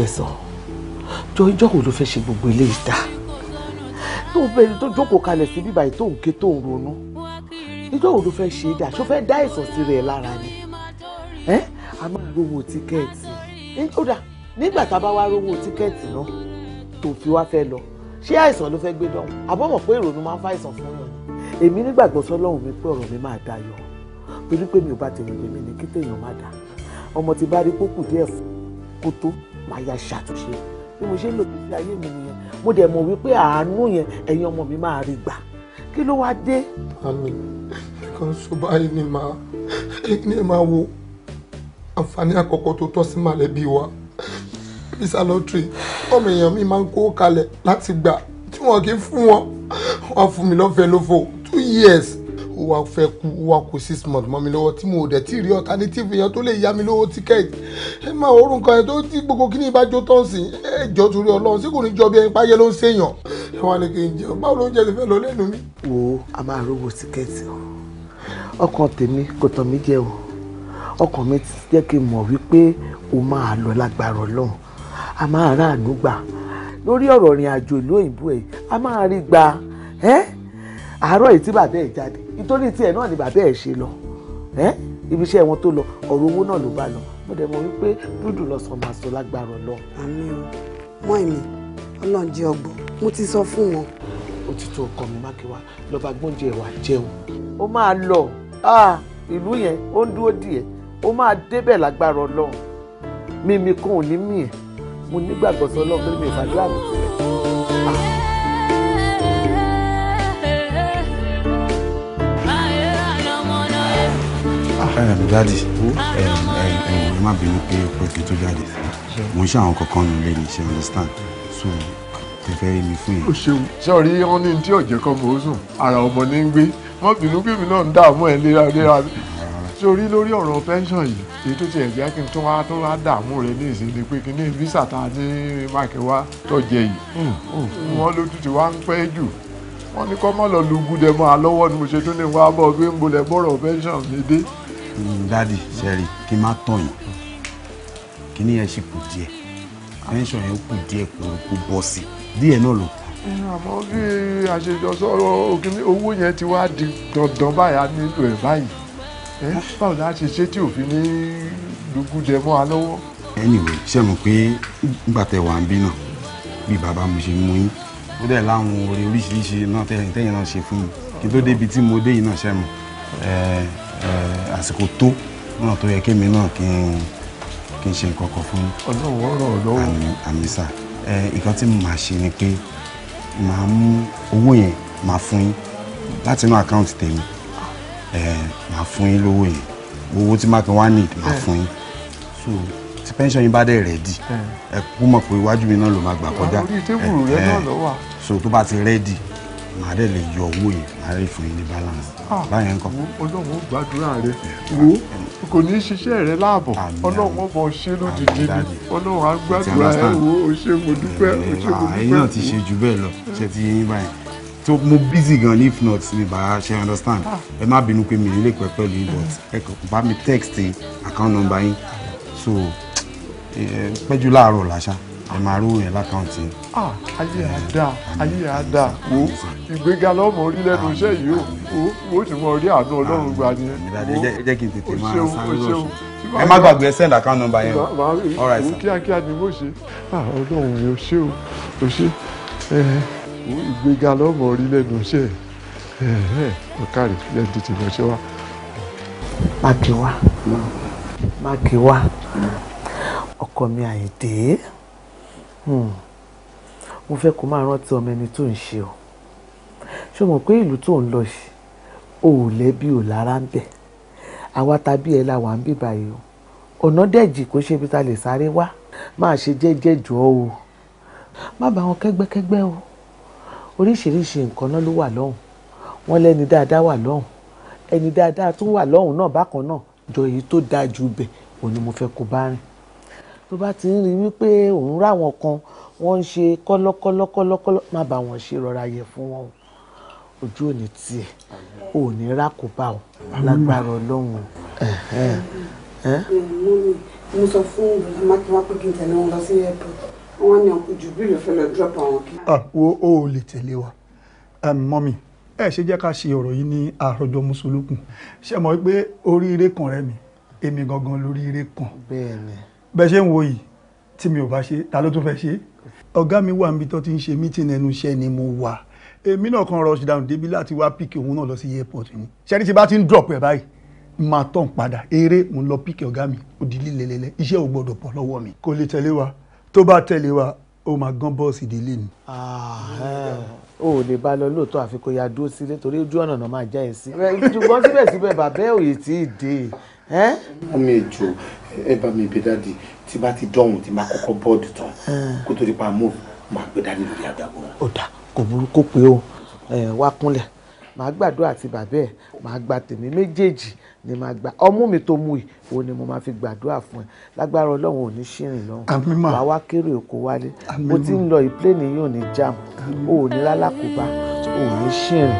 ẹ̀ sàn jọ ìjọ wo ló fẹ́ ṣe gbogbo ilé ìta tó bẹ̀rẹ̀ tó jókòó kalẹ̀ sí bíbá yìí tó ń ké tó ń ronú ìjọ wo ló fẹ́ ṣe é dà ṣó fẹ́ dá ìsàn sí rẹ̀ lára ni ẹ a máa rówó tíkẹ́ẹ̀tì kódà nígbà tá a bá wá rówó tíkẹ́ẹ̀tì náà tó fi wá fẹ́ lọ ṣé àìsàn ló fẹ́ gbé dánwò àbọ̀mọ̀ pé ìrònú máa ń fa àìsàn fún yàn èmi nígbàgbọ́ sọ́lọ́run mi pé ọ̀rọ̀ mi máa dayọ̀ torí pé mi ò bá tèmi lèmi ní kí tèèyàn má dà ọmọ ti bá rí pókù díẹ̀ kó tó máa ṣàtúnṣe bí mo ṣe ń lò ní ayé mi nìyẹn mo dẹ̀ mọ̀ wípé àánú yẹn ẹ̀yin ọmọ mi máa rí gbà kí ló wáá dé. àmì nǹkan ṣó báyìí ni màá ní wo àǹfààní àkọ́kọ́ tó tọ́ sí màlẹ́bí wa visa lottery ọmọ èèyàn mi máa ń kó kalẹ̀ láti gbà tí wọn kì í fún wọn wọn fún mi lọ́fẹ̀ẹ́ lófo two years ó wá fẹ́ kú ó wá kú six months mọ́ lọ́wọ́ tí mo dẹ̀ tí rí alternative èèyàn tó lè yá mi lówó tíkẹ́ẹ̀tì ẹ máa orú nǹkan ẹ̀ tó ti gbogbo kí ni ìbájọ́ tán sí ẹ jọ torí ọlọ́run sí kò ní jọ bí ẹni páyé ló ń ṣèyàn ẹ wá ní kí n jẹun báwo ló ń jẹ lè fẹ́ lọ lẹ́nu mi. wo a máa rówó tíkẹ́ẹ̀tì o ọkàn tèmi kò tàn mí jẹ o ọkàn mi ti jẹ́ kí n mọ̀ wípé o máa lọ lágbára ọlọ́run a máa ráàánú gbà lórí ọ̀rọ̀ ìrìn àjò ìlú òyìnbó ẹ̀ a máa rí gbà ẹ́ àárọ̀ yìí tí bàbá ẹ̀ jáde nítorí tiẹ̀ náà ni bàbá ẹ̀ ṣe lọ ibi iṣẹ́ wọn tó lọ ọ̀rọ̀ owó náà ló bá lọ mo dẹ̀ mọ̀ wípé dúdú lọ́sàn máa sọ lágbára lọ. àmín o mọ èmi Ọlọ́run jẹ́ ọgbọ́n mo ti sọ fún wọn. ó ti tó ọkọ mi mákewá lọ́ba gbóúnjẹ ẹ̀wà jẹun. ó máa lọ ìlú yẹn ó ń dúró díẹ̀ ó máa débẹ̀ lágbára Ọlọ́run mímí kan ò ní mí ẹ̀ mo nígbàgbọ́sọ Ọlọ́run pé mi ò fàdúrà mi sílẹ̀. dáàdì ẹ má bínú pé pé kí n tó jáde mo ń ṣe àwọn kankan nù lẹ́yìn ṣe understand so tẹ fẹ́ rí mi fún yẹn. o ṣeun sọ̀rí wọn ní tí ọ̀jẹ̀ kan mò ń sùn ara ọmọ ní ń gbé má bínú pé mi náà ń dààmú ẹ léraléra sórí lórí ọ̀rọ̀ pension yìí èyí tó tiẹ̀ jẹ́ kí n tún wá tún wá dààmú rẹ ní ìsinmi pé kí ní visa ta ní mákẹ́wá tọ́jẹ yìí hmm, hmm. wọ́n ló tún ti wá ń pẹ́ jù wọ́n ní kọ́ mọ́ lọ lu gúdẹ mọ́ alọ́wọ́ ni mo ṣe tún ní wá bọ́ pé ń bolẹ̀ bọ́rọ̀ pension mi dé. Mm, dádì sẹ́rí kí n má tọ̀yìn kí ni ẹ ṣe kù díẹ̀ tẹ́ńsọ̀n yẹn kù díẹ̀ kó bọ́ sí díẹ̀ náà ló kù. àmọ́ bí àṣejọ sọ̀rọ̀ òkìní owó yẹn ti wá di dandan báyà nílò ẹ̀ báyìí báwo la ṣe ṣe tí òfin ní lùgùdẹ mọ́ a lọ́wọ́. anyway ṣe mọ̀ pé ìgbà tẹ́ wà ń bí náà bí bàbá mo ṣe mú yín ó dẹ̀ láwọn oore oríṣiríṣi náà tẹ́yìn náà ṣe fún mi kí n tó débi tí mo dé yìí náà ṣe mọ̀ Eh, àsìkò tó náà tó yẹ kémi náà kí n kí n ṣe nǹkan kan fún ọlọ́wọ́ ọ̀rọ̀ lọ́wọ́ àmì àmì sà eh, nǹkan tí màá ṣe ni pé màá mú owó yẹn màá fún yín láti inú àkáǹtì tèmi eh, màá fún yín lówó yẹn owó tí màá tó wá nìdí màá fún yín so tí pension yín bá dẹ̀ rẹ́dì ẹ kú mọ̀ pé iwájú mi náà ló máa gbà kọjá ẹ ẹ so tó bá ti rẹ́dì màá dẹ̀ lè yọ owó yìí màá dẹ̀ fún yín ní balance. Ah. báyẹn kọ́. ọlọ́run ó gbàdúrà rẹ wo kò ní í ṣiṣẹ́ rẹ láàbọ̀ ọlọ́run ọmọ ṣe lódìdí ni ọlọ́run á gbàdúrà ẹ wo o ṣe mo dúpẹ́ o ṣe mo ah, dúpẹ́. ẹ̀yin náà ti ṣe jù bẹ́ẹ̀ lọ ṣe ti yín báyìí tó mo busy gan ni if not ni bàá ṣe understand ah. ẹ má bínú pé mi ò lè pẹ́ pẹ̀lú yín but ẹ kàn bá mi text account number yín so pẹ́jú láàárọ̀ làṣà ẹ máa rówó yẹn lákàntì. ayé àdá ayé àdá O, ìgbéga lọ́mọ orí lẹ́nu iṣẹ́ yìí o wo ni mo rí àánú ọlọ́run gbà ni. ẹ jẹ́ kí n tètè máa sáré lọ́sùn ẹ má gbàgbé ẹ send account number yẹn all right sir. kíákíá ni mo ṣe ọlọ́run mi ò ṣe o ò ṣe ìgbéga lọ́mọ orí lẹ́nu iṣẹ́ ọ̀kàrí lẹ́nu tètè lọ ṣe wá. má kí wá hmm. má kí wá ọkọ mi àyè dé. Hmm. mo fẹ́ kó máa rántí ọmọ ẹni tó ń ṣe o ṣé o mọ̀ pé ìlú tó ń lọ sí o ò lẹ́bi ò lára ń bẹ̀ àwa tàbí ẹ̀ la wà ń bì báyìí o ọ̀nà dẹ̀jì kò ṣe ibi ta lè sáré wá máa ṣe jẹ́jẹ́ jọ o má bá wọn kẹ́gbẹ́kẹ́gbẹ́ o oríṣiríṣi nǹkan náà ló wà lọ́hùn wọn lẹ́ni dáadáa wà lọ́hùn ẹni dáadáa tún wà lọ́hùn náà bákan náà jọ èyí tó dáa ju bẹ̀ òun ni mo fẹ́ kó bá rìn tó bá ti ń rí wípé òun ráwọn kan wọ́n ń ṣe kọ́lọ́kọ́lọ́kọ́lọ́ má bá wọn ṣe rọra yẹ fún wọn o ojú ò ní tiẹ̀ ò ní rákòbá o lágbára ọlọ́run. mo sọ fún mákindé pé kí n tẹ̀lé wọn lọ sí airport wọn ní ọkùnrin jù bí ìlọ́fẹ́ lọ drop àwọn kí. Ah, wo o ò lè tẹ̀lé wa mọ́mì ẹ ṣe jẹ́ ká ṣe ọ̀rọ̀ yìí ní àròjọ mùsùlùkùn ṣe mọ̀ pé oríire kan rẹ mi èmi gangan lóríire kan. bẹ́ẹ̀ ni bẹ́ẹ̀ ṣe ń wo yìí tí mi ò bá ṣe ta ló tún fẹ́ ṣe. ọ̀gá mi wà níbi tó ti ń ṣe mítìn ẹnu iṣẹ́ ni mo wà èmi náà kan rush down débi láti wá píkì òun náà lọ sí airport ni ṣẹ́ni tí bá ti ń drop ẹ̀ báyìí máa tàn padà eré òun lọ píkì ọ̀gá mi òdì lílelẹ́lẹ́ iṣẹ́ ò gbọ́dọ̀ pọ̀ lọ́wọ́ mi. kò lè tẹ̀lé wa tó bá tẹ̀lé wa ó máa gán bọ́ọ̀sì délé ni. Ah, eh. o ò lè bá lọ lóòótọ́ àfi kó ya dúró sílé torí ojú ọ̀nà náà máa já ẹ sí. ṣùgbọ́n síbẹ̀síbẹ̀ bàbá ẹ̀ òye tí ì dé. ọmọ èjò ẹ bá mi bí dáàdi tí bá ti dọ̀hún tí máa kọ́kọ́ bọ́ọ̀dù tán ah. kó tó di pa move máa gbé dáàdi lórí àgbàgbọ. ó dà kò burú pé o wá kúnlẹ̀ màá gbàdúrà àti bàbá ẹ̀ màá gba tèmi méjèèjì ni màá gba ọmú mi tó mú i òun ni mo máa fi gbàdúrà fún ẹ lágbára ọlọ́run ò ní ṣìrìn lọ́hùn wàá wá kéré òkú wálé bó ti ń lọ ìpléènì yóò ní jam ò ní lálákòóbá ò ní ṣìrìn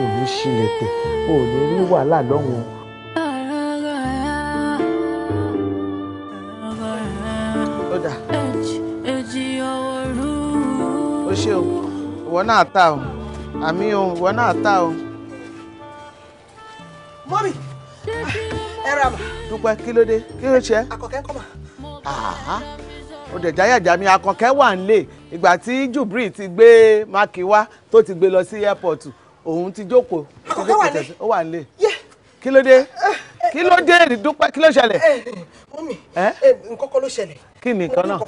ò ní ṣìlẹ̀tẹ̀ ò ní rí wàhálà lọ́hùn ṣe o ìwọ náà ta o àmì o ìwọ náà ta o. mọ́mì ẹ ra mà. dúpẹ́ kí ló dé kí ló ṣe. àkọ́kẹ́ kọ́ mà. ó dẹ̀ jáyàjá mi àkọ́kẹ́ wà ń lè ìgbà tí Jubril ti gbé mákì wá tó ti gbé lọ sí airport òun ti jókòó. àkọ́kẹ́ wà ń lè. ó wà ń lè. kí ló dé kí ló dé dúpẹ́ kí ló ṣẹlẹ̀. Eh, eh, mọ́mì eh? nǹkan kan ló ṣẹlẹ̀. kí ni nǹkan náà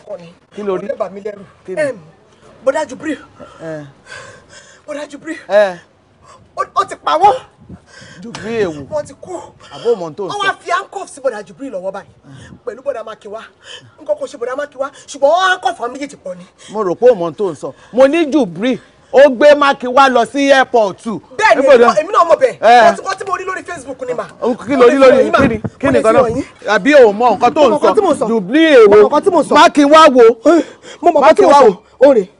kí ló rí. ó lè bà mí lẹ́rù bọ́dá Jubril eh. bọ́dá Jubril eh. ó ti pa wọ́n. Jubril èwo wọ́n ti kú àbó mọ̀ tó ń sọ. wọ́n wá fi handcuff sí bọ́dá Jubril lọ́wọ́ báyìí pẹ̀lú bọ́dá Mákiwá nǹkan kò ṣe bọ́dá Mákiwá ṣùgbọ́n wọ́n handcuff àwọn méjèèjì pọ̀ ni. mo rò pé ó mọ̀ tó ń sọ mo ní Jubril ó gbé Mákiwá lọ sí airport. bẹ́ẹ̀ni èmi náà mọ̀ bẹ́ẹ̀ eh. wọ́n tí mo rí lórí Facebook ni mà. kí ló rí lórí kíni kíni kan náà àbí o mọ̀ nǹkan tó ń sọ Jubril èwo Mákiwá wo Mákiwá wo ó rè é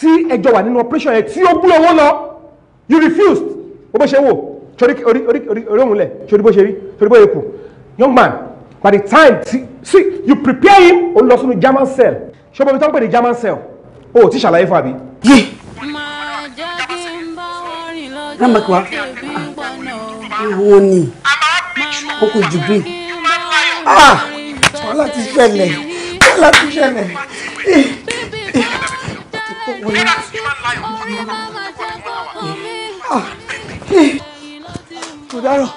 tí ẹjọ́ wà nínú operation yẹn tí ó gbé owó lọ you refused bó ṣe wò torí orí orí orí orí òun lẹ̀ torí bó ṣe rí torí bó ṣe kù young man by the time see, see you prepare him ó lọ sínú German cell ṣé bọ́bí tó ń pè ní German cell o ò tí ṣàlàyé fún àbí. yé rámbàkíwá àwọn ni kókó jù bí wọ́n láti ṣẹlẹ̀ wọ́n láti ṣẹlẹ̀. Eh! kò dárò.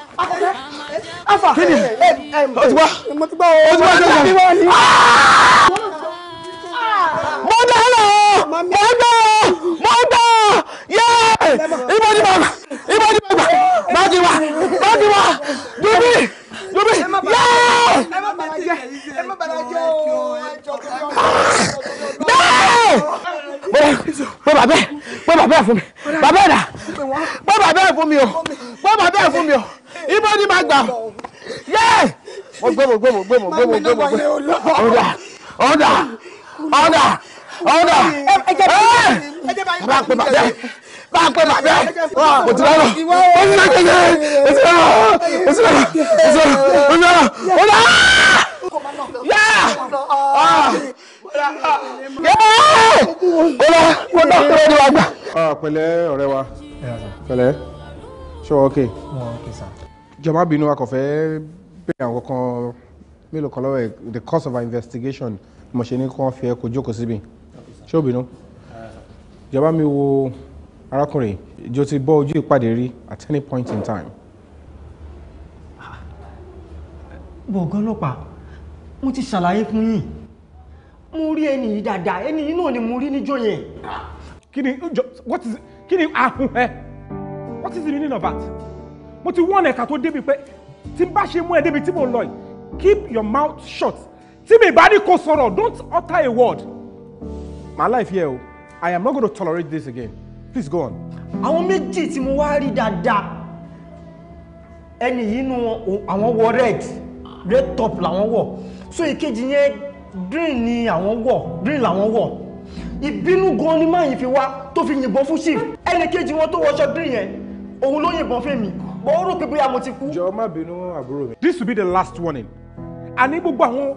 afa kini o ti wá o ti wá o ti wá o ti wá ni. mo dáná mo dá mo dá yé ibo ni mo gbà ibo ti wá má ti wá dúbí lóbi yéé bẹ́ẹ̀ bọ́ bàbẹ́ bọ́ bàbẹ́ fún mi bàbẹ́ dà bọ́ bàbẹ́ fún mi o bọ́ bàbẹ́ fún mi o ibo ni màá gbà o yéé mo gbé mo gbé mo gbé mo gbé mo gbé mo gbé ọ̀dà ọ̀dà ọ̀dà ọ̀dà ẹ ẹ bá pè bàbẹ́ bá a pẹ́ bàbá ẹ̀ kò ti lọ́rọ̀ ó ti lọ́rọ̀ ó ti lọ́rọ̀ ó ti lọ́rọ̀ ó ti lọ́rọ̀ ó ti lọ́rọ̀ ó lọ́ yá ó lọ kó dọ́kítọ̀ ni wà gbà. pẹ̀lẹ́ ọ̀rẹ́ wa pẹ̀lẹ́ ṣé wọ́n okay. jọ̀ọ́ bínú wa kò fẹ́ bẹ̀rẹ̀ àwọn kan mélòó kan lọ́wọ́ the course of our investigation mo ṣe ní kí wọ́n fi ẹ kó jókòó síbi ṣé o bínú jọ̀ọ́ mi wo arákùnrin ìjọ ti bọ́ ojú ìpàdé rí at any point in time. bọ̀gán ọlọ́pàá mo ti ṣàlàyé fún yín mo rí ẹni yìí dáadáa ẹni yìí náà ni mo rí níjọ́ yẹn. kí ni what is kí ni ahun ah, ẹ eh, what is the meaning of that mo ti wọ́n ẹ̀ka tó débi pé tí n bá ṣe mú ẹ débi tí mo lọ yìí keep your mouth shut tí mi bá ní kó sọ̀rọ̀ don't utter a word. my life here o oh, i am not going to tolerate this again please go on. àwọn méjì tí mo wá rí dáadáa ẹni yìí nu àwọn wọ red red top làwọn wọ so ìkejì yẹn green ni àwọn wọ green làwọn wọ ìbínú gan ni máa yìí fi wá tó fi yìnbọn fún chief ẹni kejì wọn tó wọṣọ green yẹn òun ló yìnbọn fún mi mo rò pé bóyá mo ti kú. jọ̀ọ́ má bínú àbúrò mi. this will be the last warning àní gbogbo àwọn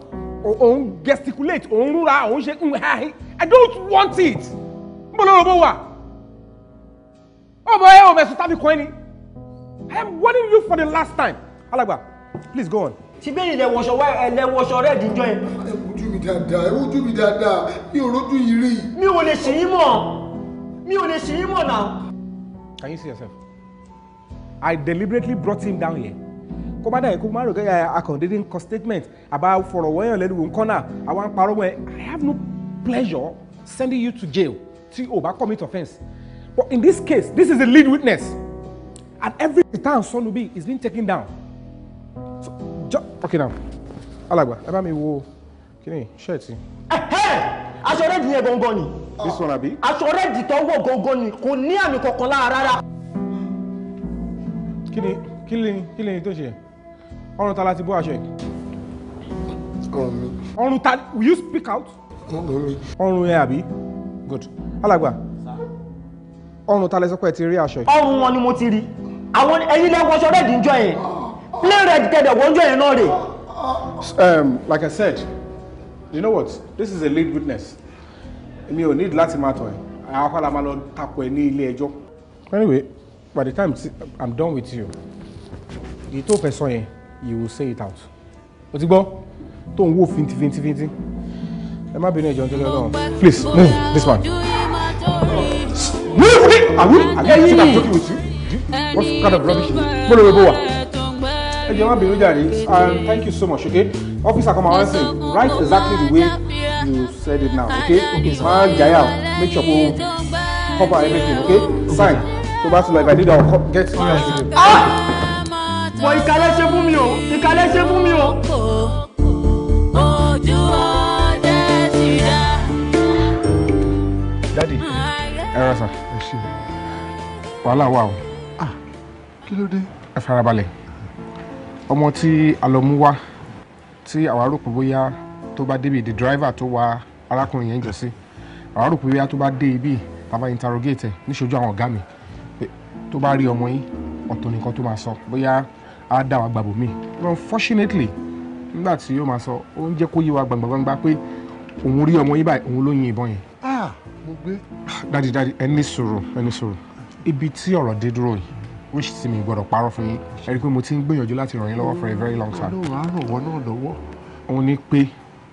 òun gesticulate òun rúra òun ṣe i don't want it mo lọ́rọ̀ bó wà. Oh ẹ oh ẹsùn tàbí kan ẹni I am warning you for the last time alàgbà please go on. ti bẹ́ẹ̀ lẹ wọṣọ wá ẹ lẹ wọṣọ rẹ̀ díjọ́ ẹ. ẹ wojú mi dáadáa ẹ wojú mi dáadáa mi ò rojú yìí rí. mi ò lè ṣì í mọ̀ mi ò lè ṣì í mọ̀ Can you see yourself? I deliberately brought him down here Commander, má dàgbé kó má rògbé akọ̀ndédé ńkọ statement a fọ̀rọ̀wọ́yàn lẹ́nu wò ń kọ́nà àwọn parọ́ wọn I have no pleasure sending you to jail tí o bá commit offence But in this case, this is the lead witness. And every time son will be, is being taken down. So, jo- okay now. alagwa. ẹ bá mi wo kini shirt yìí. Aṣọ rẹ́ẹ̀dì yẹn gangan ni. This one àbí? Aṣọ rẹ́ẹ̀dì tó wọ̀ gangan ni kò ní àmì kini, lára rárá. Kíni kíni kíni tó ṣe? Ọrùn ta la ti will you speak out? Ọrùn mi. Ọrùn yẹn àbí? Good. Alagwa ọrùn ta lẹ ẹ ti rí aṣọ yìí. ọrùn wọn ni mo ti rí àwọn ẹyin lẹ wọṣọ rẹ díjọ yẹn play red kẹdẹ wọjọ yẹn náà rè. Um, like i said you know what this is a lead witness èmi ò need láti máa tọ̀ ẹ́ àwọn akọ́lá máa lọ takò ẹ ní ilé ẹjọ́. anyway by the time i'm done with you the tó person, sọ yẹn you will say it out o ti gbọ́ tó ń wò finti finti finti ẹ má bínú ẹjọ́ nítorí Ọlọ́run please move this one. Are we? Are we? Are you sitting talking with you? What kind of rubbish is this? Bolo Ebowa. Hey, Jema Birujari, um, thank you so much, okay? Officer, come on, listen. Write exactly the way you said it now, okay? Okay, sir. Man, Jaya, make sure you cover everything, okay? Sign. So, that's like, I did, I'll get to Ah! Boy, ìkàlẹ̀ can't fún me. o! Ìkàlẹ̀ ṣe fún mi o! ẹ rẹ sàn. ẹ ṣe wàhálà wà o. ah kí ló dé. ẹ farabalẹ̀ ọmọ tí a wá tí àwa rò pé bóyá tó bá débi the driver tó wa arákùnrin yẹn jọ sí àwa rò pé bóyá tó bá dé ibi tàbá interrogate ẹ níṣojú àwọn ọ̀gá mi pé tó bá rí ọmọ yín ọ̀tọ̀ nìkan tó máa sọ bóyá á dá wa gbàgbọ́ mi. unfortunately nígbà tí yóò máa sọ ó ń jẹ́ kó yé wa gbàngbàngbà pé òun rí ọmọ yín báyìí òun ló yin ìbọn yẹn. ah mo gbé. dadi dadi ẹ ní sùúrù ẹ ní sùúrù ibi tí ọ̀rọ̀ dé dúró yìí which ti mi gbọ́dọ̀ parọ́ fún yín ẹ rí i pé mo ti ń gbìyànjú láti ràn yín lọ́wọ́ for a very long time. ọlọ́run á ràn wọ́n náà lọ́wọ́. òun ni pé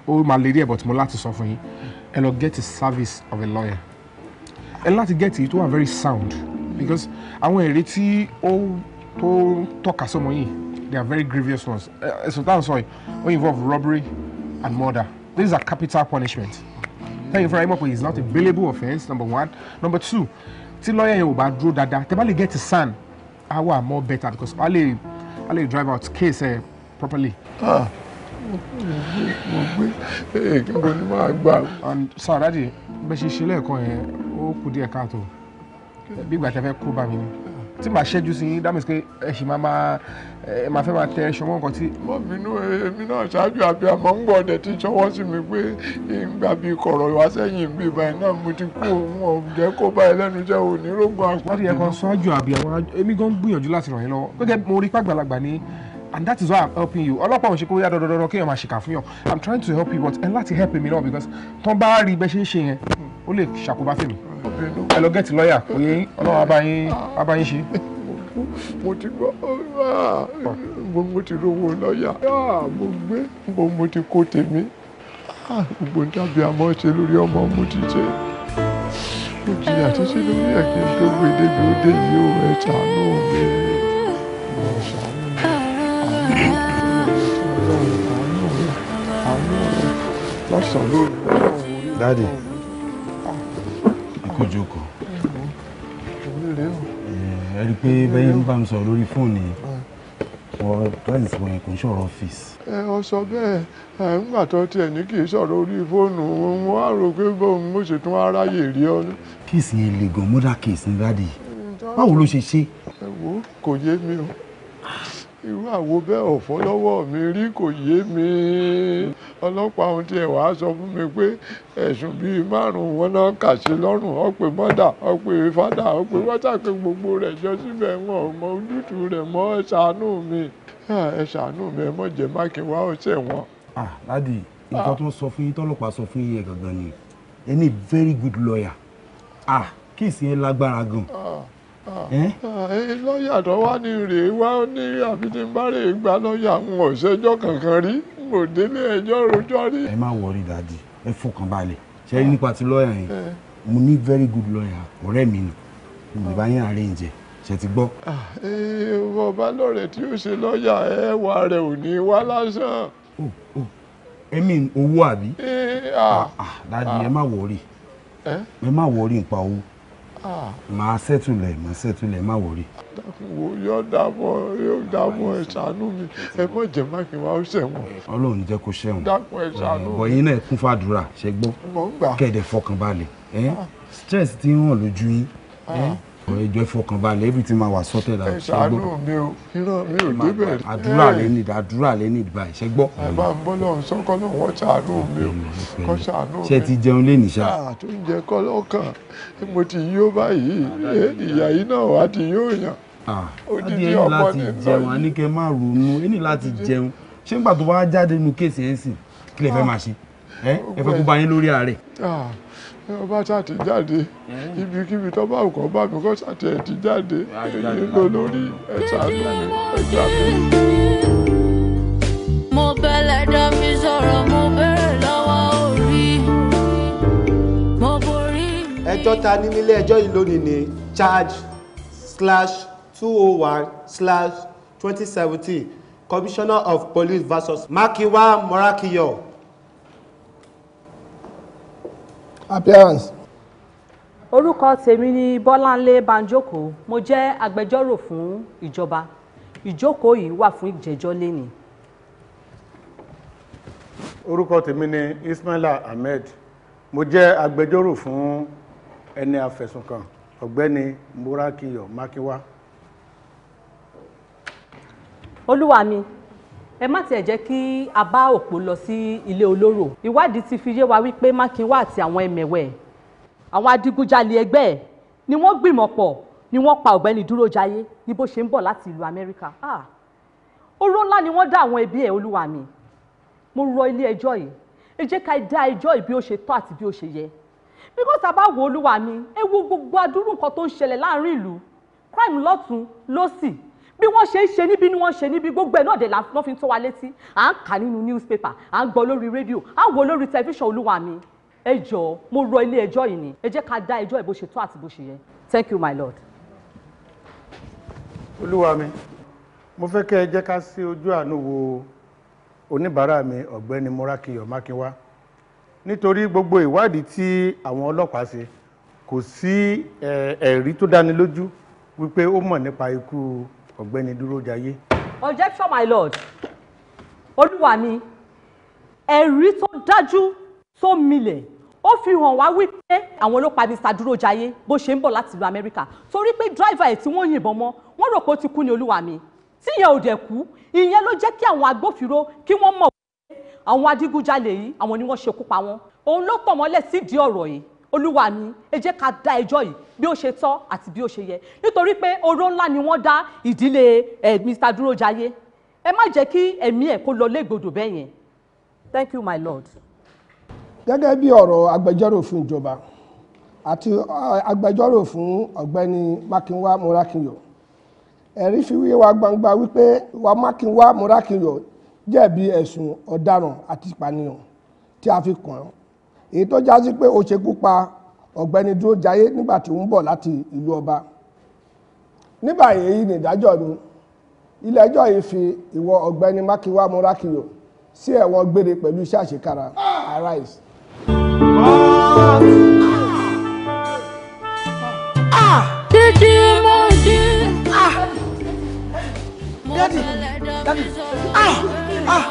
ó máa lè rí ẹ̀bọ̀ tí mo láti sọ fún yín ẹ lọ get the service of a lawyer ẹ láti get it tó wà very sound because àwọn èrè tí ó tó tọ́ka sọmọ yìí they are very grievous ones ẹ̀sùn táwọn sọ yìí ó involve robbery and murder these are capital punishment thank you very much it's not a bailable offence number one number two tí lọ́ọ̀yà yẹn ò bá dúró dáadáa tẹ́ bá lè get san á wà more better because a lè a lè drive out case ẹ eh, properly. mo gbé kí n kò ní máa and sir dadi bẹ́ẹ̀ ṣe ṣe lẹ́ẹ̀kan yẹn ó kù díẹ̀ káàtó bí ìgbà tẹ́ fẹ́ kó bá mi ni tí màá ṣẹ́jú sí dámẹ́sì pé ẹ ṣì máa máa ẹ máa fẹ́ máa tẹ ẹ ṣọwọ́ nǹkan tí. mo bínú èmi náà ṣáájú àbí àmọ́ ń gbọ́ ọ̀dẹ̀ tí ṣọwọ́ sí mi pé ìgbà bíi kọ̀rọ̀ wá sẹ́yìn bí ìbàyẹn náà mo ti kú òun ọ̀jẹ́ kó báyìí lẹ́nu jẹ́ òní rógbò láti yẹ kan ṣáájú àbí àwọn èmi gan gbìyànjú láti ràn yín lọ́wọ́ gẹ́gẹ́ mo rí pàgbàlagbà ní and that is why i'm helping you ọlọ́pàá òun ṣe kó yá kéèyàn máa ṣèkà fún yàn i'm trying to help you but ẹ láti help mi náà because tán bá rí bẹ́ ṣe ń ṣe yẹn ó lè ṣàkóbá fèmí. ẹ lọ gẹ́tì lọ́ọ̀yà òye ọlọ́run abáyín abáyín ṣe kú mo ti gbọ́ mo ti rówó lọ́ọ̀yà ah, mo gbé mo ti kó tèmi ah, gbogbo dábì àmọ́ ṣe lórí ọmọ mo ti ṣe mo jìyà tó ṣe lórí ẹ̀ kí n tó gbé e débi ó dé yìí ó ẹ̀ ṣàánú mi ẹ̀ ikú jókòó ẹ rí i pé bẹ́ẹ̀ ń bá mi sọ̀rọ̀ lórí fóònù ọ̀rọ̀ price wọn kò ń sọ̀rọ̀ ọ́fíìsì. ẹ ọ sọ bẹ́ẹ̀ nígbà tó tiẹ̀ ní kì í sọ̀rọ̀ orí fóònù wọn á rò pé bóun mo ṣe tún aráyè rí ọ. kíìsì yẹn le gan mọ́dà kíìsì ní dáàdì báwo ló ṣe ṣe. ẹ wo kò yé mi o irú àwo bẹ́ẹ̀ ọ̀fọ́ lọ́wọ́ mi rí kò yé mi ọlọ́pàá ohun tí ẹ̀ wá sọ fún mi pé ẹ̀sùn bíi márùn-ún wọn náà kà sí lọ́rùn ọ̀pẹ mọ́dà ọ̀pẹ fádà ọ̀pẹ wọ́tà pé gbogbo rẹ̀ jọ síbẹ̀ wọn ò mọ ojútùú rẹ̀ mọ́ ṣàánú mi ẹ ṣàánú mi ẹ mọ̀ jẹ́ mákèwá ọ̀sẹ̀ wọn. ládì nǹkan tó ń sọ fún yín tọ́lọ́pàá sọ fún yín yẹn gangan ni ẹ ní very good lawyer ah kí ìsìn yẹn lágbára gan-an. lọ́yà tó wá ní rèé wá ní àfitì bárè gba lọ́ọ̀yà ń wọ̀ ṣẹjọ́ kankan rí n ò délé ẹjọ́ rojọ́ rí. ẹ má wọrí dadi ẹ fọkàn balẹ̀ ṣe é nípa ti lọ́ọ̀yà yẹn eh. mo ní very good lawyer ọ̀rẹ́ mi nù mo lè bá yín arrange ṣe ti gbọ́. bàbá ah, eh, lọ́rẹ̀ tí ó ṣe lọ́ọ̀yà ẹwà rẹ̀ ò ní wá lásán. èmi oh, oh. owó àbí? Eh, ah. ah, dadi ẹ má wọrí ẹ má wọrí nípa owó. màá ṣètùlẹ̀ màá ṣètùlẹ̀ má wòrí. dákun wo yọ dábọ̀ yọ dábọ̀ ẹ ṣàánú mi ẹ mọ̀ jẹ́ má kí n wá ṣẹ̀wọ̀n. ọlọ́run jẹ́ kó ṣẹ̀wọ̀n dákun ẹ ṣàánú mi. bọ̀yìn náà kún fàdúrà ṣe gbọ́ fọkànbalẹ̀ stress ti ń hàn lójú yín ẹjọ́ ìfọkànbalẹ̀ everything máa wà sọ́tẹ̀ dà. ẹ ṣàánú mi o iná mi ò débẹ̀. àdúrà lẹ́nìí àdúrà lẹ́nìí ìgbà ìṣẹ́ gbọ́. bàbá ń bọ́ lọ́run sọ kọ́ lọ́wọ́ ṣàánú mi o kọ́ ṣàánú mi. ṣé ti jẹun lé nìṣá. àtò ń jẹ kọ́ lọ́kàn mo ti yó báyìí ìyá yìí náà wá ti yó yàn. Ah, odidi ọkọ ni jẹun àníkẹ́ má ronú ẹni láti jẹun ṣé nígbà tó bá jáde nu kéèsì ẹ̀ ń sìn kí lè fẹ́ ah. máa ṣe ẹ fẹ́ kó bá yín lórí àárẹ̀. Ah ọba ṣàtì jáde hmm. ibikíbi tó bá kọ́ bá mi kọ́ ṣàtì ẹ̀ ti jáde èyí ló lórí ẹ̀ṣà lórí ẹ̀ṣà mi. mo bẹ̀lẹ̀ dá mi sọ̀rọ̀ mo bẹ̀rẹ̀ lọ́wọ́ orí mo borí mi. ẹjọ́ ta ní nílé ẹjọ́ yìí lónìí ni charge slash two oh one slash twenty seventeen commissioner of police versus makiwa morakiyo. appearance. orúkọ tèmi ni bọ́láńlé banjoko mo jẹ́ agbẹjọ́rò fún ìjọba ìjókòó yìí wà fún ìjẹ́jọ́ lẹ́ni. orúkọ tèmi ni ismaila ahmed mo jẹ́ agbẹjọ́rò fún ẹni afẹ̀sùnkàn ọ̀gbẹ́ni burakiyo makiwa. olúwa mi ẹ má tiẹ̀ jẹ́ kí a bá òpó lọ sí ilé olóró ìwádìí ti fi yé wa wípé mákinwá àti àwọn ẹmẹ̀wẹ̀ àwọn adigunjalè ẹgbẹ́ ẹ̀ ni wọ́n gbìmọ̀ pọ̀ ni wọ́n pa ọ̀gbẹ́ni dúró jayé ní bó ṣe ń bọ̀ láti ìlú amẹ́ríkà oró ńlá ni wọ́n dá àwọn ẹbí ẹ̀ olúwa mi mo rọ ilé ẹjọ́ yìí ẹ jẹ́ ká dá ẹjọ́ yìí bí ó ṣe tọ́ àti bí ó ṣe yẹ bíkọ́sì àbá wo olúwa mi ẹ wo gbogbo adúrú nǹkan tó ń ṣẹlẹ̀ láàrin ìlú crime lọ́tún lọ́sì bí wọ́n ṣe ń ṣe níbi ni wọ́n ṣe níbi gbogbo ẹ̀ náà dẹ̀ lọ́ fi ń tó wa létí à ń kà nínú newspaper à ń gbọ́ lórí rédíò à ń wò lórí tẹlifíṣàn olúwa mi ẹ jọ̀ọ́ mo rọ ilé ẹjọ́ yìí ni ẹ jẹ́ ká dá ẹjọ́ ẹ̀ bó ṣe tó àti bó ṣe yẹ thank you my lord. olúwa mi mo fẹ́ kẹ́ ẹ jẹ́ ká sí ojú àánú wo oníbàárà mi ọ̀gbẹ́ni morakiyo makinwa nítorí gbogbo ìwádìí tí àwọn ọlọ́pàá ṣe kò sí ẹ̀rí tó dáni wípé ó mọ̀ nípa ikú ọ̀gbẹ́ni Dúrójayé. objection my lord olúwa mi ẹ̀rí tó dájú tó milẹ̀ ó fi hàn wá wípé àwọn ọlọ́pàá Mr. Dúrójayé bó ṣe ń bọ̀ láti ìlú Amẹ́ríkà torí pé dráìvà ẹ̀ tí wọ́n yìnbọn mọ́ wọ́n rò pé ó ti kú ní olúwa mi tíyẹn ò dẹ̀ kú ìyẹn ló jẹ́ kí àwọn agbófinró kí wọ́n mọ̀ pé àwọn adigunjalè yìí àwọn ni wọ́n ṣekú pa wọ́n òun ló tàn mọ́lẹ̀ sídìí ọ̀rọ̀ yìí olúwa mi ẹ jẹ́ ká dá ẹjọ́ yìí bí ó ṣe tọ́ àti bí ó ṣe yẹ nítorí pé oró ńlá ni wọ́n dá ìdílé eh, Mr. Dúrójayé ẹ má jẹ́ kí ẹ̀mí ẹ̀ kó lọ légbodò bẹ́ẹ̀ yẹn thank you my lord. gẹ́gẹ́ bí ọ̀rọ̀ agbẹjọ́rò fún ìjọba àti eh, agbẹjọ́rò fún ọ̀gbẹ́ni Mákinwá Mọ́rákinyọ̀ ẹ̀rí fi wíyé wa gbangba wípé wa Mákinwá Mọ́rákinyọ̀ jẹ̀bi ẹ̀sùn ọ̀daràn àti ìpànìyàn tí a fi kàn án èyí tó já pé ó ṣekú pa ọ̀gbẹ́ni dúró jayé nígbà tí ó ń bọ̀ láti ìlú ọba ní èyí nìdájọ́ mi ilé yìí fi ìwọ ọ̀gbẹ́ni mákíwá múrákìyò sí ẹ̀wọ̀n gbére pẹ̀lú iṣẹ́ àṣekára arise. dídí mo dí. dádì dádì ah ah.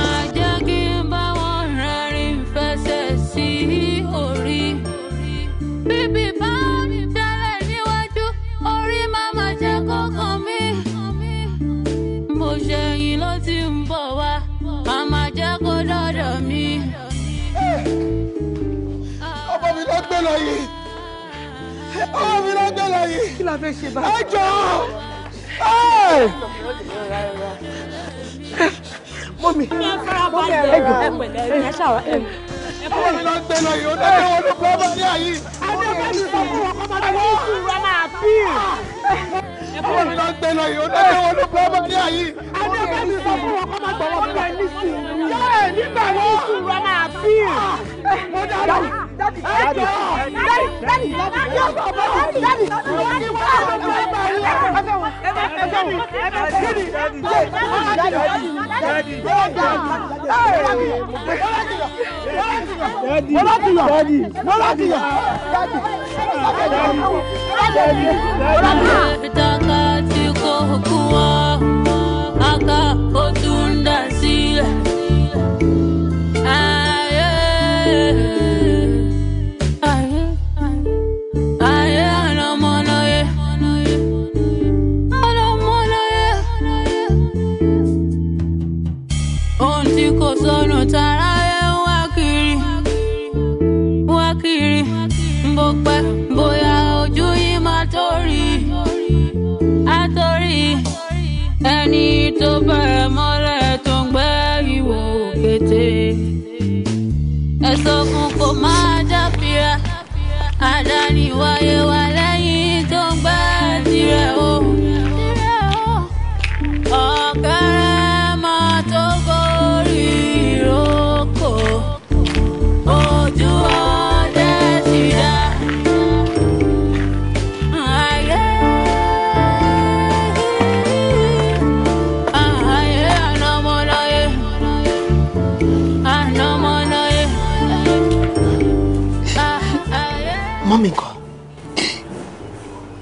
mi ló gbẹlẹ yìí. kí la fẹ́ ṣe báyìí. ẹ jọ mọ́mí mọ́mí ẹ jọ ẹ pẹ̀lẹ́ ẹ ṣàwọ ẹ. ọwọ́ mi ló gbẹlẹ yìí ó dẹ́gbẹ́ wọn ló gbọ́ àyè. adé mi sọ fún ọkọ máa ní sùúrù ẹ máa bí. ọwọ́ mi ló gbẹlẹ yìí ó dẹ́gbẹ́ wọn ló gbọ́ àyè. adé mi sọ fún ọkọ máa gbọ́ wọn máa ní sùúrù dadi dadi dadi dadi dadi yọkọ dadi dadi iwọ ẹgbẹ yẹ ẹgbẹ wo ẹgbẹ wo ẹgbẹ dadi dadi dadi dadi dadi dadi mọlọtiyọ dadi mọlọtiyọ dadi dadi dadi mọlọtiyọ. bẹ̀rẹ̀ mọ́lẹ̀ tó ń gbẹ́ ìwò kété. ẹ sọ fún kó máa jáfira àdáni wáyé wáyé.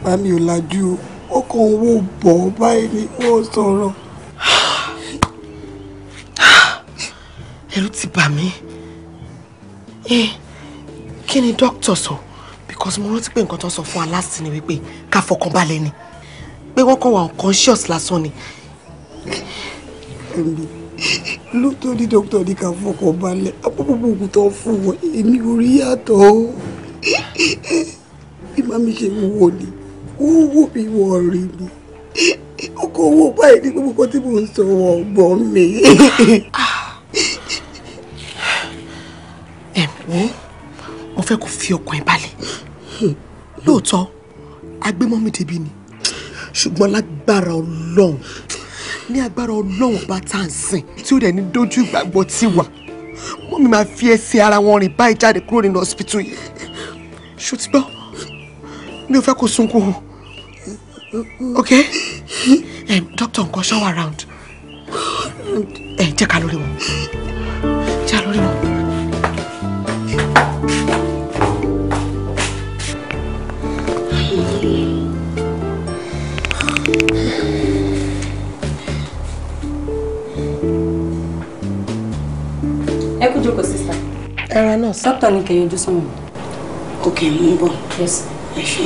bàbá mi ò lajú o ó kàn wò bọ̀ báyìí ni wọ́n sọ̀rọ̀. ẹ̀rù ti bà mí kí ni dókítà sọ because mo rántí pé nǹkan tó sọ fún wa last ni wípé ká fọkàn balẹ̀ ni pé wọ́n kàn wà unconscious lásán ni. lóòótọ́ ni dókítà ní ká fọkàn balẹ̀ àpapọ̀ oògùn tó fún wọn èmi ò rí yàtọ̀ bí màmí ṣe wúwo ni ó wù mí wọ̀ rí mi ó kò wò báyìí ní gbogbo tí mò ń sọ ọgbọ́n mi. ẹ wo mo fẹ́ kó fi ọkàn ẹ balẹ̀ lóòótọ́ agbémọ́mí débi ni ṣùgbọ́n lágbára ọlọ́run ní agbára ọlọ́run bá tá à ń sìn tí ó dẹ̀ ní dojú ìgbàgbọ́ tí wà mọ́mí máa fi ẹsẹ̀ ara wọn rìn báyìí jáde kúrò nínú hospital yìí ṣùtìgbọ́ mi ò fẹ́ kó sunkún hàn okay um, doctor nǹkan show around ẹ jẹ́ ká lórí wọn jẹ́ ká lórí wọn. ẹ kú jókòó sísá. ẹ ra I dókítà ní kẹyìn ojú sọmọ. ok mo ń bọ̀. ẹ ṣe.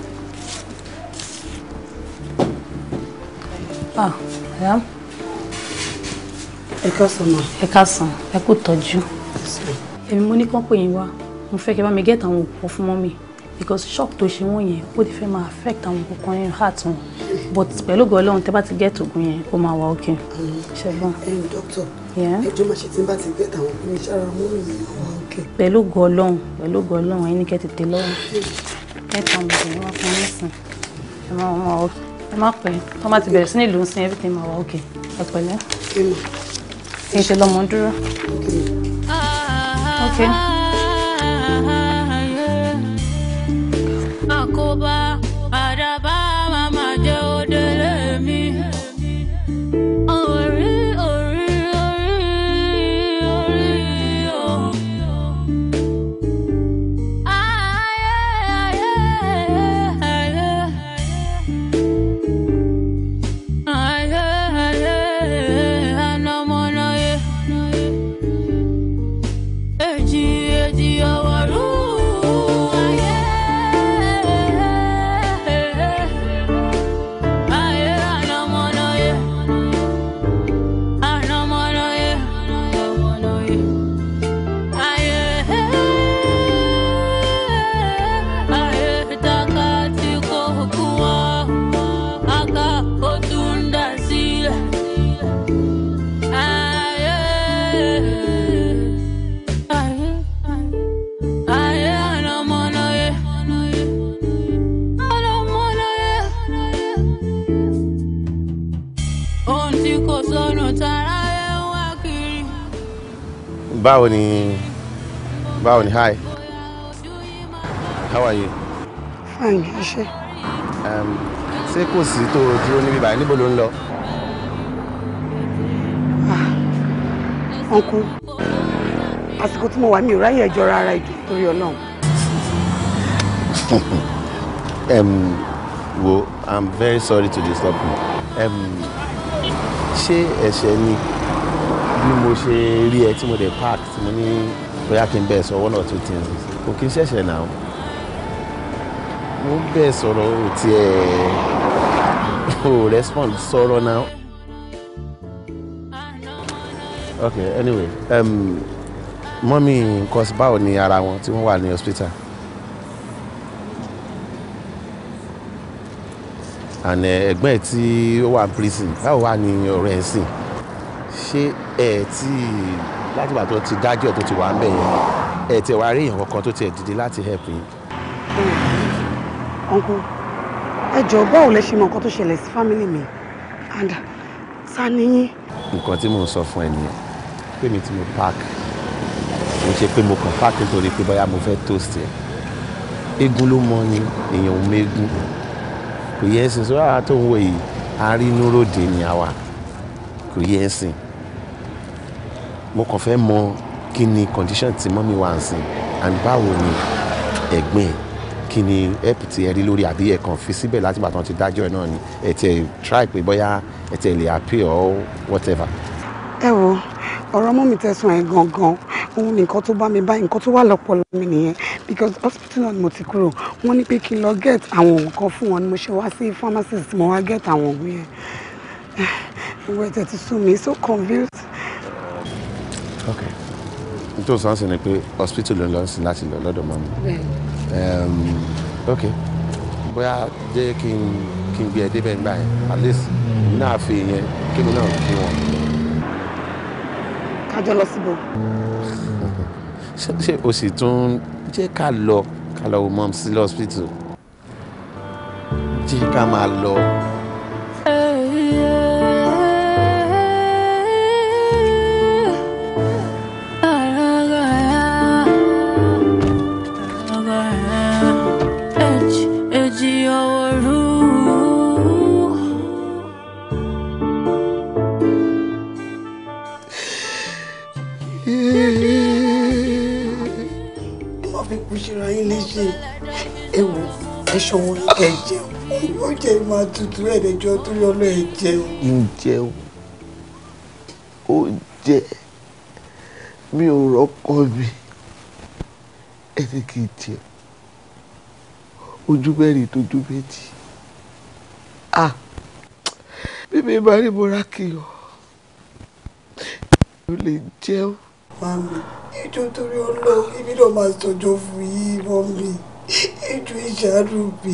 kásán ma. ẹ kásán ẹ kò tọ́jú. èmi mo ní kán pè yín wá mo fẹ́ kí ẹ bá mi gẹ́tà àwọn òkú fún mọ́mì because shock tó ṣe wọ́n yẹn ó ti fẹ́ máa affect àwọn òkú kan nínú heart wọn but pẹ̀lú ògùn ọlọ́run tẹ́ bá ti gẹ́tà ògùn yẹn ó máa wà okay. ṣẹ́gbọ́n. ẹyin dókítà ẹjọ́ máa ṣe tí n bá ti gẹ́tà àwọn òkú mi ṣára mọ́mì mi wà okay. pẹ̀lú ògùn ọlọ́run pẹ̀lú ògùn ọlọ́run ẹni kẹ́ tètè lọ́rùn kẹ́tà àwọn òkú wọn fún mi sìn ẹ okay ẹ má pẹ́ tọ́ bá ti bẹ̀rẹ̀ sí ní ìlú ń sin everything máa wà okay ẹ ṣe lọ́mọ dúró. Okay. àkóbá àdábá. báwo ni báwo ni hi how are you. fine ẹ ṣe. Um, ṣé kò sí tó dúró níbí báyìí níbo ló ń lọ. ọ̀nkú ah, àsìkò tí mo wà mi ò ráyè ẹjọ́ rárá ìjọ torí ọlọ́run. Um, wo i'm very sorry to disturb you. Um, ṣé ẹ̀ṣẹ̀ ni ṣe rí ẹ tí mo dé park tí mo ní bóyá kí n bẹ́ẹ̀ sọ one or two things kò kí n ṣẹ̀ṣẹ̀ náà mo bẹ́ẹ̀ sọ̀rọ̀ ò tiẹ̀ ò respond sọ̀rọ̀ náà. okay anyway um, mọ́mí nǹkan báwo ni ara wọn tí wọ́n wà ní hospital. and eh, ẹ̀gbọ́n ẹ̀ tí ó wà prison báwo wà ní ọ̀rẹ́ ẹ̀ sìn ṣé ẹ̀ tí láti ìgbà tó ti dájọ́ tó ti wà ń bẹ̀ yẹn ẹ̀ tẹ̀ wá rí èèyàn kankan tó tiẹ̀ dìde láti help yín. ọ̀nkú ẹ jọ̀ọ́ báwo lẹ ṣe mọ nǹkan tó ṣẹlẹ̀ sí fámìlì mi and ta ni yín. nǹkan tí mò ń sọ fún ẹ nìyẹn pé mi ti mo park mo ṣe pé mo kàn park nítorí pé bóyá mo fẹ́ toast ẹ̀ eégún ló mọ ni èèyàn ò mẹ́gún kò yẹ ẹ̀sìn sọ́ra tó ń wò yìí arínúròdì ni àwa kò yẹ ẹ̀sìn mo kàn fẹ́ mọ kí ni condition tí mọ́mí wa ń sìn and báwo ni ẹ̀gbìn kí ni help ti ẹ rí lórí àbí ẹ kàn fi síbẹ̀ láti bàtà ti dájọ́ ẹ náà ni ẹ tẹ try pé bóyá ẹ tẹ lè appeal or whatever. ẹ wo ọ̀rọ̀ mọ́mí tẹ̀sùn ẹ̀ gangan òun nìkan tó bá mi báyìí nǹkan tó wà lọ́pọ̀lọ́ mi nìyẹn because hospital náà ni mo ti kúrò wọ́n ní pé kí n lọ get àwọn oògùn kan fún wọn ni mo ṣe wá sí pharmacist mo wá get àwọn oògùn yẹn ìwé tẹ̀ ti sún mi so confused nítorí sọ sí ni pé hospital ló ń lọ sí láti lọ lọ́dọ̀ mọ́ mi ok bóyá jẹ́ kí n kí n gbé ẹ débẹ̀ nígbà yẹn at least náà fi yẹn kí mi náà kí wọn. kájọ lọ síbò. ṣé o sì tún jẹ́ ká lọ ká lọ wo mọ́ sí lọ́spítù jẹ́ ká máa lọ. yín léṣe ẹ wò ẹ ṣọwọ́ ẹ jẹun ó jẹ́ máa tutù ẹ̀ẹ́dẹ́jọ́ tó yọ lọ ẹ jẹun. mo jẹun ó jẹ mi ò rọ́kọ mi ẹni kì í jẹ ojú tójú méjì ah bíbí bá rí mo rà kí o lè jẹun mami ìjọ torí ọlọ́run ibi náà máa tọjọ́ fún yín mọ́mí ìjọ ìṣàánú mi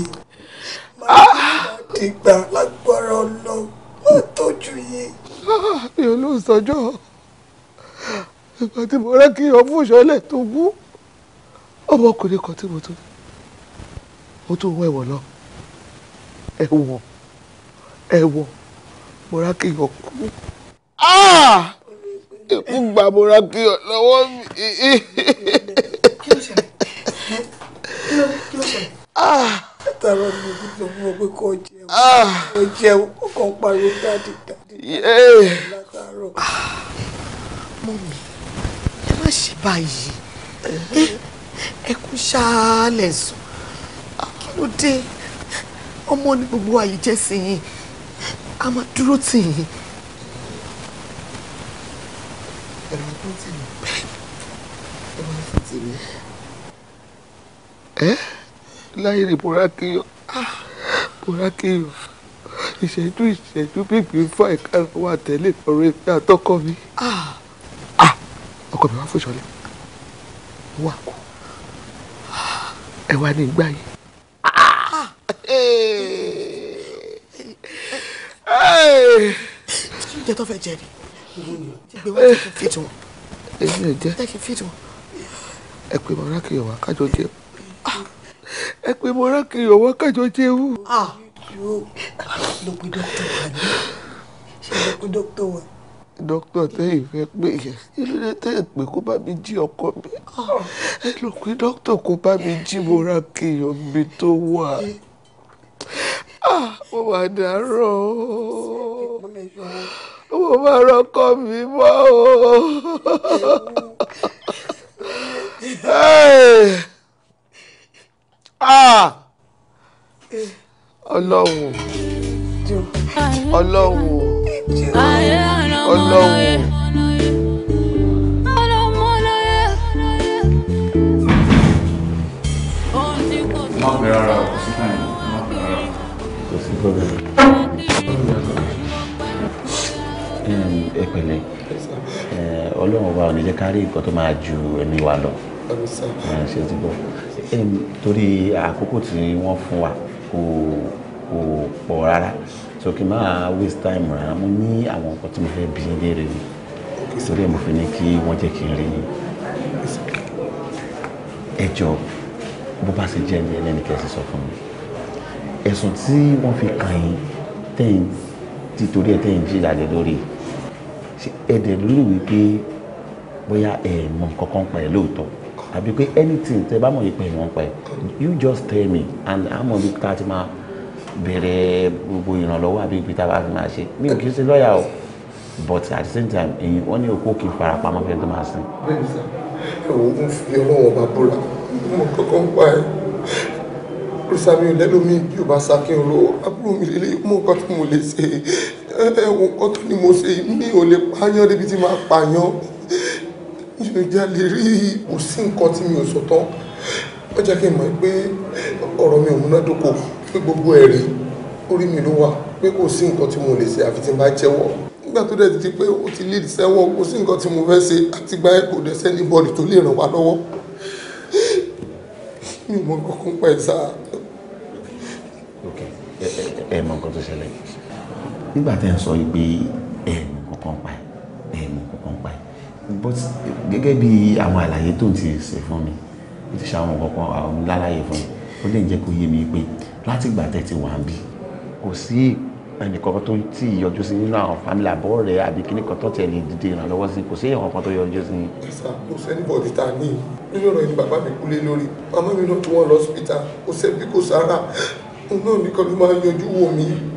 máa ah! dìgbà lágbára ọlọ́run máa tọ́jú yín. Ah, mi ò lóun sọjọ́ ìgbà tí mo rẹ́ kí ọmú ìṣọ́lẹ̀ tó wú ọmọkùnrin kan tí mo tún mo tún wọ ẹ̀wọ̀n lọ ẹ̀wọ̀n ẹ̀wọ̀n mo rá kí ọkú ikú gbàmúra kí ọ lọ́wọ́ mi. kí ló ṣẹlẹ̀ kí ló ṣẹlẹ̀. látara mi ò lọ mọ pé kò jẹun kò jẹun kò kàn pariwo dáàdì dáàdì látàárọ̀. mọ mi ẹ má ṣe báyìí ẹ kú ṣáálẹ̀ sùn kí ló dé ọmọ ní gbogbo àyè jẹ́ sí yín a máa dúró tì yín ẹ máa fún tèmi ẹ máa fún tèmi. ẹ láyé ni bùrákìyọ ah, bùrákìyọ ìṣẹ́jú ìṣẹ́jú bíbí fún àìká wà tẹ́lẹ̀ lọ́rọ̀ ẹgbẹ́ àtọ́kọ mi. Ah, ah, ọkọ mi wá fún ìṣọ̀lẹ̀ wà kú ẹ wá ní ìgbà yìí. jíjẹ eh. eh. tó fẹ́ jẹ ni èmi ò jẹ́ ẹ pé mọ̀rá kiri wá kájọ jẹun ẹ pé mọ̀rá kiri wá kájọ jẹun. Ah, ló pe dókítà wa ni ṣe ló pe dókítà wa. dókítà tẹ́yìn fẹ́ pé yẹn ilé tẹ́yìn pé kó bá mi jí ọkọ mi ẹ ló pe dókítà kó bá mi jí mọ̀rá kiri mi tó wà ah, mo wà dárò mo máa rọkọ mi mọ́ o. ọlọ́run ọlọ́run ọlọ́run. Má pè rárá, kò sí kàn yín, pẹ̀lẹ́ eh, ọlọ́run wa ò ní jẹ́ ká rí nǹkan tó máa ju ẹ̀mí wa lọ eh, ṣe ti bọ̀ eh, torí àkókò tí wọ́n fún wa kò pọ̀ rárá so kí n máa waste time rárá mo ní àwọn nǹkan tí mo fẹ́ bí léèrè mi torí ẹ̀ mo fi ní kí wọ́n jẹ́ kí n rí yín ẹ jọ bó bá ṣe jẹ́ ẹlẹ́ni kẹ́sì sọ fún mi ẹ̀sùn tí wọ́n fi kàn yín tẹ̀yìn títorí ẹ̀ tẹ̀yìn jí ìlàjẹ̀ lórí yìí ṣe ẹ̀dẹ̀ lórí wípé bóyá ẹ̀ mọ̀ nǹkan kan pa ẹ̀ lóòótọ́ àbí pé anything tẹ bá mọ̀ yìí pé ẹ̀ wọ́n pa ẹ̀ you just tell me and àmọ́ bí ká ti máa bẹ̀rẹ̀ gbogbo ìrànlọ́wọ́ àbí ibi tá a bá fi máa ṣe mi ò kì í ṣe lọ́ọ̀yà o but at the same time èyí wọ́n ní òkú kì í fara pamọ́ fẹ́ tó máa sìn. bẹ́ẹ̀ni fi ọlọ́wọ́ bá bóra mo kọ́kọ́ ń pa ẹ̀ kúrúsàmì ò lẹ́lómi bí ò bá sá kí n ro àbúrò mi lélẹ́yìn mọ́ nǹkan tí mo lè ṣe ẹ̀wọ̀n kan tó ni mo ṣe mi ò lè pààyàn débi tí máa pààyàn mi ò já lè rí kò sí nǹkan tí mi ò sọ tán ó jẹ́ kí n mọ̀ pé ọ̀rọ̀ mi ò múnádóko pé gbogbo ẹ̀rí orí mi ló wà pé kò sí nǹkan tí mo lè ṣe àfi tí n bá jẹ́wọ́ nígbà tó dẹ̀ di pé ó ti lè sẹ́wọ́ kò sí nǹkan tí mo fẹ́ ṣe àti gba ẹ̀ kò dẹ̀ sẹ́ni tó lè ràn wá lọ́wọ́ mi ò mọ nǹkan kan pẹ̀ sáà. ẹ ẹ mọ nǹkan tó ṣẹlẹ̀ nígbà tẹ́ ń sọ pé ẹ̀mù kankan pa ẹ̀mù kankan pa but gẹ́gẹ́ bí àwọn àlàyé tó ń ti ṣe fún mi ó ti ṣe àwọn kankan àwọn lálàyé fún mi ó lè jẹ́ kó yé mi pé láti ìgbà tẹ́ ti wà ń bí kò sí ẹnìkan tó tí ìyọjú sí nínú àwọn fámìlì àbọ̀ rẹ̀ àbí kíní kan tó tẹ̀lé dídé ìrànlọ́wọ́ sí kò sí èèyàn kan tó yọjú sí. ìsà kò sẹ́nìbọ̀dì tá hospital kò sẹ́bí kò sára òun náà nìkan ló máa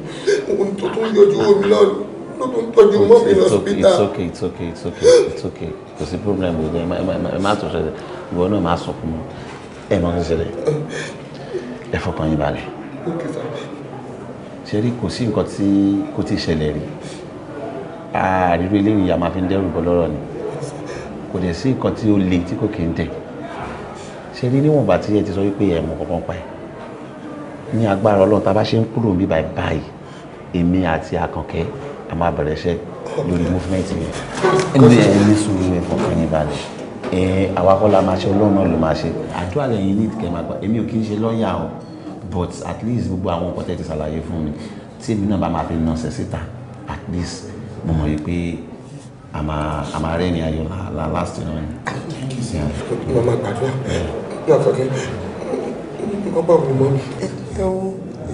òun tó tún yọjú omi lọ́dún ló tún tọ́jú mọ́ mi lọ́sibítà. it's okay it's okay it's okay it's okay kò sí problem with ẹ ẹ má tún ṣẹlẹ̀ ìwọ náà má sọ fún mi ẹ má tún ṣẹlẹ̀ ẹ fọkàn yín balẹ̀ ṣe rí kò sí nǹkan tí kò ti ṣẹlẹ̀ rí àríwé eléyìí a máa fi ń dẹ́rù bọ́ lọ́rọ̀ ni kò dẹ̀ sí nǹkan tí ó le tí kò kí ń tẹ̀ ṣe rí níwọ̀nba tí ẹ ti sọ wípé ẹ̀ mọ̀ kankan pa ẹ̀ ní agbára ọlọ́run tá a bá ṣe ń kúrò níbí báyìí èmi àti àkànkẹ́ a máa bẹ̀rẹ̀ iṣẹ́ lórí movement mi ẹni ẹni sùúrù ẹ̀ fọkàn yín balẹ̀ ẹ̀ẹ́n àwa kọ́ la máa ṣe ọlọ́run náà ló máa ṣe àdúrà lẹ́yìn ní ìdíkẹ́ máa gbà èmi ò kí ń ṣe lọ́ọ̀yà o but at least gbogbo àwọn nǹkan tẹ́ ti ṣàlàyé fún mi tí èmi náà bá máa fi nà ṣẹ́ síta at least mo mọ̀ wípé a máa rẹ́ ní ayọ̀ la last year náà ni. mo máa gbàdúrà náà fọ́kẹ́ ọgbà òun mọ́ mi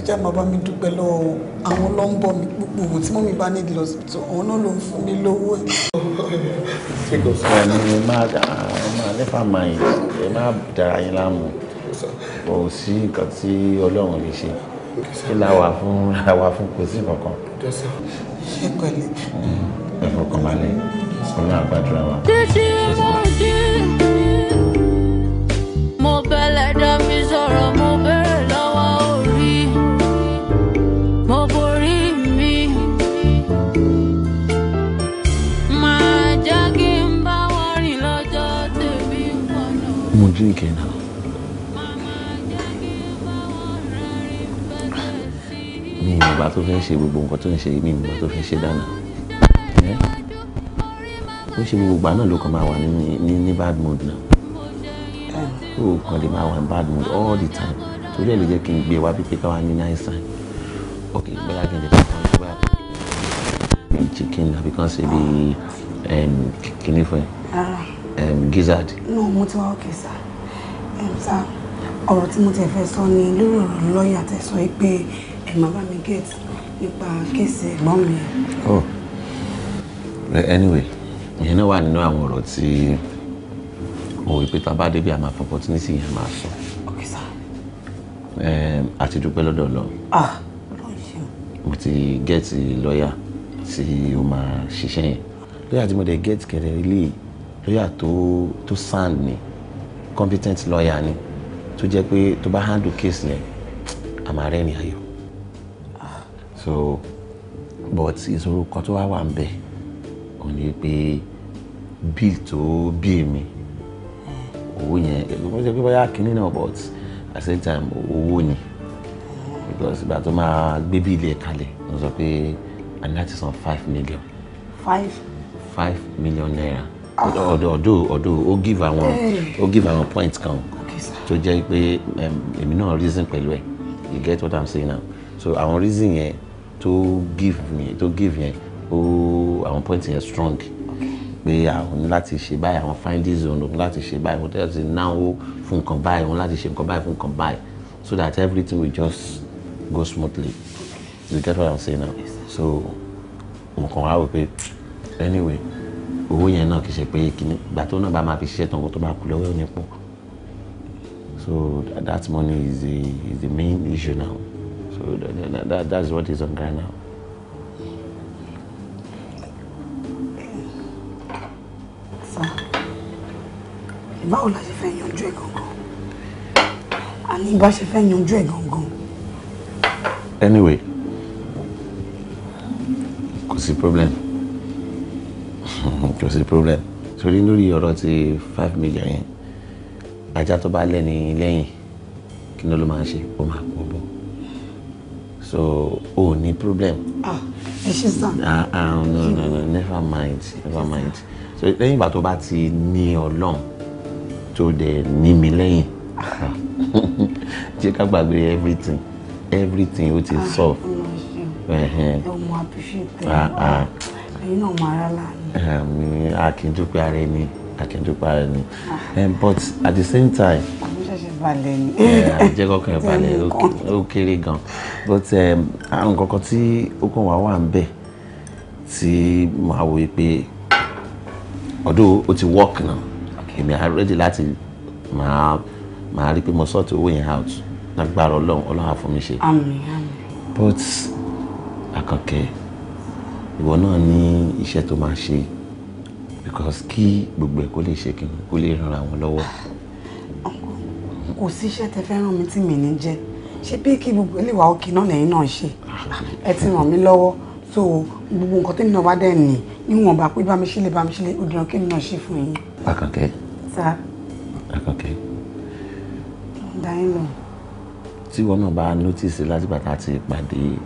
jẹ́ bàbá mi dúpẹ́ lọ́wọ́ wọn àwọn ló ń bọ̀ mí gbogbo òun tí mọ́mí bá nídìí lọ́sítọ̀ àwọn náà ló ń fún mi lówó ẹ̀. ẹni máa máa lẹ́fà máa yìí ẹ máa dára yín láàmú kò sí nǹkan tí ọlọ́run lè ṣe kí la wà fún la wà fún kò sí nǹkan kan. ẹ pẹ̀lẹ́. ẹ fọkàn balẹ̀ ọlọ́run àgbàdúrà wa. drinking now. mi ìgbà tó fẹ́ ṣe gbogbo nǹkan tó ń ṣe mi ìgbà tó fẹ́ ṣe dáná ó ṣe gbogbo ìgbà náà ló kàn máa wà ní ní bad mood náà ó kàn lè máa wà ní bad mood all the time torí ẹ̀ lè jẹ́ kí n gbé wa bí pé káwa ní nice time ok bóyá kí n lè tẹ̀sán ní bóyá bí chicken àbí kan ṣe bí kíní fún ẹ ah. gizzard. no mo ti wá òkè sáà ẹ̀mta ọ̀rọ̀ tí mo tẹ̀ fẹ́ sọ ni lórí ọ̀rọ̀ lọ́ọ̀yà tẹ̀ sọ pé ẹ̀ máa bá mi get nípa kéèsì ẹ̀gbọ́n mi. oh anyway ìyẹn náà wà nínú àwọn ọ̀rọ̀ tí mo wí pé tá a bá débi àmà opportunity yẹn máa sọ. ok sir. àti dúpẹ́ lọ́dọ̀ lọ. ah lọ́ọ̀ ṣe. mo ti gẹ́ẹ̀tì lọ́ọ̀yà tí o máa ṣiṣẹ́ yẹn lọ́ọ̀yà tí mo dẹ̀ gẹ́ẹ̀tì kẹrẹ ilé lọ́ọ̀yà tó tó sàn ni competent lawyer ni tó jẹ́ pé tó bá handle case yẹn a máa rẹ́ ní so but ìṣòro kan tó wá wà ń bẹ̀ ò ní pé bill tó bí èmi owó yẹn èmi kò jẹ́ pé bóyá kínní náà but at the same time owó ni because ìgbà tó máa gbé bill yẹn kalẹ̀ mo sọ pé a ní láti san five million. five. five million naira ọ̀dọ̀ ọ̀dọ̀ ọ̀dọ̀ ó give àwọn ó give àwọn point kan tó jẹ́ pé èmi náà reason pẹ̀lú ẹ̀ you get what i'm saying now so àwọn reason yẹn tó give mi tó give yẹn ó àwọn point yẹn strong pé àwọn ní láti ṣe báyìí àwọn findings òun òun láti ṣe báyìí òun tẹ́lẹ̀ ti náwó fún nǹkan báyìí òun láti ṣe nǹkan báyìí fún nǹkan báyìí so that everything will just go smoothly you get what i'm saying now so mo kàn wá wò anyway owó yẹn náà kì í ṣe pé ìgbà tó náà bá máa fi ṣiṣẹ́ tán owó tó bá kú lọ́wọ́ ní so that, money is the is the main issue now so that, that, that's what is on ground now. báwo la ṣe fẹ́ yanjú ẹ̀ gangan a ní bá ṣe fẹ́ yanjú ẹ̀ gangan. anyway kò sí problem. kò sí problem torí lórí ọ̀rọ̀ ti five million yẹn ajá tó bá lẹ́ni lẹ́yìn kí ló ló máa ṣe ó máa pọ̀ bọ̀ so o oh, ní problem. ah ẹ ṣe sàn. ah, ah no no no never mind never mind so lẹ́yìn ìgbà tó bá ti ní ọlọ́run tó dẹ̀ ní mi lẹ́yìn ah, jẹ́ ká gbàgbé everything everything ó ti ah, solve. ẹ ọmọ àbíṣe tẹ ẹ ẹyin náà mọ ara láàánú àmì àkíndúpẹ́ ara ẹni àkíndúpẹ́ ara ẹni but at the same time balẹ̀ ni. jẹ́ kọ́kọ́ kéré gan but àwọn kankan tí ó kàn wá wà ń bẹ̀ tí màá wò pé ọdún ó ti work náà èmi á ready láti màá màá rí pé mo sort owó yẹn out lágbára ọlọ́run ọlọ́run á but àkànkẹ́. Okay ìwọ náà ní iṣẹ́ tó máa ṣe because kí gbogbo ẹ̀ kó lè ṣe kí kó lè ran àwọn lọ́wọ́. kò sí iṣẹ́ tẹ fẹ́ ràn mí tí mi ní jẹ́ ṣé bí kí gbogbo ilé ìwà òkè náà lẹ́yìn náà ṣe ẹ ti ràn mí lọ́wọ́ so gbogbo nǹkan tẹ́mi náà bá dẹ̀ nì níwọ̀n bá pé bá mi ṣílẹ̀ bá mi ṣílẹ̀ òdìrán kémi náà ṣe fún yín. Àkànkẹ́. sá. Àkànkẹ́. dáhìn lọ. tí wọn náà bá notice láti bàtà ti pàdé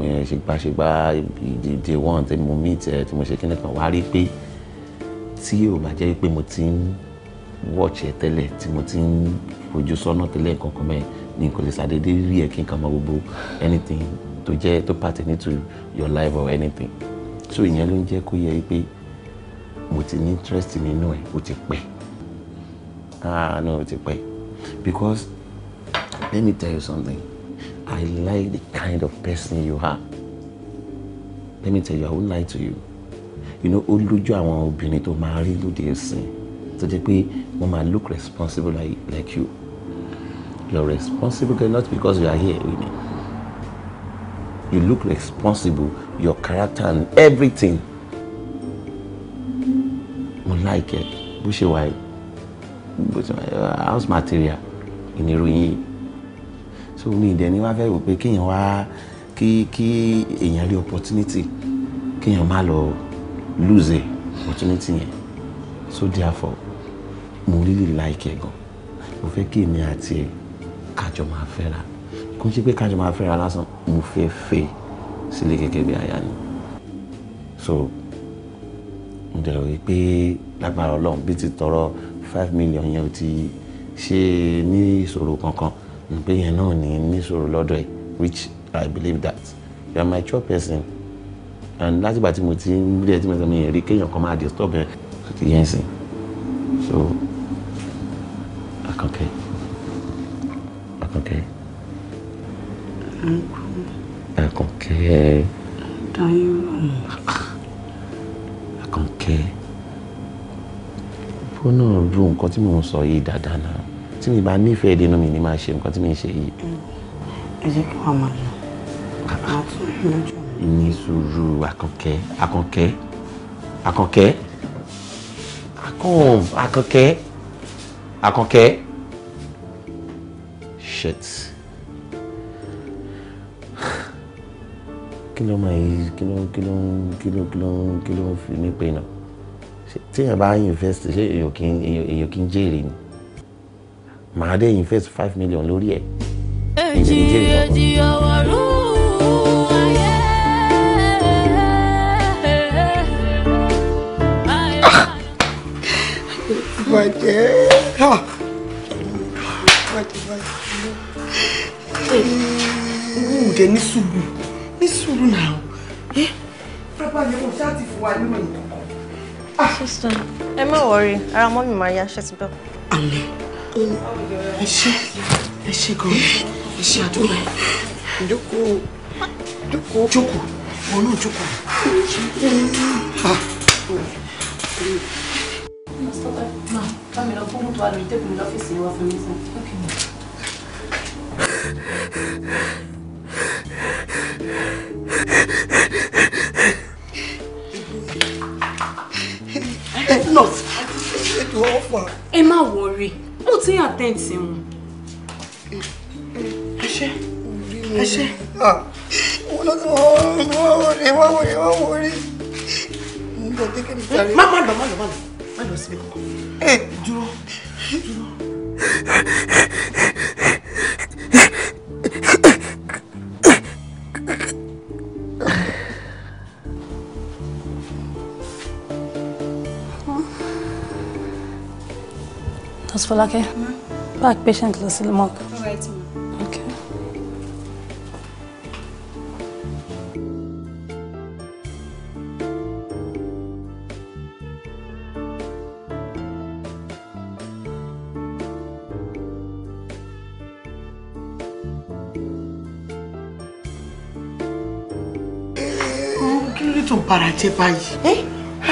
ṣègbàṣègbà day one tí mo meet ẹ tí mo ṣe kíni kan wá rí pé tí ò bá jẹ́ pé mo ti ń wọ́ọ̀chì ẹ tẹ́lẹ̀ tí mo ti ń fojú sọ́nà tẹ́lẹ̀ kankan mẹ́rin ni kò lè ṣàdédé rí ẹ kí n kàn mọ gbogbo anything tó jẹ́ tó pertain to your life or anything so ìyẹn ló ń jẹ́ kó yẹ pé mo ti ní interest nínú ẹ o ti pẹ́ ah no o ti pẹ́ because let me tell you something I like the kind of person you are. Let me tell you, I won't lie to you. You know, ó lójú àwọn obìnrin tó máa rí lóde ìsìn tó jẹ́ pé wọ́n máa look responsible like, like you. You're responsible girl not because you are here with me. You look responsible, your character and everything. Mo like it. bó ṣe wà bó ṣe wà house material ìnirú yìí so mi ìdẹ̀ ni wá fẹ́ wò pé kéèyàn wá kí kí èèyàn rí opportunity kéèyàn má lọ lose opportunity yẹn so therefore mo really like ẹ gan mo fẹ́ kí èmi àti ẹ kájọ máa fẹ́ra kò ṣe pé kájọ máa fẹ́ra lásán mo fẹ́ fẹ́ sílé gẹ́gẹ́ bí aya ni so mo dẹ̀ rí pé lágbára ọlọ́run bí ti tọrọ five million yẹn ò ti ṣe ní ìṣòro kankan pé yẹn náà ní níṣòro lọ́dọ̀ ẹ̀ which I believe that you are my mature person and látìgbà tí mo ti ń bí ẹ tí mo ti ń rí kéèyàn kan máa disturb ẹ àti yẹn sìn so Àkànkẹ́ Àkànkẹ́. Àkànkẹ́. Àkànkẹ́. bó náà ru nǹkan tí mò ń sọ yìí dáadáa náà tí mi bá nífẹ̀ẹ́ ìdènà mi ni máa ṣe nǹkan tí mi ń ṣe yìí. ẹ jẹ́ kí wàá máa lọ máa tún lójú mi. ní sùúrù akànkẹ́ akànkẹ́ akànkẹ́ akàn akànkẹ́ akànkẹ́ shit kí ló máa yí kí ló kí ló kí ló kí ló kí ló fi mí pé náà tí èèyàn bá invest ṣé èèyàn kì í jèrè ni màá dé invest five million lórí ẹ̀. èjì èjì ọwọ́ rú ayé. bàjẹ́ bàjẹ́ bàjẹ́ wù dé ní sùúrù ní now. náà Papa, you ni kò ṣáà ti fún wa nínú ìtàn. Ah! ẹ má wọrí ara mọ́ mi máa yá ṣe ti bẹ́ẹ̀ yín ẹ ṣé ẹ gan ẹ àdúrà jókòó jókòó jókòó wọn náà jókòó. ẹ má wọrí tún yàn tẹ́ǹtì sí wọn. ẹ ṣe ẹ ṣe wọn lọ sí wọn wọ rí wọn wọ rí wọn wọ rí. má má lọ má lọ má lọ má lọ síbi kankan. ẹ dúró dúró. Nurse Folake, back patient lọ sí Limok. All right, ma. bàrà jẹ báyìí. ẹ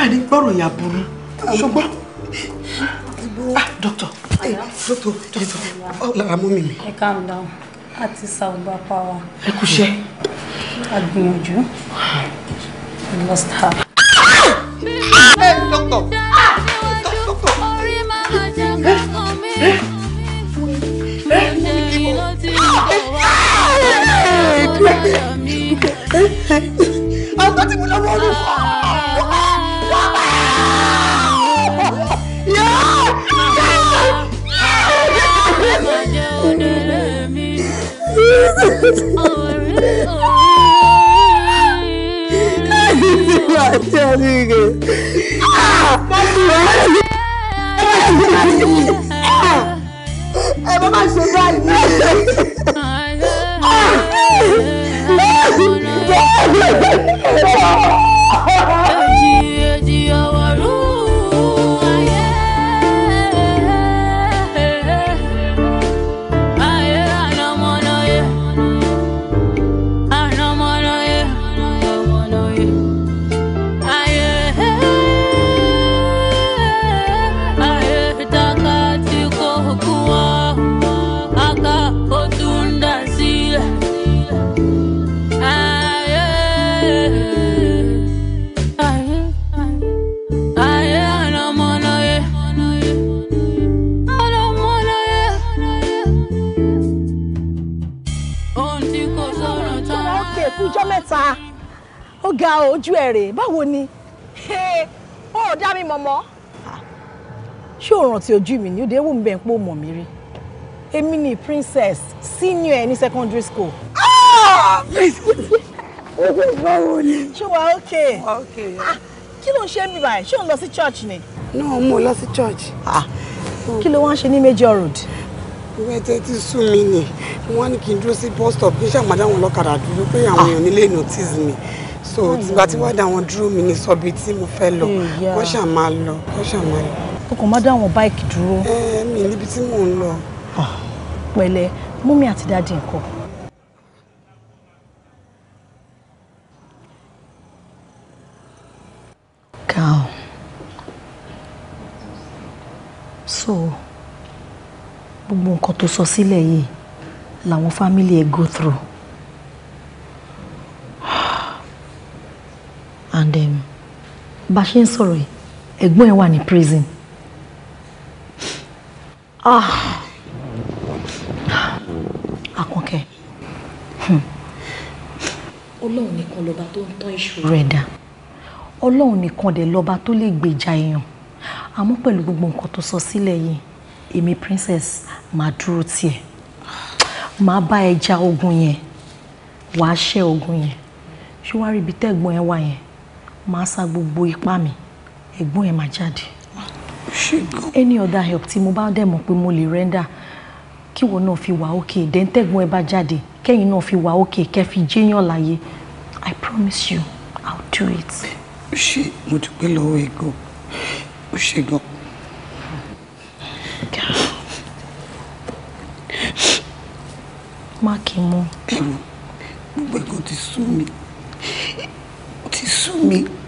àní gbọ́rọ̀ ìyá burú jókòó jókòó báwo lára mú mi mi. ẹ calm down a ti sa ọgbà pa wa. ẹ kú iṣẹ́. a gbìyànjú we lost her. ẹ dọ́kítọ̀ dọ́kítọ̀ tí mo lọ wọ́ọ́rù fún ọ. ẹ bá má ga ojú ẹ̀ rè báwo ni. ó ò dá mi mọ̀mọ́. ṣé o rántí ojú mi ni ó dé wù mí bẹ́ẹ̀ pé ó mọ̀ mí rí èmi ni princess senior ẹ ní secondary school. báwo ni. ṣé wàá òkè. kí ló ń ṣe mí báyìí ṣé o ń lọ sí church ni. náà mo lọ sí church. kí ló wá ń ṣe ní major road wẹ́tẹ́ tí sún mi ni wọ́n ní kí n dúró sí bus stop kí n ṣàmàdà àwọn ọlọ́kadà dúró pé àwọn èèyàn nílé notice mi so tìgbà tí wọ́n dá wọn dúró mi ní sọ bíi tí mo fẹ́ lọ eh, wọ́n ṣà máa lọ wọ́n ṣà máa lọ. o kò má dá àwọn báìkì dúró. ẹ eh, mi níbi tí mò ń lọ. Ah, pẹ̀lẹ́ mummy àti daddy ńkọ́. Cal. So, gbogbo nǹkan tó sọ sílẹ̀ yìí làwọn fámílì ẹ̀ go through. and um, bá a ṣe ń sọ̀rọ̀ yìí prison. Ah. Akànkẹ́ hmm. ọlọ́run nìkan lọ́ba to ń tán ìṣòro rẹ̀ dá ọlọ́run nìkan dẹ̀ lọ́ba tó lè gbèjà èèyàn àmọ́ pẹ̀lú gbogbo nǹkan tó sọ sílẹ̀ yìí èmi princess máa dúró tiẹ̀ máa bá ẹ ja ogun yẹn wàá ṣẹ́ ogun yẹn ṣé wàá rí ibi tẹ́gbọ́n ẹ wà yẹn máa sa gbogbo ipá mi ẹ̀gbọ́n ẹ̀ máa jáde. any other help tí mo bá dẹ̀ mọ̀ pé mo lè render kí wọn náà fi wà okay then tẹ́gbọ́n ẹ bá jáde kẹ́yìn náà fi wà okay kẹ́ fi láyé I promise you I will do it. ó ṣe mo dúpẹ́ lọ́wọ́ ẹ̀ gan ó ṣe gan. má kí n mú. ẹ̀rù gbogbo ẹ̀gàn ti sú mi ti sú mi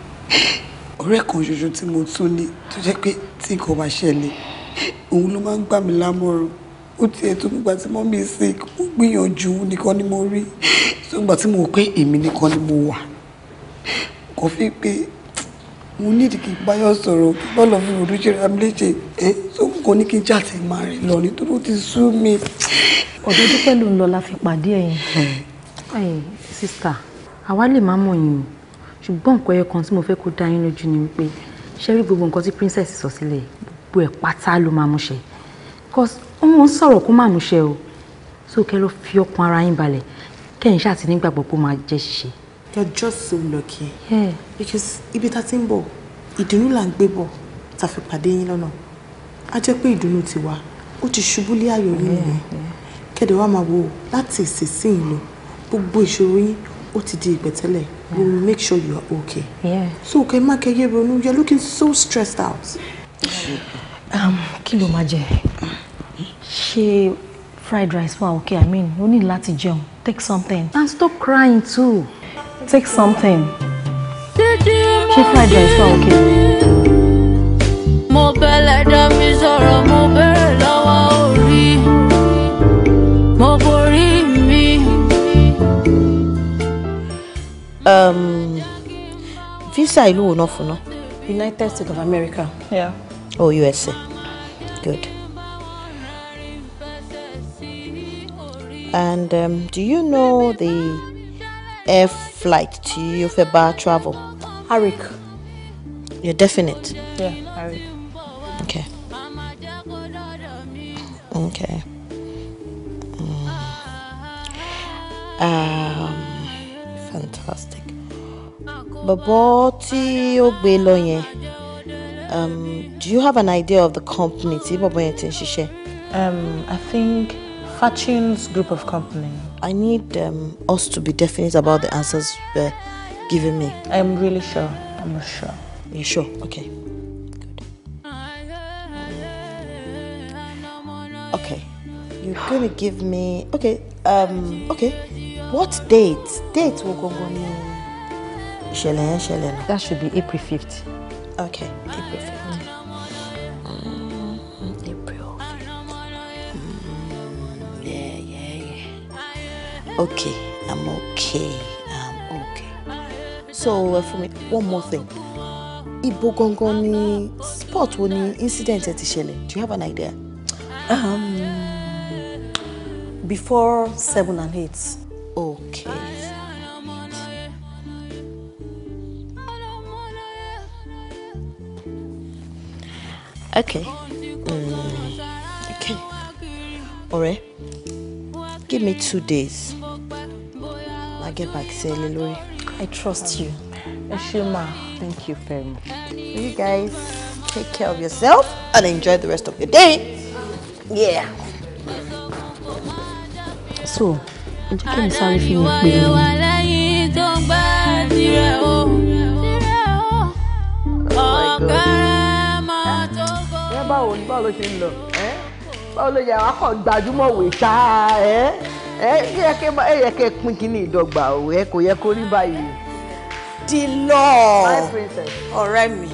ọ̀rẹ́ kan ṣoṣo tí mo tún ní tó jẹ́ pé tí nǹkan bá ṣẹlẹ̀ òun ló máa ń gbà mí lámọ̀ràn ó tiẹ̀ tó gbígbà tí mọ́mí sick mo gbìyànjú nìkan ni mo rí tó gbà tí mo rò pé èmi nìkan ni mo wà kò fi pé mo nídìí kí n báyọ̀ sọ̀rọ̀ kí bọ́ọ̀lù fi rò lóṣèré amúléṣe ẹ tó ń kọ́ ní kí n jáde máa rìn lọ nítorí ó ti sú mi. ọ̀dọ́ tó pẹ̀lú ń lọ la fi pàdé ẹ̀yìn sísà àwa lè má mọ̀ yín o ṣùgbọ́n nǹkan ẹyọ kan tí mo fẹ́ kó dá yín lójú ni wípé ṣé rí gbogbo nǹkan tí princess sọ sílẹ̀ gbogbo ẹ̀ pátá ló máa mú ṣẹ cause ó sọ̀rọ̀ kó má mú ṣẹ o so kẹ́ ló fi ọkàn ara yín balẹ̀ kẹ́yìn ṣáà nígbàgbọ́ pé ó máa jẹ́ ṣíṣe. you are just so lucky. Yeah. because ibi tá ti ń bọ̀ ìdùnnú là ń gbé bọ̀ tá fi pàdé yín lọ́nà á jẹ́ pé ìdùnnú ti wá ó ti ṣubú lé ayọ̀ yín nìyẹn kẹ́dẹ̀ wá máa wò láti ìsinsìnyí lọ gbogbo ìṣòro yín ó ti di ìgbẹ́tẹ́lẹ̀ we will make sure you are okay. Yeah. So kẹ́ má kẹ́yẹ ronú you looking so stressed out. Um, ló máa jẹ? Ṣé fried rice wà okay? I mean, we need láti jẹun. Take something. And stop crying too. Take something. She fried rice wà okay? Mo um, visa ìlú wo náà United States of America. Yeah. Oh, USA. Good. And um, do you know the air flight to you for bar travel? Harik. You're definite? Yeah, Harik. Okay. Okay. Mm. Um, fantastic. bọ̀bọ́ tí ó gbé lọ yẹn um, do you have an idea of the company tí bọ̀bọ́ yẹn ti ń Um, I think Fortune's group of company. I need um, us to be definite about the answers you're giving me. I'm really sure. I'm not sure. You sure? Okay. Good. Okay. You're gonna give me. Okay. Um. Okay. What date? Date will go on ìṣẹ̀lẹ̀ yẹn ṣẹlẹ̀ náà. that should be April fifth. okay April fifth. Mm, mm, mm, okay i'm okay i'm okay so ẹ fún mi one more thing ibo gangan ni spot wo ni incident ẹ ti ṣẹlẹ̀ do you have an idea. Um, before seven and eight. okay Okay. Mm, okay. Ọ̀rẹ́, give me two days. I'll get back sí ẹ I trust you. Ẹ Thank you very much. You guys take care of yourself and enjoy the rest of your day. Yeah. So, ǹjẹ́ kí n sáré fi mi pè é? Oh my God. báwo ni báwo ló ṣe ń lọ báwo ló yẹ akọ gbajúmọ̀ wè tá ẹ yẹ kẹ ẹ yẹ kẹ pín kínní ìdọ́gba o ẹ kò yẹ kó rí báyìí. Dilọ Ọrẹ mi.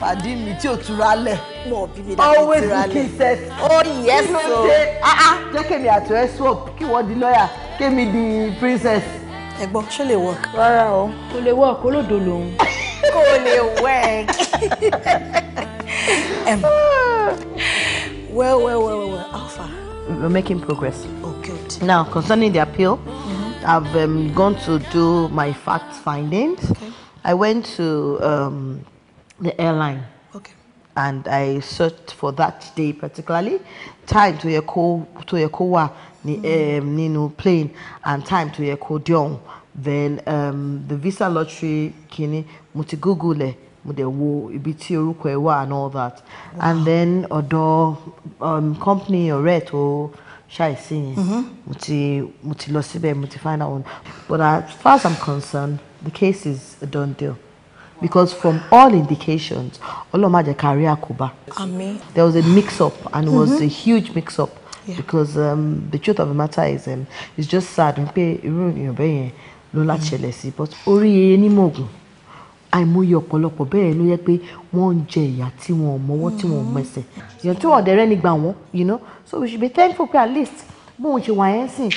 pàdí mi tí ò tura lẹ̀. mo bí mi dábì túra lẹ̀ always be kisses. ó yẹ so. Ah, ah, jẹ́ kémi àti ẹ swap kí wọ́n di lọ́ọ̀yà kémi di princess. ẹ̀gbọ́n ṣó lè work. rárá o kò lè work olódo lòun. kò lè work. well, well, well, well, well, how We're making progress. Oh, good. Now, concerning the appeal, mm-hmm. I've um, gone to do my fact findings. Okay. I went to um, the airline. Okay. And I searched for that day particularly, time to co to Ekowa mm. Mm-hmm. um, nínú plane and time to Eko Dion. then um, the visa lottery kini mo ti google ẹ mo dẹ̀ wo ibi tí orúkọ ẹ wà and all that wow. and then ọ̀dọ̀ um, company ọ̀rẹ́ tó ṣàìsí yẹn mm-hmm. mo ti mo ti lọ síbẹ̀ mo ti find out one but as far as i'm concerned the case is a done deal because from all indications ọlọ́mọ àjẹ kárí àkóbá there was a mix up and it was mm -hmm. a mm-hmm. huge mix up yeah. because um, the truth of the matter is um, it's just sad n pé irú èèyàn yẹn lọ́la ṣẹlẹ̀ sí but orí yeye nímọ̀gùn àìmọye ọ̀pọ̀lọpọ̀ bẹ́ẹ̀ ló yẹ pé wọ́n ń jẹ ìyà tí wọn ò mọwọ́ tí wọn ò mm. mẹsẹ̀ èèyàn tí wọn ọ̀dẹ̀ rẹ́ ni gbà wọ́n you know so we should be thankful pé at least bóun ṣe wà yẹn sìn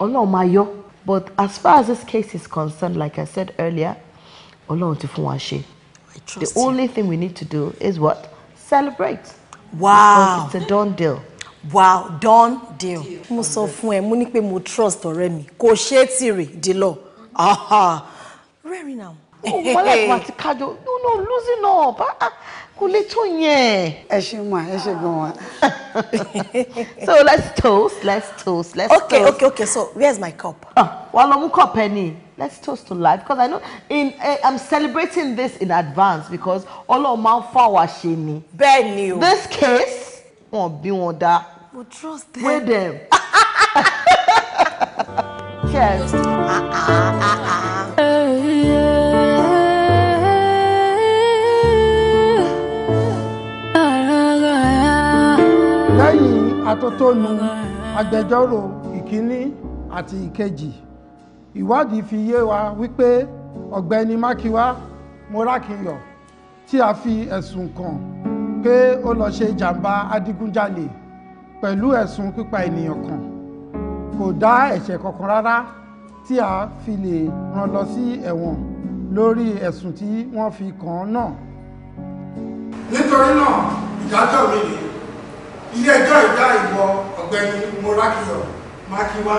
ọlọ́run máa yọ but as far as this case is concerned like I said earlier ọlọ́run ti fún wa ṣe the only you. thing we need to do is what celebrate wow because it's a done deal wow done deal mo sọ fún ẹ mo ní pé mo trust ọ̀rẹ́ mi kò ṣe é tìrì di lọ rẹ́rìn náà wọ́n láti máa ti kájọ no no losing up ah, ah, kò lè tó yẹn. ẹ ṣe mọ ẹ ṣe gan wa. so let's toast let's toast let's okay, toast. okay okay so where's my cup. Ah, wà á lọ mú cup ẹ ní let's toast to life because i know in uh, i'm celebrating this in advance because Ọlọ́run máa ń fà wá ṣe ni. bẹ́ẹ̀ ni o. this case wọn bí wọn dá. we trust them. wey dem. chest. Ah, ah, ah, ah. lẹ́yìn atótónu agbẹjọ́rò ìkíní àti ìkejì ìwádìí fi yé wa wípé ọ̀gbẹ́ni mákíwá morákiyọ̀ tí a fi ẹ̀sùn kàn pé ó lọ ṣe jàǹbá adigunjalè pẹ̀lú ẹ̀sùn pípa ènìyàn kan kò dá ẹ̀ṣẹ̀ kankan rárá tí a fi lè rán lọ sí ẹ̀wọ̀n lórí ẹ̀sùn tí wọ́n fi kàn án náà. nítorí náà ìdájọ́ mi ni ilé ẹjọ́ ìdá ìwọ ọ̀gbẹ́ni morakiyọ makiwa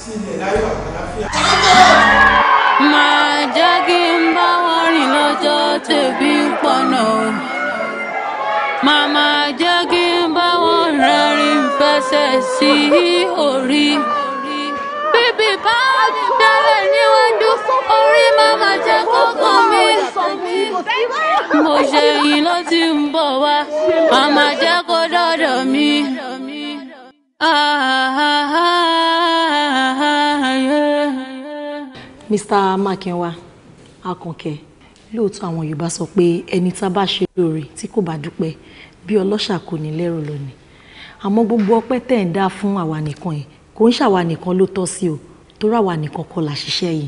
sí ilẹ̀ láyọ̀ àlàáfíà. máa jẹ́ kí n bá wọn rìn lọ́jọ́ tèbí pọ̀nà màmá jẹ́ ẹsẹ̀ sí orí. bíbí bá bẹ̀rẹ̀ níwájú orí màmá jẹ́ kókó mi. mo ṣe yìí ló ti ń bọ̀ wá màmá jẹ́ kó dọ́dọ̀ mi. Mr. Makinwa Akànkẹ́ lóòótọ́ àwọn Yorùbá sọ pé ẹni tá a bá ṣe lóore tí kò bá dúpẹ́ bí ọlọ́ṣà kò ní lẹ́rù lónìí àmọ́ gbogbo ọpẹ́ tẹ̀ ń dá fún àwa nìkan yìí kò ń ṣàwa nìkan ló tọ́ sí o torí àwa nìkan kọ́ la yìí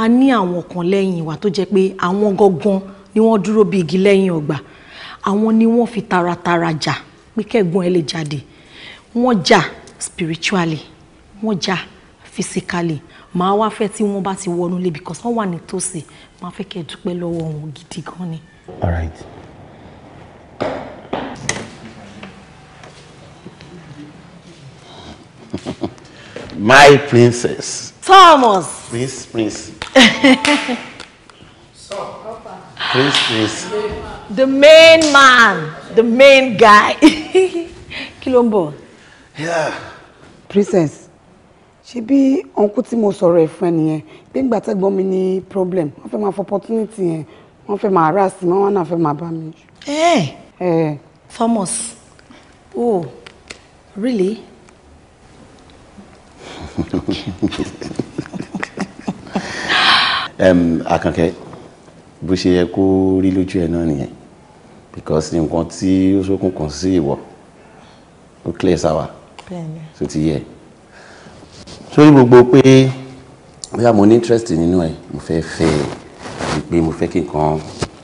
a ní àwọn kan lẹ́yìn wa tó jẹ́ pé àwọn gangan ni wọ́n dúró bí igi lẹ́yìn ọgbà àwọn ni wọ́n fi taratara jà pé kẹ́gbọ́n ẹ lè jáde wọ́n jà spiritually wọ́n jà physically màá wá fẹ́ tí wọ́n bá ti wọnú lé because wọ́n wà nítòsí màá fẹ́ kẹ́ dúpẹ́ lọ́wọ́ wọn gidi gan ni. all right My princess. Thomas. Prince, prince. so, prince, prince. The main man, the main guy. Kilombo. Yeah. Princess. ṣe bí ọ̀nkú tí mo sọ̀rọ̀ ẹ̀ fún ẹ nìyẹn pé ńgbà tẹ́gbọ́n mi ní problem wọ́n fẹ́ máa fọ opportunity yẹn wọ́n fẹ́ máa rà sí wọ́n náà fẹ́ máa bá mi. ẹ eh. ẹ eh. Thomas oh really Àkànkẹ́ bó ṣe yẹ kó rí lójú ẹ náà nìyẹn because nǹkan tí ó ṣókùnkùn sí ìwọ ó clear sáwà tó ti yẹ sórí gbogbo pé bóyá mo ní interest nínú ẹ mo fẹ́ fẹ́ ẹ pé mo fẹ́ kí nǹkan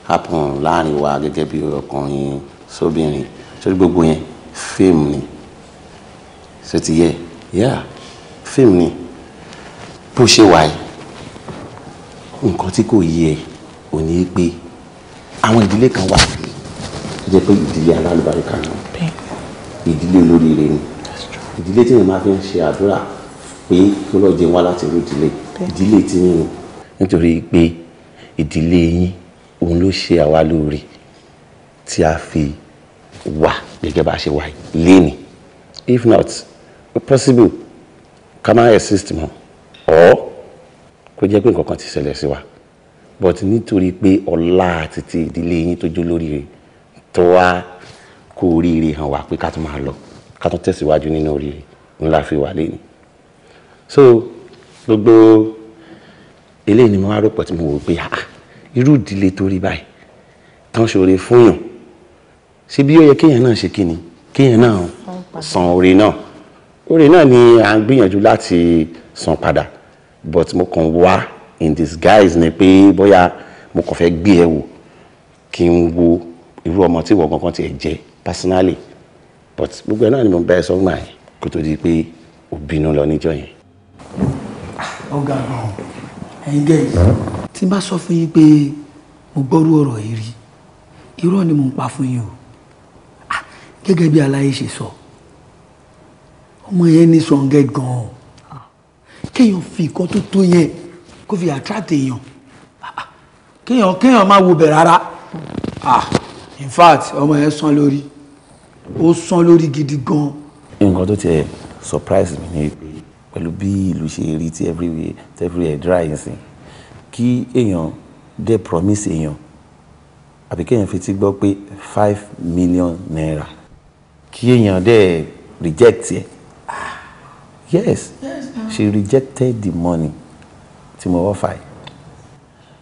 happen láàrin wa gẹ́gẹ́ bí ọkùnrin sóbìnrin sórí gbogbo yẹn fíìmù ni tó ti yẹ yeah fíìmù ni bó ṣe wà yìí nǹkan tí kò yí ẹ ò ní pé àwọn ìdílé kan wà tó jẹ́ pé ìdílé alálùbáríkà náà ìdílé olóríire ni ìdílé tí mo máa fi ń ṣe àdúrà pé kí ọlọ́jẹ wá láti irú ìdílé ìdílé tí yín nítorí pé ìdílé yín òun ló ṣe àwa lóore tí a fi wà gẹ́gẹ́ bá ṣe wà lénìí if not possible ká má exist mọ́ ọ́ kó jẹ́ pé nǹkan kan ti ṣẹlẹ̀ sí wa but nítorí pé ọlá àti ti ìdílé yín tó jó lóríire tó wá kó oríire hàn wá pé ká tún máa lọ ká tún tẹ̀síwájú nínú oríire ńlá fi wà lẹ́yìn so gbogbo eléyìí ni mo wá rò pọ̀ tí mo wò pé ah, ah irú ìdílé tó rí báyìí tán ṣoore fún yàn ṣé bí ó yẹ kéèyàn náà ṣe kí ni kéèyàn náà san oore náà oore náà ni à ń gbìyànjú láti san padà but mo kàn wá in disguise ni pé bóyá mo kàn fẹ́ gbé ẹ wò kí n wo irú ọmọ tí ìwọ kankan tiẹ̀ jẹ́ personally but gbogbo ẹ náà ni mo bá ẹ sọ gbà yẹn kó tó di pé ó bínú lọ níjọ́ yẹn. ọ̀gá ọ̀hún ẹ̀yin gẹ̀ẹ́sì. tí n bá sọ fún yín pé mo gbọ́rú ọ̀rọ̀ yìí rí irọ́ ni mo ń pa fún yín o ah, gẹ́gẹ́ bí aláyé ṣe sọ. So ọmọ yẹn ní sọ̀ǹgẹ̀ gan-an kéèyàn fi nǹkan tó tó yẹn kó fi attract èèyàn kéèyàn kéèyàn má wo bẹ̀ rárá ah in fact ọmọ yẹn sán lórí ó sán lórí gidi gan. nǹkan tó tiẹ̀ surprise mi ni pẹ̀lú bí ìlú ṣe rí tí everywhere tí everywhere dry nsìn kí èèyàn dé promise èèyàn àbí kéèyàn fi ti gbọ́ pé five million naira kí èèyàn dé reject ẹ̀ yes, yes she rejected the money to mo offer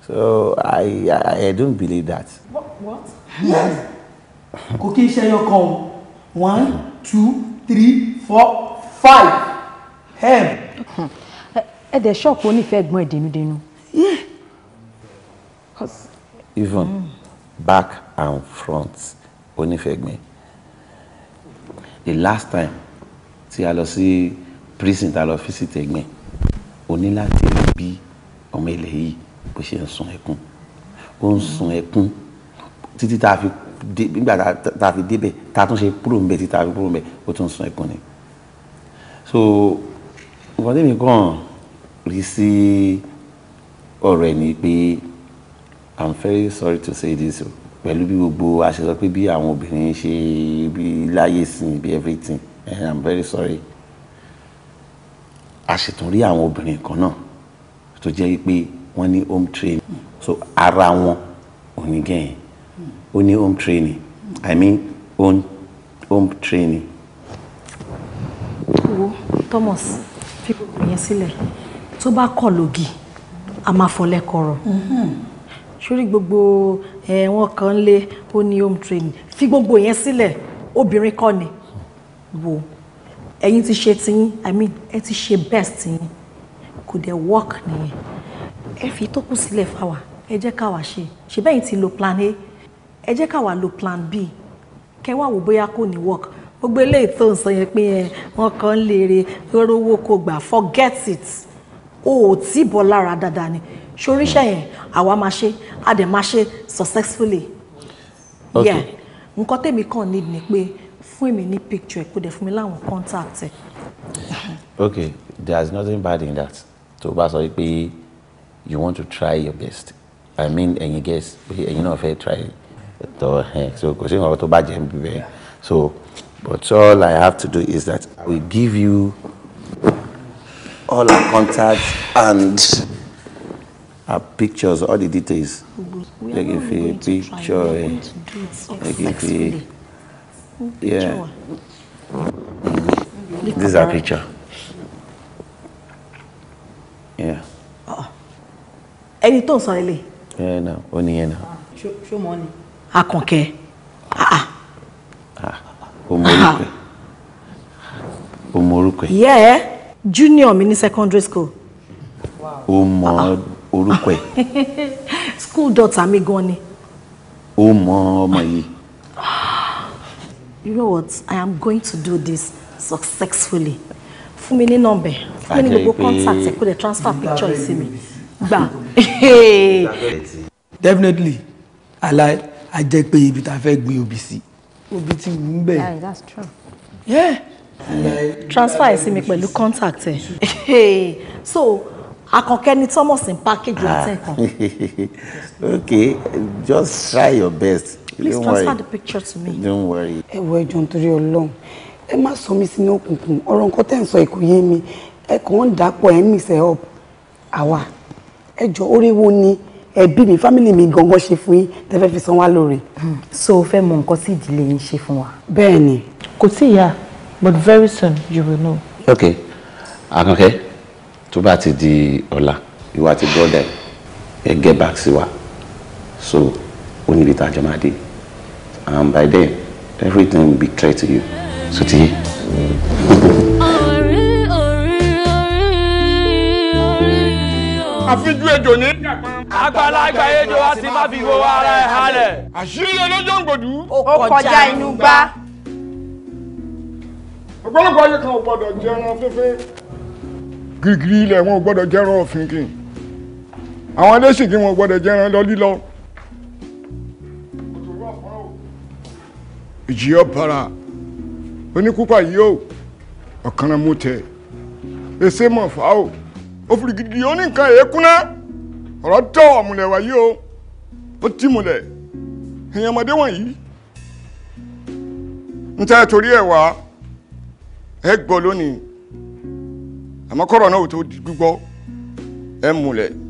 so I, I I don't believe that. what what. yes Okay, kí n ṣe one two three four five hem. ẹ dẹ̀ ṣọ́ọ̀pù onífẹ̀ẹ́ gbọ́n ẹ̀ dénúdénú. even mm. back and front onífẹ̀ẹ́ gbìn the last time tí a lọ sí. Si prison ta lọ fíìsì tẹ̀gbìn o ní láti rí bí ọmọ ilẹ̀ yìí bó ṣe ń sun ẹkún ó ń sun ẹkún títí tá a fi dé nígbà tá a fi débẹ̀ tá a tún ṣe kúrò ń bẹ̀ títí tá a fi kúrò ń bẹ̀ ó tún sun ẹkún ni so nǹkan tẹ́mi kàn rí sí ọ̀rọ̀ ẹ̀ ni pé i'm very sorry to say this o pẹ̀lú bí gbogbo àṣẹ sọ pé bí àwọn obìnrin ṣe bí láyé sí bí everything and eh, i'm very sorry a sì tún rí àwọn obìnrin kan náà tó jẹ́ pé wọ́n ní home training so ara wọn ò ní ó ní home training i mean own home training. wo Thomas fi gbogbo yẹn sílẹ̀ tó bá kọ̀ lògì a máa fọlẹ́ kọ̀rọ̀ mm-hmm. sórí gbogbo ẹ̀wọ̀n kan lé ó ní home training fi gbogbo yẹn sílẹ̀ obìnrin kọ́ ni wo ẹ̀yin ti ṣe tiyín i mean ẹ ti ṣe best yín kò dẹ̀ work nìyẹn ẹ fi tó kù sílẹ̀ fáwa ẹ jẹ́ káwa ṣe ṣe bẹ́yìn ti lo plan a ẹ jẹ́ káwa lo plan b kẹ́ wá wò bóyá kò ní work gbogbo eléyìí tó ń sọ yẹn pé ẹ wọn kàn ń lére rówó kò gbà forget it o ò tí bọ́ lára dáadáa ni ṣoríṣẹ́ yẹn àwa máa ṣe a máa ṣe successfully. okay yeah nǹkan tèmi kàn need ni pé fún èmi ní picture ẹ̀ kó dẹ̀ fún mi láwọn contact ẹ̀. okay there is nothing bad in that tó bá sọ pé you want to try your best i mean ẹ̀yin guess pé ẹ̀yin náà fẹ́ try tọ́ so kò sí nǹkan tó bá jẹ́ bíbẹ̀ so but all i have to do is that i will give you all our contacts and our pictures all the details. We are like if a picture, like if a Yeah. This is our picture. Yeah. Ah. Ẹni tó ń sọ ilé. Yeah, no, ó nìyẹn náà. Ṣó mọ́ ni? Akànkẹ́. O ah, ah. mọ orúkọ ẹ̀. O mọ orúkọ ẹ̀. Eh? junior mi ní secondary school. O mọ orúkọ School daughter mi gan ni. O mọ ọmọ yìí you know what I am going to do this successfully fún mi ní nọ́mbẹ̀ fún mi ní gbogbo contact ẹ kó lè transfer picture yìí sí mi gbà. definitely ala a jẹ pé ibi tá a fẹ́ gbin obì sí obì ti wù ú bẹ́ẹ̀. that's true. Yeah. Yeah. transfer ẹ sí mi pẹ̀lú contact ẹ so akànkẹ́ ni thomas ń package ọ̀tẹ̀ ah. kan. okay just try your best. Please don't transfer worry. the picture to me. Don't worry. Ẹ wo ẹjọ́ nítorí Ọlọ́run. Ẹ má sọ mí sínú òkùnkùn. Ọ̀rọ̀ nǹkan tẹ́ ń sọ kò yé mi. Ẹ kàn ń dàpọ̀ ẹ̀ ń mìsẹ̀ up. Àwa. Ẹjọ́ orí wo ni ẹbí mi fámìlì mi gangan ṣe fún yín tẹ́ fẹ́ fi san wá lóore. Hmm. So o fẹ́ mọ nǹkan tí ìdílé yín ṣe fún wa. Bẹ́ẹ̀ni. Kò tí ì yá but very soon you will know. Okay, Àkànkẹ́ tó bá ti di ọ̀la ìwà ti brọ́dà ẹ̀ get back sí wa so ó níbi tá a jọ máa dé and by then everything will be clear to you so ti yé. àfijú ejò ní ìjàgbọ́n. àgbàlagbà ejò a ti má fi wo ara ẹ̀ halẹ̀. àṣírí ọlọ́jọ́ ògbòdú. ó kọjá inú gbá. ọ̀pọ̀lọpọ̀ ayé kan ò gbọ́dọ̀ jẹran fẹ́fẹ́. gírígírí ilẹ̀ wọn ò gbọ́dọ̀ jẹran ọ̀fìnkìn. àwọn adéṣìkí wọn ò gbọ́dọ̀ jẹran lọ lílọ. ejiọ bara ọ yio ka yi ọ ọ kana o ofurigidi ise ma faw ọ fụlikịrị gị ọ nika e wa yi nta tori e wa e gbọlo ni a ma kọrọ na ọ tọọ dịgị e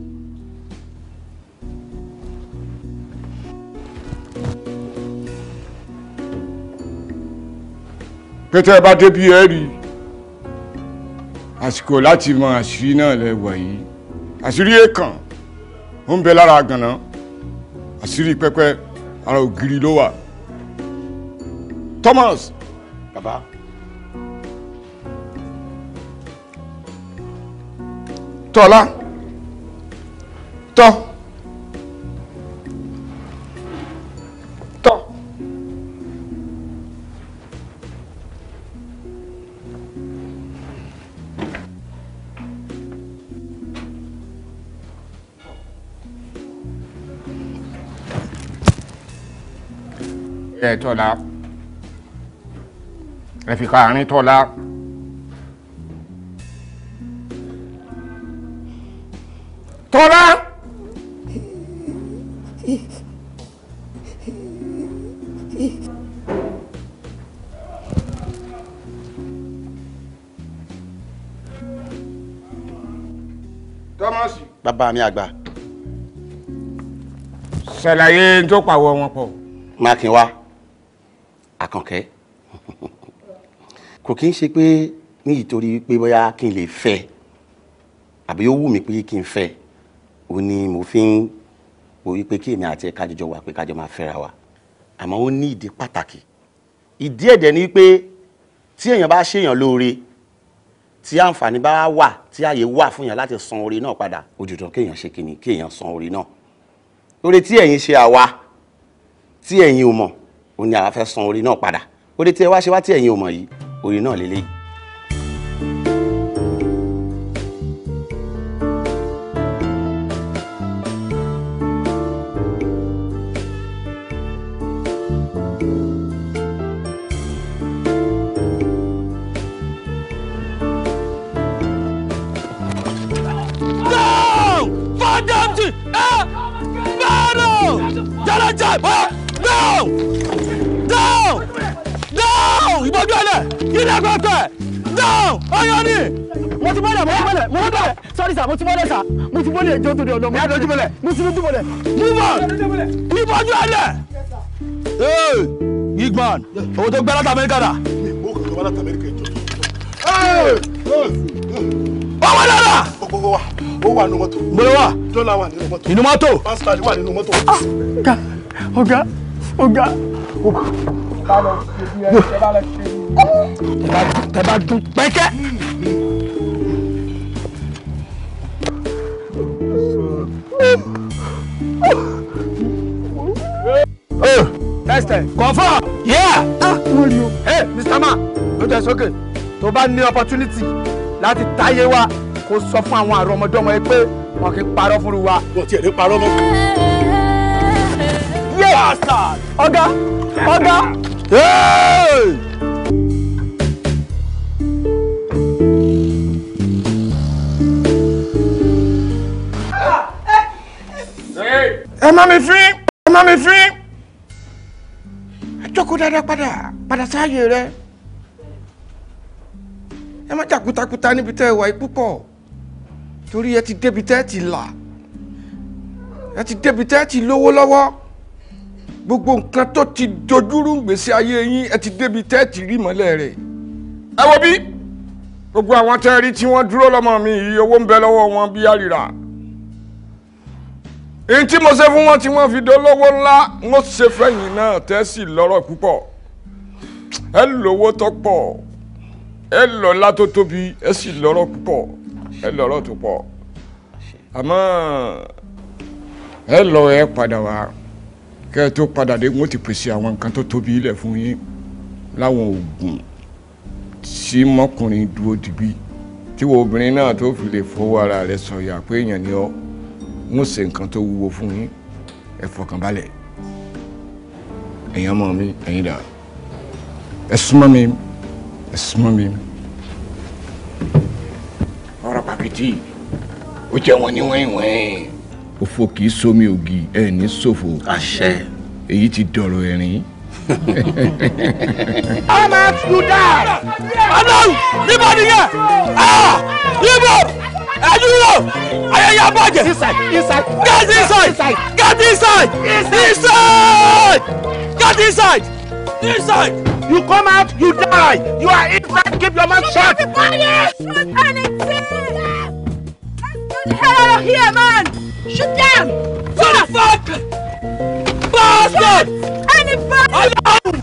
pé tẹ́ ẹ bá débi ẹ rí àsìkò láti mọ àṣírí náà lẹ wà yìí àṣírí èèkàn ó ń bẹ lára gànà àṣírí pẹpẹ ara ògiri ló wà Thomas. baba. tọ́lá tọ́. ẹ tọ́lá ẹ fi ka àárín tọ́lá. tọ́lá. tọ́mọ̀sì. bàbá mi àgbà. ṣàlàyé tó pàwọ̀ wọn pọ̀. mákin wá àkànkẹ́ kò kí n ṣe pé ní ìtorí pé bóyá kí n lè fẹ́ àbí ó wù mí pé kí n fẹ́ ó ní mo fi ń wo wípé kí èmi àti ẹ̀ kájọ wà pé kájọ máa fẹ́ra wa àmọ́ ó ní ìdí pàtàkì ìdí ẹ̀dẹ̀ ni pé tí èèyàn bá ṣèèyàn lóore tí àǹfààní bá wà tí àyè wà fún èèyàn láti san oore náà padà ojúdàn kéèyàn ṣe kìnnì kéèyàn san oore náà oore tí ẹ̀yin ṣe àwa tí ẹ̀yin ò mọ̀ òun ni àwa fẹ́ san orí náà padà orí tí ẹ wá ṣe wá tí ẹ̀yin ò mọ̀ yìí orí náà lélẹ́yìí àgọ́tẹ̀ down ọyọ ni. mo ti bọ́lẹ̀ mo ti bọ́lẹ̀ mo ti bọ́lẹ̀ sorry sir mo ti bọ́lẹ̀ sir mo ti bọ́lẹ̀ èjò torí ọ̀dọ́ mo ti bọ́lẹ̀ mo ti bọ́lẹ̀ move on ìbọjú ẹlẹ̀ ee big man owó tó gbẹ láti amẹ́ríkà dà. ọwọ́ dára. gbogbo wa ó wà nínú mọ́tò. gbogbo wa dọ́là wà nínú mọ́tò. inú mọ́tò. pásítọ̀ wà nínú mọ́tò. ọ̀gá ọ̀gá ọ̀gá tẹ bá dún pẹ́kẹ́. tẹ́sítẹ̀ kọ̀ọ̀fọ̀ yẹ́ ẹ Mr. Ma ló tẹ̀ sókè tó bá ní opportunity láti táyé wa kó sọ fún àwọn àrùn ọmọdọ́mọ ẹ pé wọn kì í parọ́ fúnru wa. wọn tiẹ̀ lè parọ́ mọ́. yé ọ̀gá ọ̀gá. ẹ má mi fín ẹ má mi fín ẹ jókòó dáadáa padà padà sáàyè rẹ ẹ má jà kútakúta níbi tẹ́ ẹ wà yìí púpọ̀ torí ẹ ti débi tẹ́ ẹ ti là ẹ ti débi tẹ́ ẹ ti lówó lọ́wọ́ gbogbo nǹkan tó ti dojúrú gbèsè ayé yín ẹ ti débi tẹ́ ẹ ti rí mọ́lẹ̀ rẹ̀ ẹ wò bí gbogbo àwọn tẹ́ ẹ rí tí wọ́n dúró lọ́mọ mi yìí owó ń bẹ lọ́wọ́ wọn bí àrìrà èyí tí mo ṣe fún wọn tí wọ́n fi dolówó ńlá wọ́n ṣe fẹ́yìn náà tẹ́sí lọ́rọ̀ púpọ̀ ẹ lówó tó pọ̀ ẹ lọ́lá tó tóbi ẹ sì lọ́rọ̀ púpọ̀ ẹ lọ́rọ̀ tó pọ̀ àmọ́ ẹ lọ ẹ padà wá kẹ́ ẹ tó padà dé wọ́n ti pèsè àwọn nǹkan tó tóbi ilẹ̀ fún yín láwọn oògùn tí mọ́kùnrin dúró dìbí tí wo obìnrin náà tó fi lè fowó ara rẹ̀ sọ̀yà pé èèyàn ni ọ́ n ó ṣe nǹkan tó wúwo fún yín ẹ fọkàn balẹ̀ ẹ̀yin ọmọ mi ẹ̀yin dà ẹ súnmọ́ mi ẹ súnmọ́ mi ọ̀rọ̀ pàkìtì ó jẹ́ wọn ní wẹ́ẹ̀wẹ́ẹ̀. òfò kì í somi ògì ẹ ní ṣòfò. àṣẹ. èyí ti dọ̀rọ̀ ẹ̀rín. ọmọ ẹ fi dá. ọlọ́run níbo nìyẹn. Ah! níbo. Adúró! Ayẹyẹ abọ́jẹ̀! Inside! Inside! Get inside! Inside! Get inside! Inside! Inside! Get inside! Inside! You come out, you die! You are inside, keep your mouth shut! Everybody! Shoot anything! Let's get the hell out of here, man! Shoot them! What the fuck? Bastard! Anybody! Alone!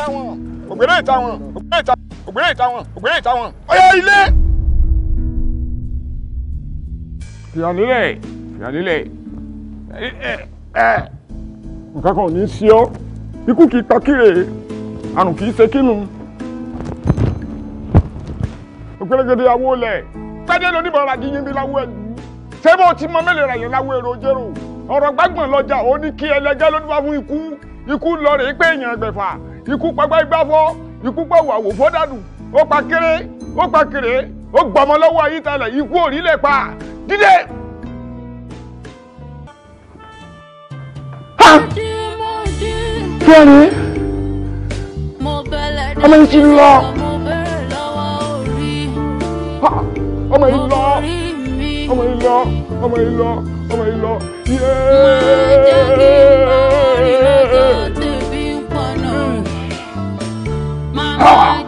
ìta wọn ògbèrè ìta wọn ògbèrè ìta ògbèrè ìta wọn ògbèrè ìta wọn ọyọ ilé. fìyànílẹ̀ fìyànílẹ̀ nǹkan kan ò ní í sí ọ ikú kì í pa kíre àrùn kì í ṣe kínú ògbèrègèdè àwo lẹ̀ tẹ́lẹ̀ lóníbọ̀rọ̀ àdìyẹ mi láwọ ẹ̀lú ṣé bó ti mọ mélòó rẹ̀ yẹn láwọ èrò jẹ́rò ọ̀rọ̀ gbàgbọ́n lọ́jà ó ní kí ẹlẹgẹ́ ló ní wá fún ikú ikú lọ rèé pé èèyàn ẹgbẹ̀fà ikú pàgbà igbáfọ́ ikú pàwọ̀ àwòfọ́ dànù ó pa kéré ó pa kéré ó gbọmọ lọ́wọ́ ayítalẹ̀ ikú òrílẹ̀ pa dídé. kẹ́rin ọmọ yìí ti lọ ọmọ yìí lọ ọmọ yìí lọ ọmọ yìí lọ ọmọ yìí lọ yéé. power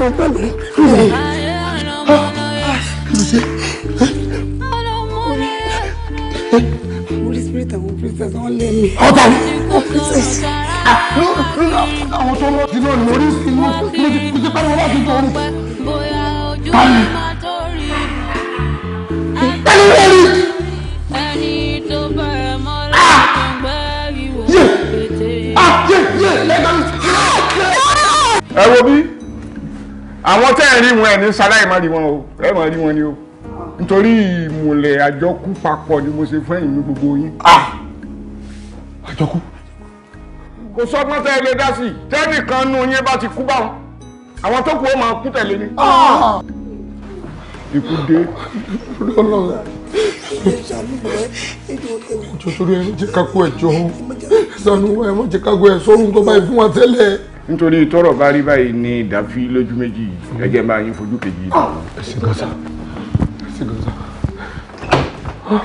lọ gbà holy spirit àwọn princess wọn lé mi. ọba mi ó princess. àwọn tó rọ́ọ̀tì náà ní orí sí inú ní ti kú sí pẹ́ẹ́rẹ́ wọn láti jọ orí. báyìí ẹni wọ́n rí. ẹ wo bí àwọn tẹ́ ẹ̀ rí wọn ẹ̀ ní sáláì má rí wọn o ẹ̀ má rí wọn ni o nítorí ìmùlẹ̀ àjọkú papọ̀ ni mo ṣe fún ẹ̀yìn ní gbogbo yín. Ah! àjọkú. kò sọ́gbọ́n tẹ́ ẹ lè dá sí i tẹ́nìkan nù yín bá ti kú báwọn àwọn tó kù ó máa kú tẹ̀lé ni. ikú dé. lọ́lọ́ ìjọ torí ẹ jẹ́ ká kú ẹ̀ jọ ọ́ sanu ẹ má jẹ́ ká kú ẹ̀ sọ́run tó báyìí fún wa tẹ́lẹ̀ nítorí tọ́rọ̀ bá rí báyìí ní ìdáfí lójú méjì ẹjẹ máa yín fojú kejì yìí. Ah, ẹsìn gọ́sà ẹsìn gọ́sà. Ah.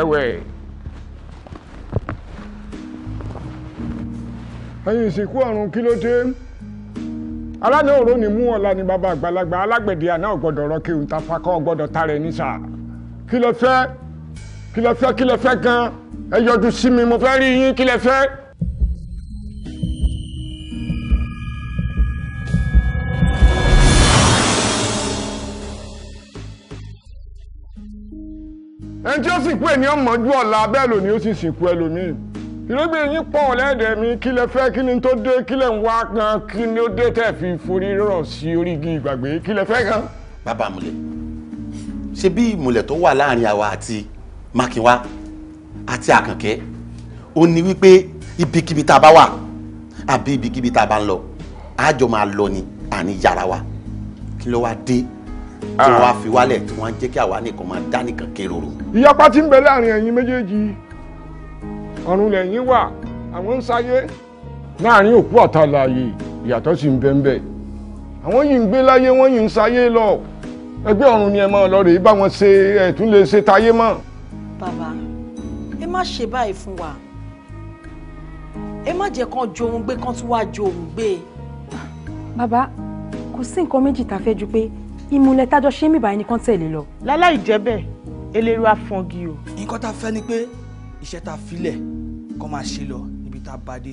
ẹwẹ ẹ̀yìn ìsìnkú ọ̀run kí ló dé aláná òró ni mú ọ̀la ni bàbá àgbàlagbà alágbẹ̀dẹ àná ọ̀gbọ́dọ̀ rọ kéwù tafakọ́ ọ̀gbọ́dọ̀ tarẹ̀ níṣà kí ló fẹ́ kí lẹ fẹ́ kí lẹ fẹ́ gan ẹ yọjú sí mi mo fẹ́ rí yín kí lẹ fẹ́. ẹni tí ó sìnkú ẹ̀ ní ọmọjú ọ̀la bẹ́ẹ̀ lòní ó sì sìnkú ẹlòmíì ìrógbè yín pọ̀ lẹ́ẹ̀dẹ̀ mi kí lẹ fẹ́ kí ni tó dé kí lẹ ń wá gan kí ni ó dé tẹ̀ fi forí rọ̀ sí orígi ìgbàgbé kí lẹ fẹ́ gan. bàbá mulẹ̀ ṣe bí ìmùlẹ̀ tó wà láàrin àwa àti mákinwá àti àkànkẹ́ ó ní wípé ibikíbi tá a bá wà àbí ibikíbi tá a bá ń lọ àjọ máa lọ ni àní yàrá wa kí ló wá dé tí wọ́n á fi wálẹ̀ tí wọ́n á jẹ́ kí àwa nìkan máa dá nìkan kéròrò. ìyapa tí ń bẹ láàrin ẹ̀yin méjèèjì ọ̀run lẹ́yìn wà àwọn ń sáyé láàrin òkú àtàlàyé ìyàtọ̀ sì ń àwọn yìí ń gbé láyé wọ́n yìí ń sáyé lọ ẹgbẹ́ ọ̀run ni ẹ máa lọ rèé bá wọn ṣe ẹ̀tún ṣe táyé mọ́ bàbá ẹ má ṣe báyìí fún wa ẹ má jẹ́ kán jo ohun gbé kán tún wá jo ohun gbé. bàbá kò sí nǹkan méjì tá a fẹ́ ju pé ìmúlẹ̀ tájọ́ ṣé mi báyìí nìkan tẹ̀lé lọ. láláì jẹ́ bẹ́ẹ̀ eléru afọ́ngi o. nǹkan tá a fẹ́ ni pé iṣẹ́ tá a filẹ̀ kó máa ṣe lọ níbi tá a bá dé.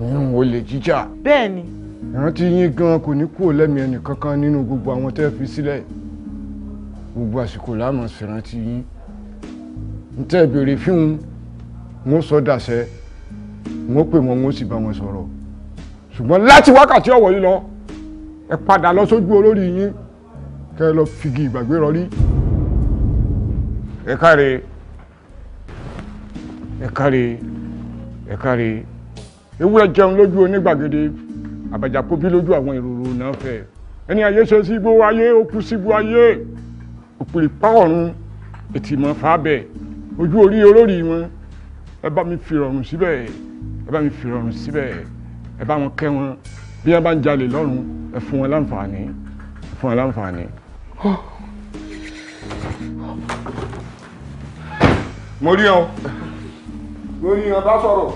ìyún wo lè jíjà. bẹ́ẹ̀ ni. ìrántí yín gan kò ní kúrò lẹ́mìí ẹnì kankan nínú gbogbo àwọn tẹ́ fi sílẹ̀ gbogbo àsìkò láàmú ṣèrántí yín ntẹ́ béèrè fíhun wọ́n sọ dàṣẹ wọ́n pè wọ́n wọ́n sì bá wọn sọ̀rọ̀ ṣùgbọ́n láti wákàtí ọ̀wọ̀ yìí lọ ẹ padà lọ sójú olórí yín kẹ́ ẹ lọ figi ìgbàgbé rọrí ẹ káre ẹ káre ẹ káre ewúrẹ́ jẹun lójú onígbàgede àbàjá kóbí lójú àwọn ìròrò náà fẹ́ ẹni ayé ṣe síbú ayé ó kú síbú ayé òpìlì pa ọ̀run ètìmọ̀ fàábẹ́ẹ̀ ojú orí olórí wọn ẹ bá mi fìrọ̀rùn síbẹ̀ ẹ bá mi fìrọ̀rùn síbẹ̀ ẹ bá wọn kẹ́ wọn bí wọn bá ń jalè lọ́rùn ẹ fún wọn láǹfààní ẹ fún wọn láǹfààní. mo rí ọ mo rí ọ bá sọ̀rọ̀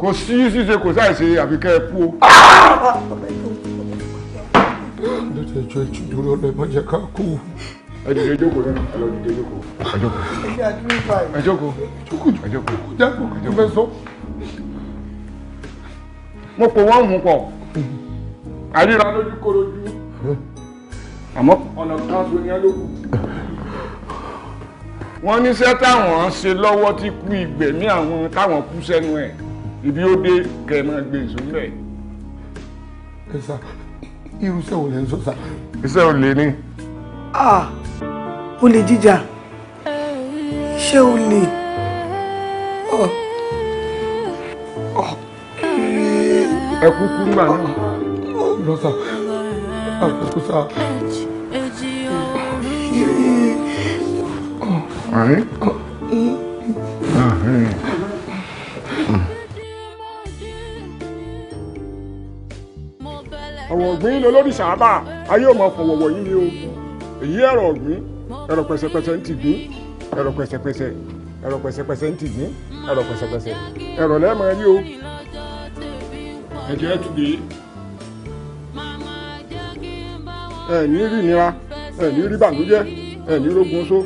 kò sí ṣíṣe kò sáì ṣe àfi kẹ́ ẹ kú o. lọ́jọ́ ìjọ ìjùmọ̀ lọ́dọ̀ ẹ̀ má jẹ́ ká kú o ẹ dìde jókòó nínú ẹ lọ dìde jókòó ẹ jókòó ẹ jókòó ẹ jókòó jákòó ẹ fẹ́ sọ. mo pò wọ́n mú pọ̀ àríra lójú korojú àmọ́ ọ̀nà kan so ní alókù. wọ́n níṣẹ́ táwọn ṣe lọ́wọ́ tí kú ìgbẹ̀mí àwọn táwọn kú sẹ́nu ẹ̀ ibi ó dé kẹ̀mọ́ gbé ìsúnlẹ̀. ẹ sá irúṣẹ́ ò lè ń sọ sá. iṣẹ́ ò lè ní. ah olè jíjà ṣé o lè ẹ kúkú gbà náà lọ sà àkókò sà. ọ̀wọ̀ ọ̀gbìn lolórí sàábà ayé ò mọ̀ fọ̀wọ̀wọ̀ yìí ni o èyí ẹ̀rọ ọ̀gbìn ẹ̀rọ pẹ̀sẹ̀pẹ̀sẹ̀ ń tìgbín ẹ̀rọ pẹ̀sẹ̀pẹ̀sẹ̀ ẹ̀rọ pẹ̀sẹ̀pẹ̀sẹ̀ ń tìgbín ẹ̀rọ pẹ̀sẹ̀pẹ̀sẹ̀ ẹ̀rọ lẹ́ẹ̀mọ rí o ẹ̀jẹ̀ tùgbé ẹ̀ ní rí nira ẹ̀ rí bàlújẹ́ ẹ̀ rógun oṣó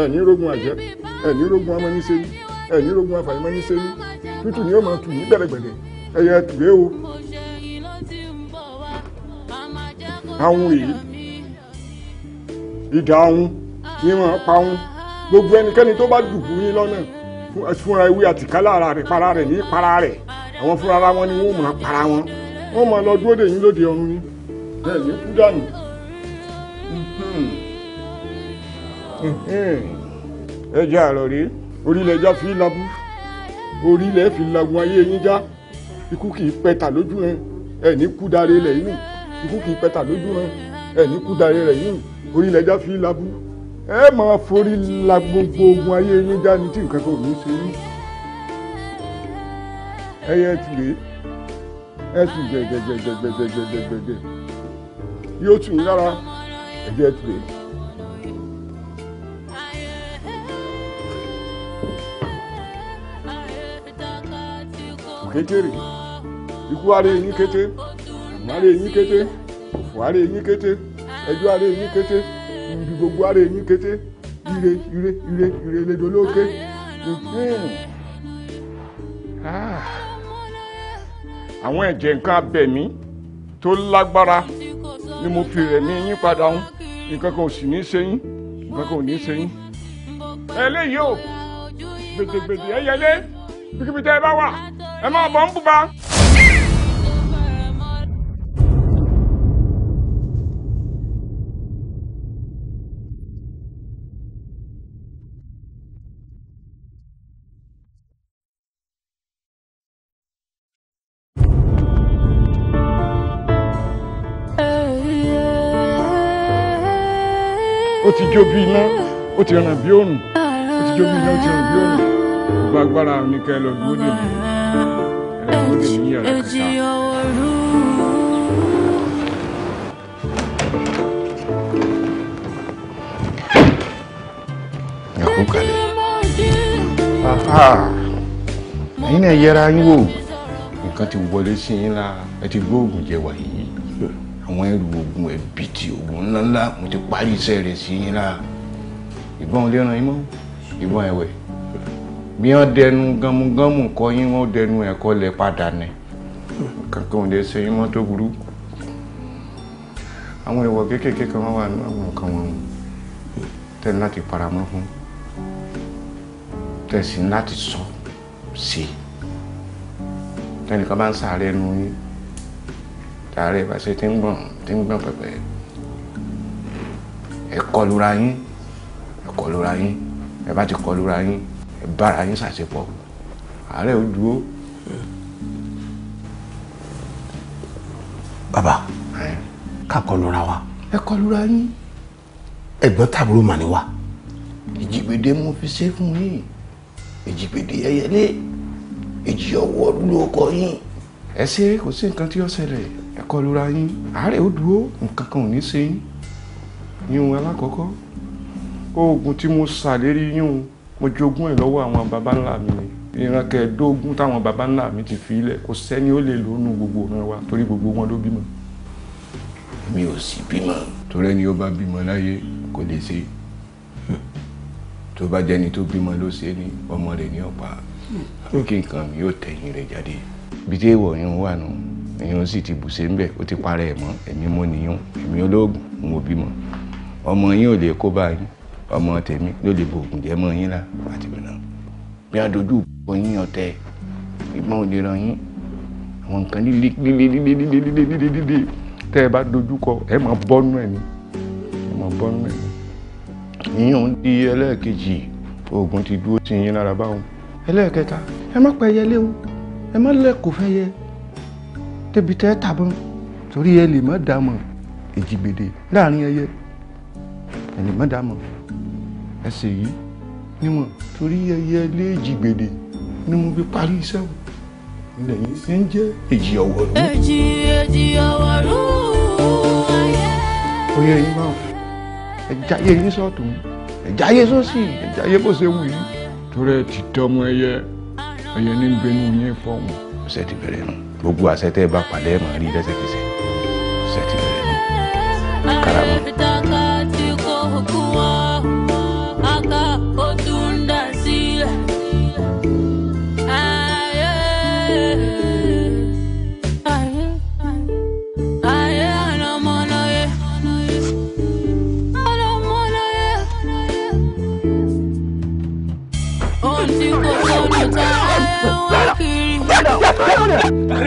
ẹ̀ rógun àjẹ́ ẹ̀ rógun ọmọ ní rógun àfàìmọ́ tútù ni ó máa tù ní gbẹ̀rẹ̀gbẹ̀rẹ̀ ẹ̀yẹ tùgbé o àwọn èyí ìdá ahun ìwọ̀n pa òun gbogbo ẹnikẹ́ni tó bá dùbú yín lọ́nà fúnra ewé àtìkálà ara rẹ̀ para rẹ̀ ní para rẹ̀ àwọn fúnra ara wọn ni wọ́n máa para wọn wọ́n máa lọ dúró dè yín lóde ọ̀run ni bẹ́ẹ̀ ní kú dànù. ẹ jẹ́ àrọ̀ rèé orílẹ̀ ẹja fi labú orílẹ̀ fi lagun ayé yín já ikú kì í pẹ̀tà lójú ẹ ẹ̀ní kú dáre rẹ̀ yín ikú kì í pẹ̀tà lójú ẹ ẹ̀ní kú dáre rẹ̀ yín orílẹ̀ ẹja fi labú. ẹ máa forí la gbogbo ogun ayé yín já tí nǹkan ní ṣe yín ẹyẹ ti lè ẹ yóò tù ti lè. kékeré ikú kété ibi gbogbo ara ẹ̀yìn kété ire ire ire ire lẹ́dọ̀ lókè. Mm-hmm. Ah. àwọn ẹ̀jẹ̀ nǹkan abẹ̀mí tó lágbára ni mo fi rẹ̀ mí yín padà ń nǹkan kan ò sì ní í ṣe yín nǹkan kan ò ní í ṣe yín. eléyìí o gbèdégbèdé ẹyẹlé bíkíbi tẹ́ ẹ bá wà ẹ máa bọ̀ ń bùbá. ó ti jó bí iná ó ti ràn bí òrùn ó ti jó iná ó ti ràn bí òrùn gbogbo agbára mi kẹ lọ dúró dè mí ẹ lọ dè mí yàrá kẹta. yàgò náà yẹra yín wò nǹkan ti wọlé sí yín la ẹ ti gbóògùn jẹ wàyí àwọn ẹrù ogun ẹ̀bìtì ogun ńláńlá mo ti parí iṣẹ́ rẹ̀ sí yín lára ìbọn ò lè ràn yín mọ́ ìbọn ẹ̀wẹ̀ bí wọ́n dẹnu gánmugánmù kọ́ yín wọ́n dẹnu ẹ̀kọ́ lẹ̀ padà ní kankan ò lè ṣe yín mọ́ tó burú àwọn ìwọ̀ kéékèèké kan wá wà ní àwọn nǹkan wọn tẹ́lẹ̀ láti paramọ́ fún tẹ̀sí láti sọ sí tẹnìkan bá ń sàárẹ̀ nu yín ààrẹ ìbáṣe tí ń gbọ̀n tí ń gbọ̀n pẹ̀pẹ̀ ẹ kọlura yín ẹ kọlura yín ẹ bá ti kọlura yín ẹ bára yín ṣàṣepọ̀ ààrẹ ò dúró. bàbá ká kọlura wa. ẹ kọlura yín. ẹ̀gbọ́n tàbúrò mà ní wa. ìjìgbèdè mo fi ṣe fún yín ìjìgbèdè ẹyẹlé ìjì ọwọ́ ló kọ yín. ẹ ṣe kò sí nǹkan tí ó ṣẹlẹ̀ kọlura yín àárẹ̀ ó dúró nǹkan kan ò ní ṣe yín yíyún alákọ̀ọ́kọ́ oògùn tí mo ṣàlérí yíyún mo jogún ẹ̀ lọ́wọ́ àwọn baba ńlá mi ni ìran kẹẹ̀ẹ́dógún táwọn baba ńlá mi ti fi ilẹ̀ kò sẹ́ni ó lè lò gbogbo ọ̀nà wa torí gbogbo wọn ló bímọ. mi ò sì bímọ. torí ẹni ó bá bímọ láyé kò lè ṣe tó bá jẹni tó bímọ ló ṣe ni ọmọ rẹ̀ ní ọ̀pá àbí kí nǹkan mi yóò tẹ̀yìn rẹ̀ jáde bí tí èèwọ̀ wà nù. No èèyàn sì ti bùṣe ńbẹ ó ti parẹ́ ẹ̀ mọ́ èmi mo nìyàn èmi olóògùn n ò bímọ ọmọ yín ò lè kó bá yín ọmọ tèmi ló lè bo ògùn jẹ́ mọ́ yín lá àti mìíràn bí adojú òpó yín ọ̀tẹ̀ ìgbọ́n ò lè ràn yín àwọn nǹkan líle líle líle líle líle líle líle tẹ́ ẹ bá dojú kọ ẹ máa bọ́nú ẹ̀ ni ẹ máa bọ́nú ẹ̀ ni yíyan di ẹlẹ́ẹ̀kejì oògùn ti dúró sí yín lára báwọn ẹlẹ́ẹ̀kẹta ẹ má pẹ́ yẹlé o ẹ má lẹ́kọ̀ọ́ fẹ́ yẹ débi tẹ́ tàbọn torí ẹ lè mọ́ dàmọ̀ èjìgbèdè láàrin ẹyẹ ẹ lè mọ́ dàmọ̀ ẹsẹ̀ yìí níwọ̀n torí ẹyẹ lé èjìgbèdè ni mo fi parí iṣẹ́ o ilẹ̀ yìí ṣe ń jẹ́ èjì ọ̀wọ̀rú. èjì èjì ọ̀wọ̀rú ayé. oyè yín bá wọn ẹja ayé yín sọ̀tún ẹja ayé sọ́sì ẹja ayé bó ṣe wù yín torí ẹ ti tọ́ ọmọ ẹyẹ ẹyẹ ní bẹnu yín fọ́ọ̀mù ọ̀sẹ̀ ti bẹ̀rẹ̀ náà gbogbo àṣẹ tẹ́ ẹ bá pàdé ẹ̀ rí lẹ́sẹ̀kẹsẹ̀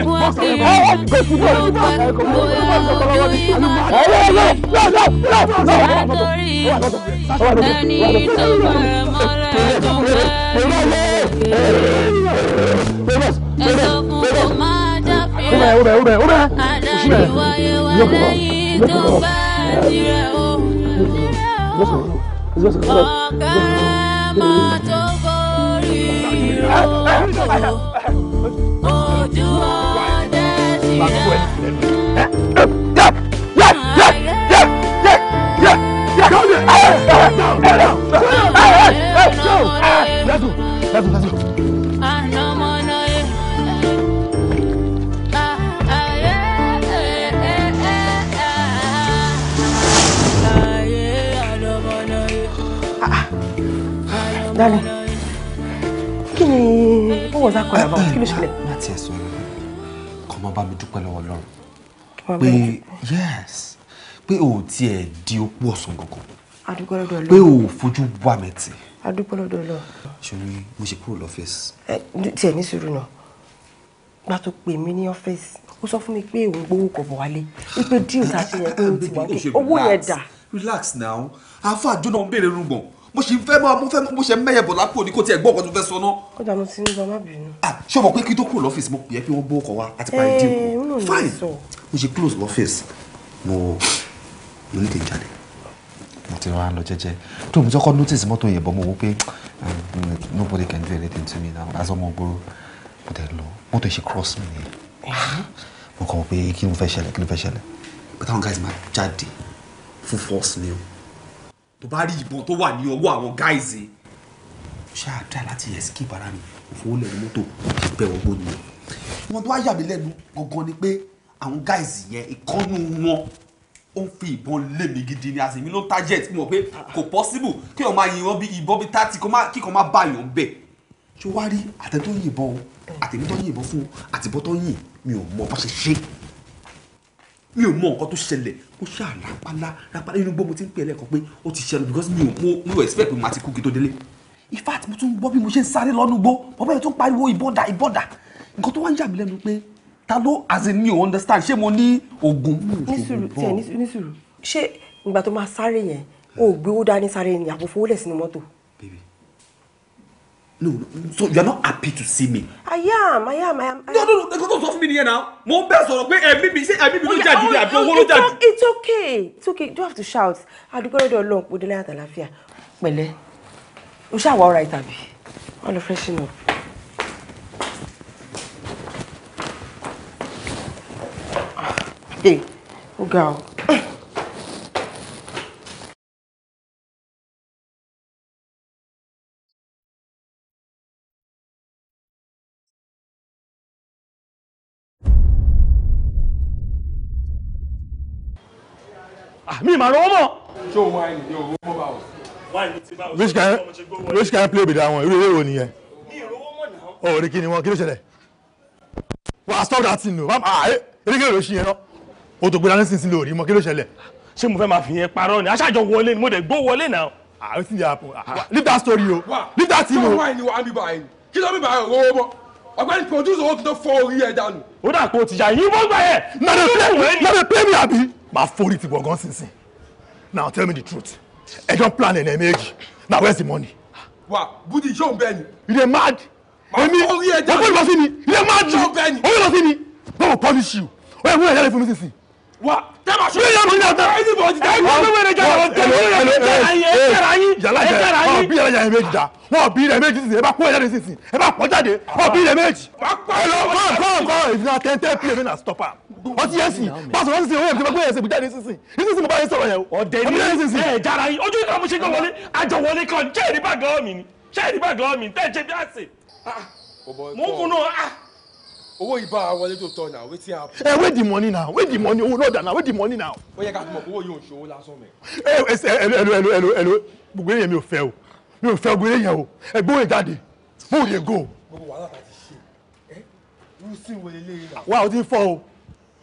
ẹni tó fara mọ́ra tó fẹ́ lóye ẹ sọ ojú ọdẹ ti rẹ. ànàmọ́nà yẹn. Dale what was that call about kí ló ṣẹlẹ̀. má tiẹ̀ sọ yẹn kọ́ máa yes pé o ò tiẹ̀ di opó ọ̀sán kankan pé o ò fojú wà mẹ́tì. adúpẹ́ lọ́dọ̀ Ọlọ́run. ṣòrí mo ṣe kúrò lọ́fíìsì. ẹ tiẹ̀ ní sùúrù náà gbà tó pè mí ní ọ́fíìsì ó sọ fún mi pé òun gbowó kò bọ̀ wálé wípé díò tá a ṣe yẹn pé ó ti wà ó owó yẹn dà. relax now àáfàá jóná ń béèrè rúgbọ̀n mo ṣe fẹ́ máa mo fẹ́ mo mẹ́yẹ bọ̀ lápò ní kò tiẹ̀ gbọ́ ọ̀kan tó fẹ́ sọ náà. ó dààmú sí ní bàbá bìnú. ah ṣé o pé kí tó kúrò lọ́fíìsì mo pè é pé wọ́n gbówó kan wá àti parí dín kù fine mo ṣe close lọ́fíìsì mo mo ní kí n jáde. mo ti wá lọ jẹ́jẹ́ tó mi sọkọ notice mọ́tò yẹn bọ mo wò pé eh, nobody can do anything to me now as ọmọ gbòòrò mo tẹ lọ mọ́tò ṣe cross me. nìyẹn mo kàn wọ pé kí ló fẹ́ ṣẹlẹ̀ kí ló fẹ́ ṣẹlẹ̀ force ni tó bá rí ìbọn tó wà ní ọwọ́ àwọn gáìsì ṣáà dá láti escape ara mi òfowó lẹ́nu mọ́tò bẹ̀ ọgbọ́n ni wọn tó wá yà mí lẹ́nu gangan ni pé àwọn gáìsì yẹn ìkọ́nú wọn ó ń fi ìbọn lé mi gidi ni àti èmi ló target mi mọ̀ pé kò possible kí o máa yìnbọn bí ìbọn bí tààtì kí kò má bá yàn bẹ́ẹ̀ ṣé wàá rí àtẹ̀tọ́ yìnbọn o àtẹ̀mí tó yìnbọn fún o àtìbọ́ tó yìn mi ò mọ bá ṣe ṣe é mi ò mọ nǹkan tó ṣẹlẹ̀ mo ṣe àlápàlà rápàlà inú gbọ́ mo ti ń pè é lẹ́ẹ̀kan pé ó ti ṣẹlẹ̀ because mi ò mo mo expect pé màá ti kú kí tó délé in fact mo tún gbọ́ bí mo ṣe ń sáré lọ́nu gbó bàbá yẹn tún pariwo ìbọ̀dà ìbọ̀dà nǹkan tó wá ń yà mí lẹ́nu pé ta ló as in mi ò understand ṣé mo ní oògùn. nísùrù tiẹ̀ nísùrù ṣé ìgbà tó máa sáré yẹn o ò gbé owó dání sáré ni àpò fowó lẹ̀ sínú mọ́tò no so you are not happy to see me. i am i am i am. no no no don't sọ fún mi nìyẹn na mo ń bẹ́ẹ̀ sọ̀rọ̀ pé ẹ̀mí mi ṣé ẹ̀mí mi ló jà oh, jìbì oh, àbí owó ló jà it's okay it's okay don't have to shout do go adúgbò lọ́dọ̀ ọlọ́run pé délé àtàlàfíà pẹ̀lẹ́ o ṣàwọ̀ ọ̀rọ̀ ìtàbí wọ́n lọ freshen up. Ah, ó ga ọ́. mi ma rówó mọ́. ṣé òun wáìnì ni òun mọ́ báwo. wáìnì ti báwo. which kind which kind play be that one irú eré wo nìyẹn. mi ìrówó mọ̀ náà. o rí kí ni wọn kí ló ṣẹlẹ̀. wà á stop that thing o bá a eré kí ló ṣe yẹn náà. o tó gbéra nísinsìnyí lórí mọ kí ló ṣẹlẹ̀. ṣé mo fẹ́ máa fi yẹn parọ́ ni aṣáájọ wọlé ni mo dẹ̀ gbó wọlé náà. àwọn ti ní àpò leave that story o leave that thing o. wáìnì wa á bí báyìí kí ló bí báyìí rówó mọ́ ọ̀gbẹ́ni producer ó ti tó fọ orí ẹ dànù. ó dà pé o ti yà yín wọ́n gbà yẹ. na dey play me abi máa forí ti gbọ̀ngàn sínsìn now tell me the truth ẹ jọ plan ẹ̀ méjì now where's the money. wà budi yóò bẹ́ẹ̀ ni. you dey mad. èmi ọkọ ìlọsí ni you dey mad. yóò bẹ́ẹ̀ ni. ọkọ ìlọsí ni. wọ́n will punish you. ó yẹ kó yẹ jáde fún mi sísìn wa tẹ́lá sọ yíyan mi yàtọ̀ ẹ ti bọ̀ ọ́ ti tẹ́lá ẹ ti wẹ̀rẹ̀ jẹ́ ọ̀ tẹ̀lé ẹ jẹ́ra yín ẹ jẹ́ra yín ẹ jẹ́ra yín. bí yàrá yàrá méjì da wọn bí rẹ méjì sísè ẹ bá kó ẹ jáde sísè ẹ bá pọ̀ jáde wọn bí rẹ méjì. ẹ lọ kọ́ kọ́ kọ́ if na ten ten pm na stop am ọtí yẹn sì pásọ wọn sì sìn owó èmi tí mo gbé yẹn sì bùjáde sísìn nísinsìnyí mo bá yẹn sọ̀rọ̀ yẹn o. ọ̀dẹ̀ ni ẹ jara yín ojú ìkàwé ṣe kọ́ wọlé àjọ wọlé kan jẹ́ ìdíbàgọ́ mi ni jẹ́ ìdíbàgọ́ mi tẹ́ ẹ jẹ́ bí àṣẹ. mo kùnà ah oh owó ibà wọlé tó tọ náà wetin happen. ẹ eh, wait the money now wait the money owó oh, lọ́dà now wait the money now. ó yẹ ká tó mọ̀ owó yóò ṣòwò lásán mẹ́. ẹ ẹ ẹlò ẹlò ẹlò ẹlò ẹlò gbogbo èèyàn mi ò fẹ́ o mi ò fẹ́ gbogbo èèyàn o ẹgbẹ́ òye jáde mo ò lè go. gbogbo wàhálà ta ti ṣe ẹ eh, rúùsì wo lè léyìn náà. wa o ti fọ o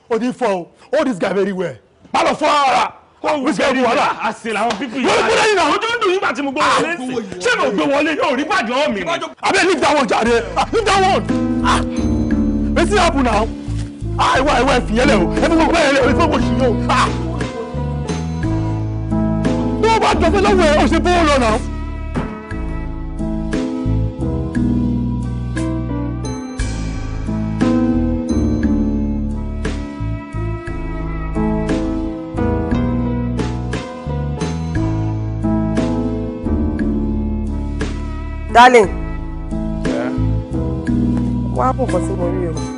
o ti fọ o all this guy very well má lọ fọ ara wíṣọ ẹni wàhálà àṣẹ làwọn pípì yìí. wọ́n gbọ́dọ̀ yìí náà ojú ń dùn nígbà tí mo gbọ́ wọlé ah, ṣé mo gbé wọlé yóò rí bàjọ́ mi. abẹ́ leave that one jàre ah, leave that one. Ah wetin happen now ah ìwà ìwà ìfìyẹlẹ o ẹbí mo bẹ́ẹ̀ lẹ ìfẹ́ mo ṣì yọ ah bí wọ́n bá dọ̀fẹ́ lọ́wọ́ ẹ̀ ọ̀ṣẹ́ bọ́ọ̀ lọ náà. darling. Yeah. bọ̀ kàn sí mo rí o.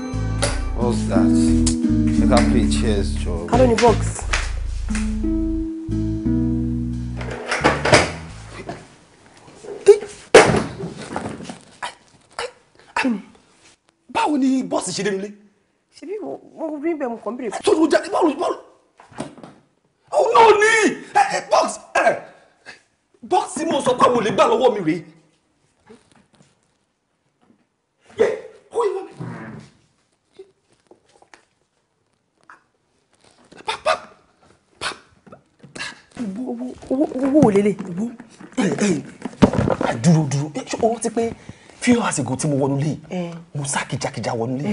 What's that? Make her play chairs, Joe. I don't need box. báwo ni bọ́ọ̀sì ṣe dé nílé. ṣebí mo rí bẹ́ẹ̀ mo kàn bèrè. tó ló jáde báwo báwo. ó náà ní bọ́ọ̀sì eh, bọ́ọ̀sì mo sọ pé àwọn olè gbà owó owó owó ò lélẹ̀ owó eh, eh. dúró dúró eh, owó ti pé few hours ago tí mo wọnú lé mo sá kìjàkìjà wọnú lé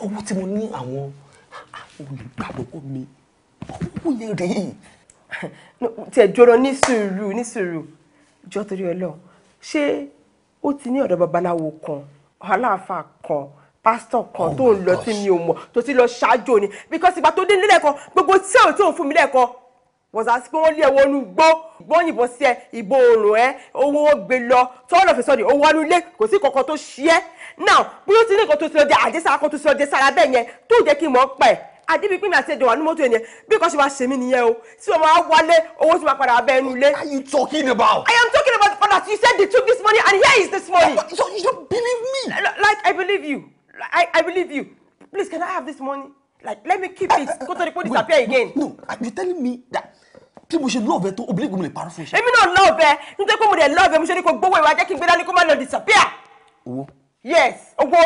owó tí mo ní àwọn olùgbàlówó mi owó yẹn rèé. tí ẹ jọrọ ní sùúrù ní sùúrù jọ torí Ọlọ́run ṣé ó ti ní ọ̀dọ̀ babaláwo kan aláàfáà kan pásítọ̀ kan oh tó ń lọ tí mi ò mọ̀ tó ti lọ ṣáájú ni bíkọ́sì ìgbà tó dé nílẹ̀ kan gbogbo tí ò tí ò fún mi lẹ́ẹ̀kan bọ̀sà sí pé wọ́n lé ẹ̀wọ̀ onú gbó gbóyìn bọ́ sí ẹ ìbò òrùn ẹ owó gbé lọ tọ́lọ̀ fẹ́ sọ́ọ̀dì owó wọnú ilé kò sí kankan tó ṣí ẹ́ náà bí ó ti ní nǹkan tó ti lọ jẹ àjẹsára kan tó ti lọ jẹ sára bẹ́ẹ̀ yẹn tó jẹ́ kí n mọ̀ pẹ̀ àdébí pínpín àti ẹ̀jọ̀ wà ní mọ́tò yẹn bí nǹkan ṣe máa ṣe mí nìyẹn o tí wọ́n máa wálé owó tí máa padà abẹ́ ẹnu ilé. are you talking about? I am talking about the fact that you said they took this money and here is this money. So you don't believe me? Like I believe you. I, I believe you. Please can I have this money? Like let me keep it. Kó tó di kó disappear again. No, are you telling me that bí mo ṣe lọ́ọ̀bẹ tó obìnrin gbọ́n mi lè parọ́ fún iṣẹ́. èmi náà lọ́ọ̀bẹ nítorí pé mo dẹ̀ lọ́ọ̀bẹ mo ṣe ní kó gbówó ìwà jẹ́ kí n gbé dání kó má lọ disappear. owó. yes owó.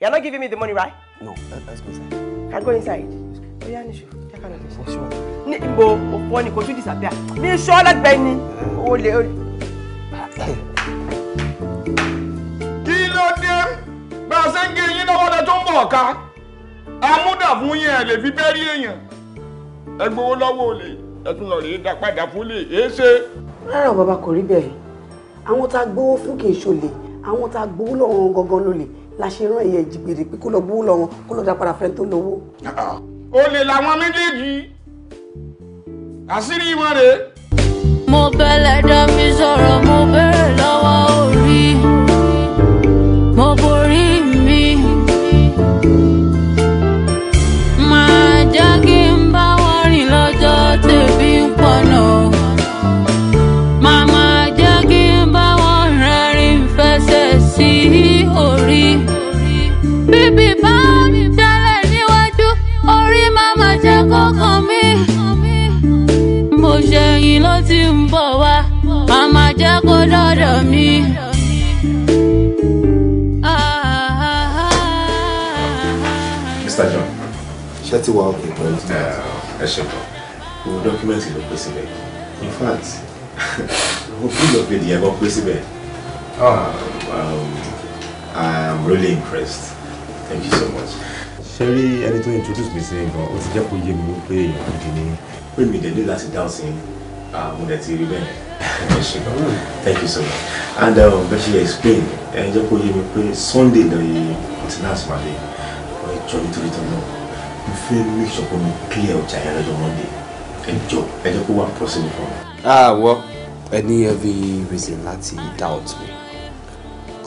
you are not giving me the money right. no uh, let's go inside. can go inside. oya níṣó jẹ́ ká lọ níṣó. oṣù ní ibo òfò ni kò tún disappear. ní iṣọ́ ọlọ́gbẹ́ ni o lè o lè. kí ló dé bá a ṣe ń gé eyín lọ́wọ́dẹ tó ń bọ̀ ọ̀ka amúdàfún yẹn lè fi bẹ́rí èèyàn ẹ gbowó lọ́wọ́ olè ẹ tún lọ rèé dá padà fúlè èé ṣe. rárá bàbá kò rí bẹ́ẹ̀ àwọn tá a gbowó fún kì í ṣòlè àwọn tá a gbowó lọ́wọ́ gangan lólè la ṣe rán ẹ̀yẹ jìgbèrè pé kó lọ gbowó lọ́wọ́ kó lọ dá padà fẹ́ tó lówó. olè làwọn méjèèjì àṣírí wọn rèé. mo bẹ̀lẹ̀ dá mi sọ̀rọ̀ mo bẹ̀rẹ̀ lọ́wọ́ ìròyìn ti ń bọ̀ wá màmá jẹ́ kó dọ́dọ̀ mi. Mr. John ṣé ti wà òkè pẹ̀lú ti náà ẹ ṣe bọ̀ owó dọ́kímẹ́ǹtì ló pè síbẹ̀ in fact owó fúlọ̀ pé ìyẹn kan pè síbẹ̀ ah, I'm really impressed thank you so much. ṣe rí ẹni tó introduce mi sí nǹkan ó ti jẹ́ kó yé mi wípé èèyàn gidi ni. pé mi dẹ̀ ní láti dá ọ̀sìn yìí. Ah, mo dẹ̀ bẹ́ẹ̀ thank you so much and um, bẹ́ẹ̀ ṣe explain ẹ jẹ́ kó yé mi pé sunday náà yẹ continuous wà lẹ́yìn ẹ jọ nítorí tó náà mo fẹ́ make sure pé clear ọjà yẹn lọ́jọ́ monday ẹ jọ ẹ jẹ́ kó wà possible for me. àwọ̀ ẹ ní every reason láti doubt me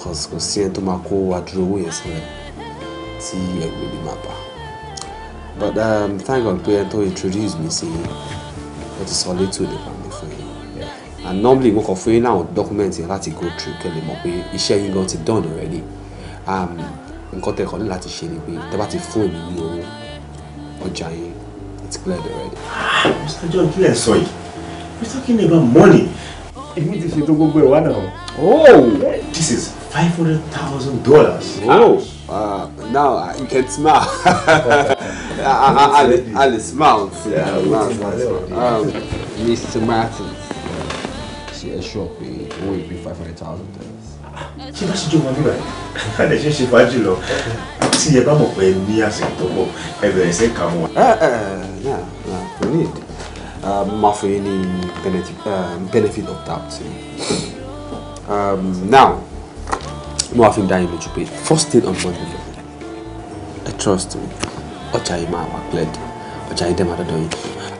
cause kò sí ẹni tó máa kó àdúró owó yẹn sílẹ̀ tí ẹ̀rù ò ní máa bà but um, thank God pé ẹni tó introduce me. sí wọ́n ti san létò nípa mi fún yín and normally mo kàn fún yín náà document yẹn láti go through kẹ́ lè mọ̀ pé iṣẹ́ yín gan ti done already um, nǹkan tẹ̀kọ́ ní láti ṣe ni pé tẹ́ bá ti fún èmi ní owó ọjà yín it's cleared already. Mr. John kí lẹ sọ yìí we're talking about money. èmi ti ṣètò gbogbo ẹ̀ wá náà. oh this is five hundred thousand dollars. oh. Uh, uh, you can smile. Ali, Ali smiles. Yeah, Ali smiles. Um, Mr. Martins. Ṣé ẹ ṣọ́ pé be five hundred thousand dollars? Ṣé bá ṣe jọ wọn níbàá? Ká lè ṣe ṣe fàájì lọ. Tí ẹ bá mọ̀ pé ní àsìkò tó pọ̀, ẹ bẹ̀rẹ̀ sí eh, eh, yeah. wọ́n. Kò ní ìdí. Máa fún yín ní benefit um, of doubt. Um, now mo wá fi dá yín first aid on Monday I trust me ọjà yìí máa wà cleared ọjà yìí dẹ́ máa dọ́dọ̀ yín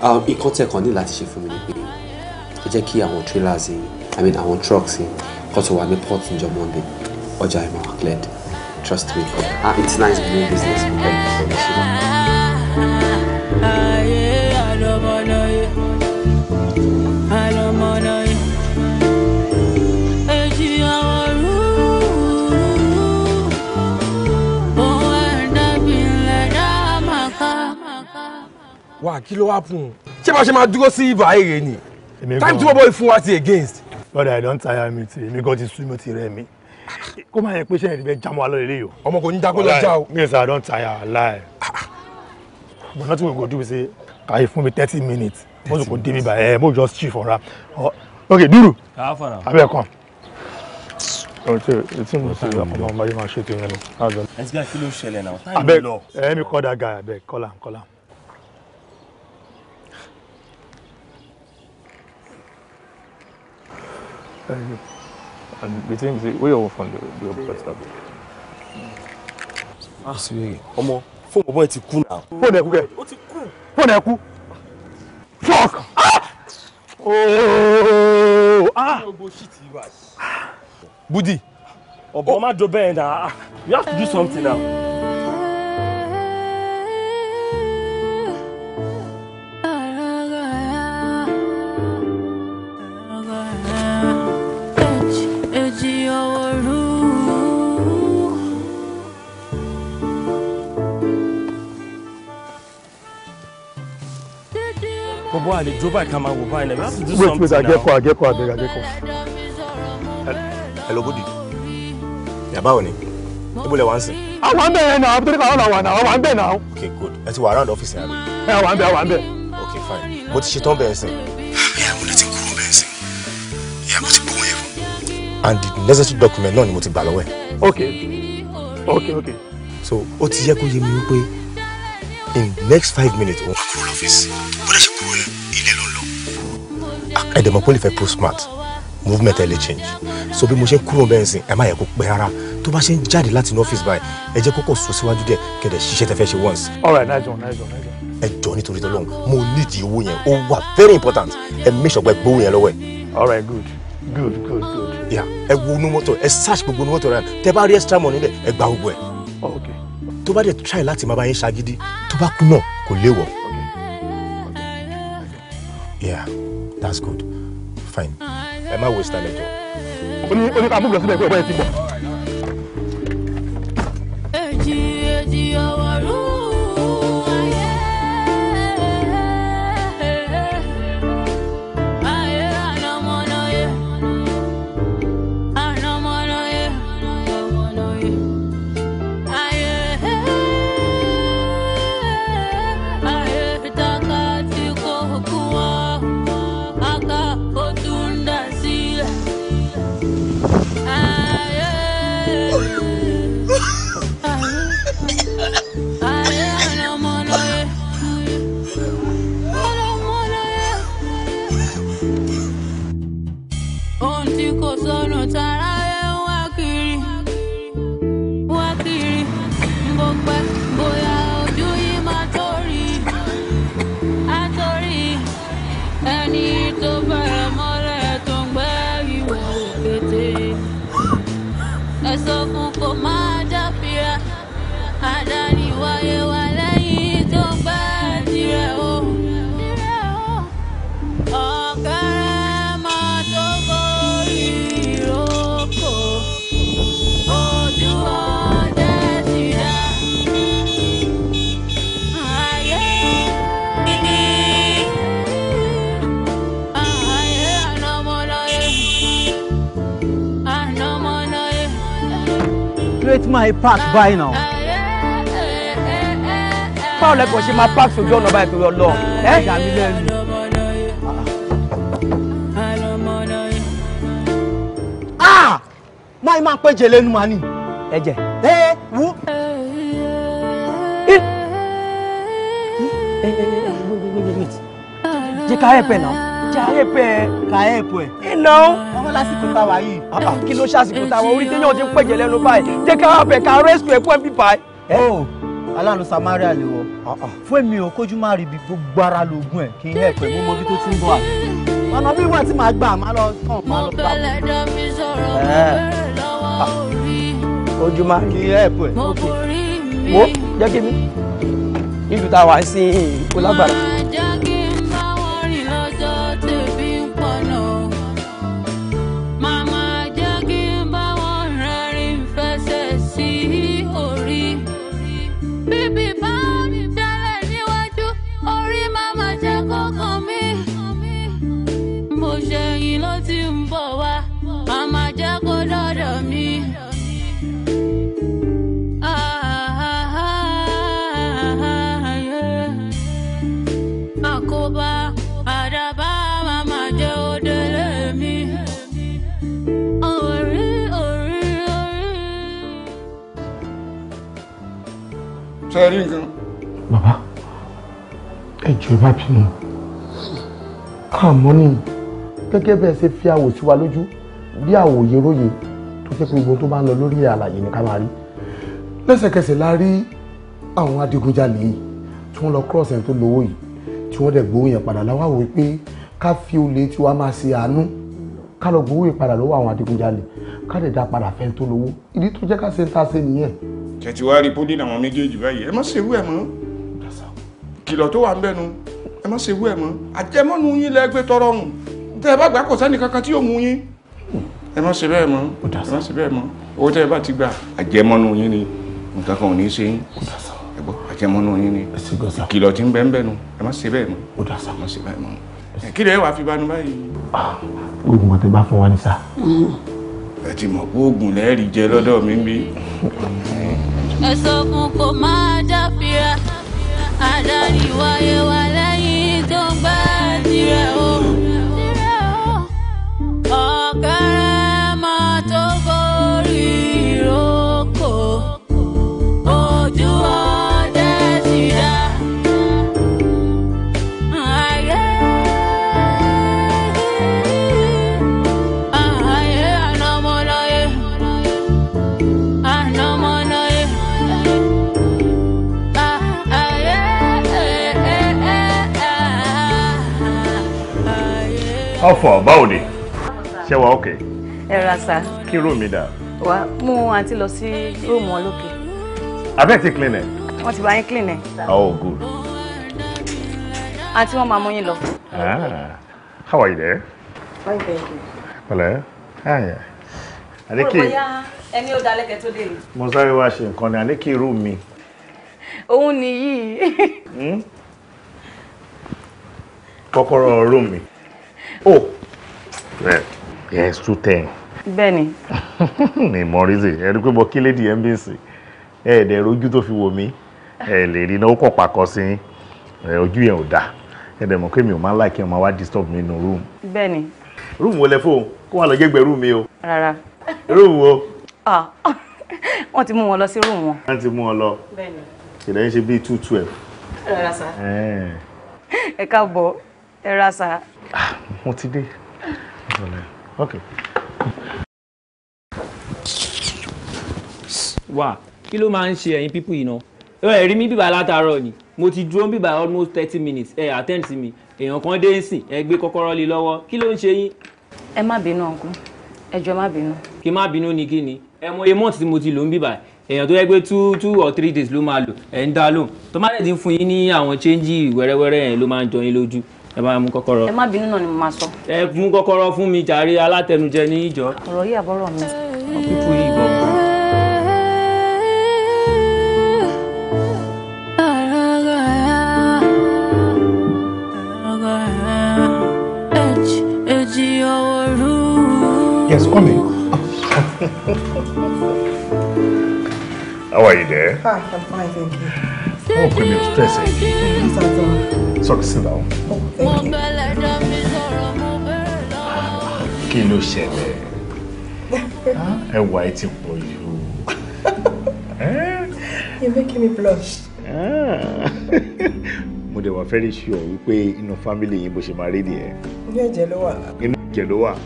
um, nǹkan tẹ̀ kàn ní láti ṣe fún mi ni pé ẹ jẹ́ kí àwọn trailers yìí i mean àwọn trucks yìí kọ́ tó wà ní port níjọ Monday ọjà yìí máa wà cleared trust me ah, it's nice doing business with them. wà kí ló wá pùn ṣé bá ṣe máa dúró sí ibà èrè ni time tí wọ́n bọ́ ìfún wa ti against. brother i don tire me. ti èmi gan ti sú mi ti rẹ mi kó máa yẹ pé ṣẹ́yìn ti fẹ́ jámọ́ alọ́ lélẹ́yìí o. ọmọ kò ní dákó lọ o. mi sir i don tire lie but nothing we go do be say kàyé fún mi thirty minutes mo sì kò dé mi bá ẹ mo just chief ọ̀ra oh, ok dúró abẹ́ kan tí mo ti ọmọ ọmọ yìí máa ṣètò yẹn lọ. ẹsẹ̀ kí abeg ẹ eh, mi call that guy abeg call am call am. And between say where you from the the bus stop. Ah, sire. Ọmọ, phone boy ti kú now. Phone ẹ kú ke. Ó ti ẹ kú. Fuck. Ah! Oh! Ah! Budi. Ọ̀bọ oh. má do bẹ́ẹ̀ náà. You have to do something now. gbogbo àlejò báyìí ká máa wò báyìí náà we have to wait wait ageko ageko abeg ageko. hello budi yaba oni ibo lẹ wa n sin. àwọn bẹ́ẹ̀ yẹn náà torí káwọn làwọn náà àwọn bẹ́ẹ̀ náà. okay good ẹ ti wà around office yẹn àbí. ẹ àwọn bẹ́ẹ̀ àwọn bẹ́ẹ̀. okay fine mo ti ṣetán bẹ́ẹ̀ sìn. ìyá mo lè ti kúrò bẹ́ẹ̀ sìn ìyá mo ti gbowó yẹn and the necessary document náà ni mo ti gbà lọ́wọ́ ẹ̀. okay okay okay. so ó ti yẹ kó yé mi wípé in next five minutes. wọ́n kúrò lọ́fíìsì bó dẹ̀ ẹ̀dẹ̀ mọ̀ pé ó lè fẹ́ pro smart movement ẹ lè change so bí mo ṣe ń kúrò bẹ́ẹ̀ sìn ẹ má yẹ kó pẹ́ rárá tó bá ṣe ń jáde láti ní ọ́fíìsì báyìí ẹ jẹ́ kókò sún síwájú díẹ̀ kẹ̀dẹ̀ ṣiṣẹ́ tẹ fẹ́ ṣe once. all right nice one nice one nice one. ẹ jọ nítorí tọ́lọ́run mo nídìí owó yẹn ó wà very important ẹ make sure pé gbowó yẹn lọ́wọ́ ẹ. all right good good good good. ya ẹ wo inú mọ́tò ẹ search gbogbo inú mọ́tò rẹ tẹ bá rí extra money lẹ ẹ gba gbogbo ẹ. Oh, ok tó bá dẹ̀ try láti máa bá yín ṣagídí tó bá kú náà kò léwọ̀. ok ok ok. yeah that's good fine ẹ má waste time ẹjọ. oní oní ká múlò síbẹ̀ pé ẹ̀gbọ́n ti bọ̀. èjì èjì ọwọ́ rú. My park báyìí now. báwo lẹ́kọ̀ọ́ ṣe máa park sójú ọ̀nà báyìí torí ọlọ́run ẹ́ dàbí lẹ́nu. Ah! máa máa pẹ́ jẹ lẹ́nu màá ní. ẹ jẹ. ẹ wo. jẹ ká ẹ pẹ náà jẹ ká ẹ pẹ. ká ẹ pẹ. ẹ náà. àwọn lásìkò táwa yìí kí ló ṣàṣìkò táwọn orí téèyàn ti ń pẹ̀jẹ̀ lẹ́nu báyìí jẹ́ ká wá bẹ̀ ká rẹ́sìkò ẹ̀kọ́ ẹ̀ bíbá ẹ̀. ó aláàánú samaria lè wọ fún èmi ò kójú má rí ibi gbogbo ara lóògùn ẹ kí n yẹ pẹ mú mọ bí tó ti ń bọ àná ọ̀nà bí wọ́n ti máa gbà má lọ tàn má lọ gbà. mo bẹ̀rẹ̀ dá mi sọ̀rọ̀ mo bẹ̀rẹ̀ lọ́wọ́ orí. ojú má kí ẹ̀ pẹ̀. mo borí mi. wo jẹ́ kí mi ìlú tá a wà ń sin ìkó lágbára. ṣe rí nǹkan. bàbá ẹ jọ̀ọ́ ẹ bá bínú káàmọ́ ni gẹ́gẹ́ bẹ́ẹ̀ ṣe fi àwò sí wa lójú bí àwòye róye tó jẹ́ pé gbogbo tó bá ń lọ lórí àlàyé ni ká máa rí lẹ́sẹ̀kẹsẹ̀ la rí àwọn adigunjalè yìí tí wọ́n lọ cross ẹni tó lówó yìí tí wọ́n dẹ̀ gbowó yẹn padà láwá wò pé ká fi olè tiwa máa ṣe àánú ká lọ gbowó yẹn padà lọ́wọ́ àwọn adigunjalè ká lè dá padà fẹ́ tó lówó ìdí tó jẹ́ ká ṣe ń ta ṣe nìyẹn. tẹ̀tí wá rí pólí làwọn méjèèjì báyìí ẹ má ṣe wú ẹ mọ́ kìlọ̀ tó wà ń bẹ́nu ẹ má ṣe wú ẹ mọ́ àjẹmọ́nu yín lẹ́gbẹ́ tọrọ hùn tẹ́ ẹ bá gbà kò sẹ́ni kankan tí yóò mú yín ẹ má ṣe bẹ́ẹ̀ mọ́ ẹ má ṣe bẹ́ẹ̀ mọ́ owó tẹ́ ẹ bá ti gbà àjẹmọ́nu yín ni nǹkan kan ò ní í ṣe yín ẹ gbọ́ àjẹmọ́nu yín ni ìkìlọ̀ tí ń bẹ́ ń bẹ́nu ẹ má ṣe bẹ́ẹ̀ mọ́ ẹ má ṣe bẹ́ẹ̀ mọ́ kí lè wàá fi banu báyìí. Ah, gbogbo nǹkan tẹ ẹ ti mọ̀ pé oògùn lẹ́ẹ̀rí jẹ lọ́dọ̀ mi bí. ẹ sọ fún kò máa dábìrà adarí wáyé wa lẹ́yìn tó ń gbá tirẹ̀ o. ọ̀fọ̀ báwo ni ṣé wa ókè. ẹ ra sa. kí rúùmù dà. wà mú àǹtí lọ sí rúùmù wọn lókè. abẹ́ ti clean ẹ̀. wọ́n ti bá yín clean ẹ̀. oh good. àǹtí wọn máa mú yín lọ. Ah, how are you there. fine thank you. pẹ̀lẹ́ ayẹ. àníkì. mo rò bóyá ẹni ó dalẹ́ kẹ́ tó dé ni. mo sáré wá ṣe nǹkan ni àníkì rúùmù mi. òun nìyí. Hmm? kọ́kọ́rọ́ rúùmù mi. Oh, ẹ ẹ two ten. bẹ́ẹ̀ni. ní mọrìsì ẹ rí i pé mo kí lady mbc ẹ ẹ dẹ rojú tó fi wò mí ẹ lè rí iná ó kàn pàkọ sí yín ẹ ojú yẹn ò dáa ẹ dẹ̀ mọ̀ pé mi ò máa ń láìkí ọmọ wa disturb mi nínú room. bẹ́ẹ̀ni. room wo lẹ fóun kó wọn lọ jẹgbẹ room mi o. rárá. room wo. ah wọn ti mú wọn lọ sí room wọn. wọn ti mú wọn lọ. bẹ́ẹ̀ni. ìdáyẹn ṣe bíi two twelve. rárá sá. Eh. ẹ káàbọ̀ ẹ rárá sá mo ti dé ok. wà kí ló máa ń ṣe ẹ̀yin pípù yìí náà ẹ rí mi bíbá látàárọ̀ ni mo almost thirty minutes ẹ attend sí mi èèyàn kan dé ń sìn ẹ gbé kọ́kọ́rọ́ lé lọ́wọ́ kí ló ń ṣe yín. ẹ má bínú ọkùn ẹ jọ̀ọ́ má bínú. ni kí ni ẹ mọ iye mọ́ọ̀tì tí mo ti lò ń bíbá two two or three days ló máa lò ẹ̀ ń dá lóhùn tó má lè ti fún yín ní àwọn chẹ́ńjì wẹ́rẹ́wẹ́rẹ́ yẹn ló máa ń jọ yín lójú ẹ bá mú kọ́kọ́rọ́. ẹ má bínú náà ni mo máa sọ. ẹ mú kọ́kọ́rọ́ fún mi jàre alátẹnujẹ ní ìjọ. ọ̀rọ̀ yìí àbọ̀rọ̀ mi. ọ̀pípù yìí gbọ̀ngàn. Yes, come in. How are you there? Hi, I'm fine, thank you. Oh, Premier, stress it. Yes, sir. Sorry, sit down. Oh, thank you. Kí ló ṣẹlẹ̀? Ẹwà ẹ ti pọ̀ jù. You make me blush. Ah. Mo dẹ̀ wá very sure wípé inú fámílì yín bó ṣe máa rí nìyẹn. Inú ẹ̀jẹ̀ ló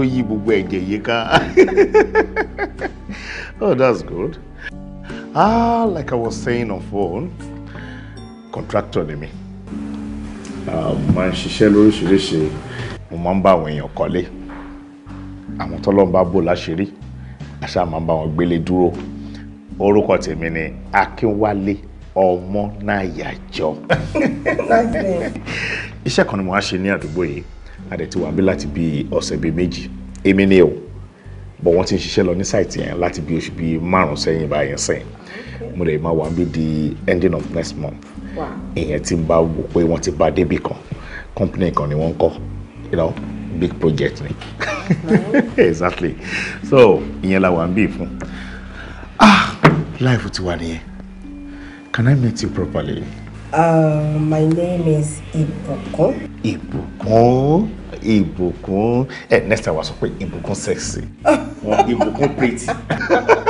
Oh, that's good. Ah, like I was saying on phone, contractor ni mi. Ah, mo máa ń ṣiṣẹ́ lóríṣiríṣi, mo máa ń bá àwọn èèyàn kọ́lé. Àwọn tọ́lọ́run bá bò láṣìírí, àṣà máa ń bá wọn gbélé dúró. Orúkọ tèmi ni Akínwálé ọmọ náyàjọ. Iṣẹ́ kan ni mo wá ṣe ní àdúgbò yìí, àdẹ̀tí wà bí láti bí ọ̀sẹ̀ bíi méjì. Èmi ni o, bọ̀ wọ́n ti ń ṣiṣẹ́ lọ ní sáìtì yẹn láti bí oṣù bíi márùn-ún sẹ́yìn báyẹn sẹ́yìn mo lè máa wà níbi di ending of next month ìyẹn tí n bá wò pé wọ́n ti bá débì kan company kan ni wọ́n ń you know big project ni exactly so ìyẹn la wà ń bí ah life ti wà nìyẹn can I meet you properly. Uh, my name is Ibukun. Ibukun, Ibukun. ẹ eh, next time wa sọ pé Ibukun sexy Ibukun pretty.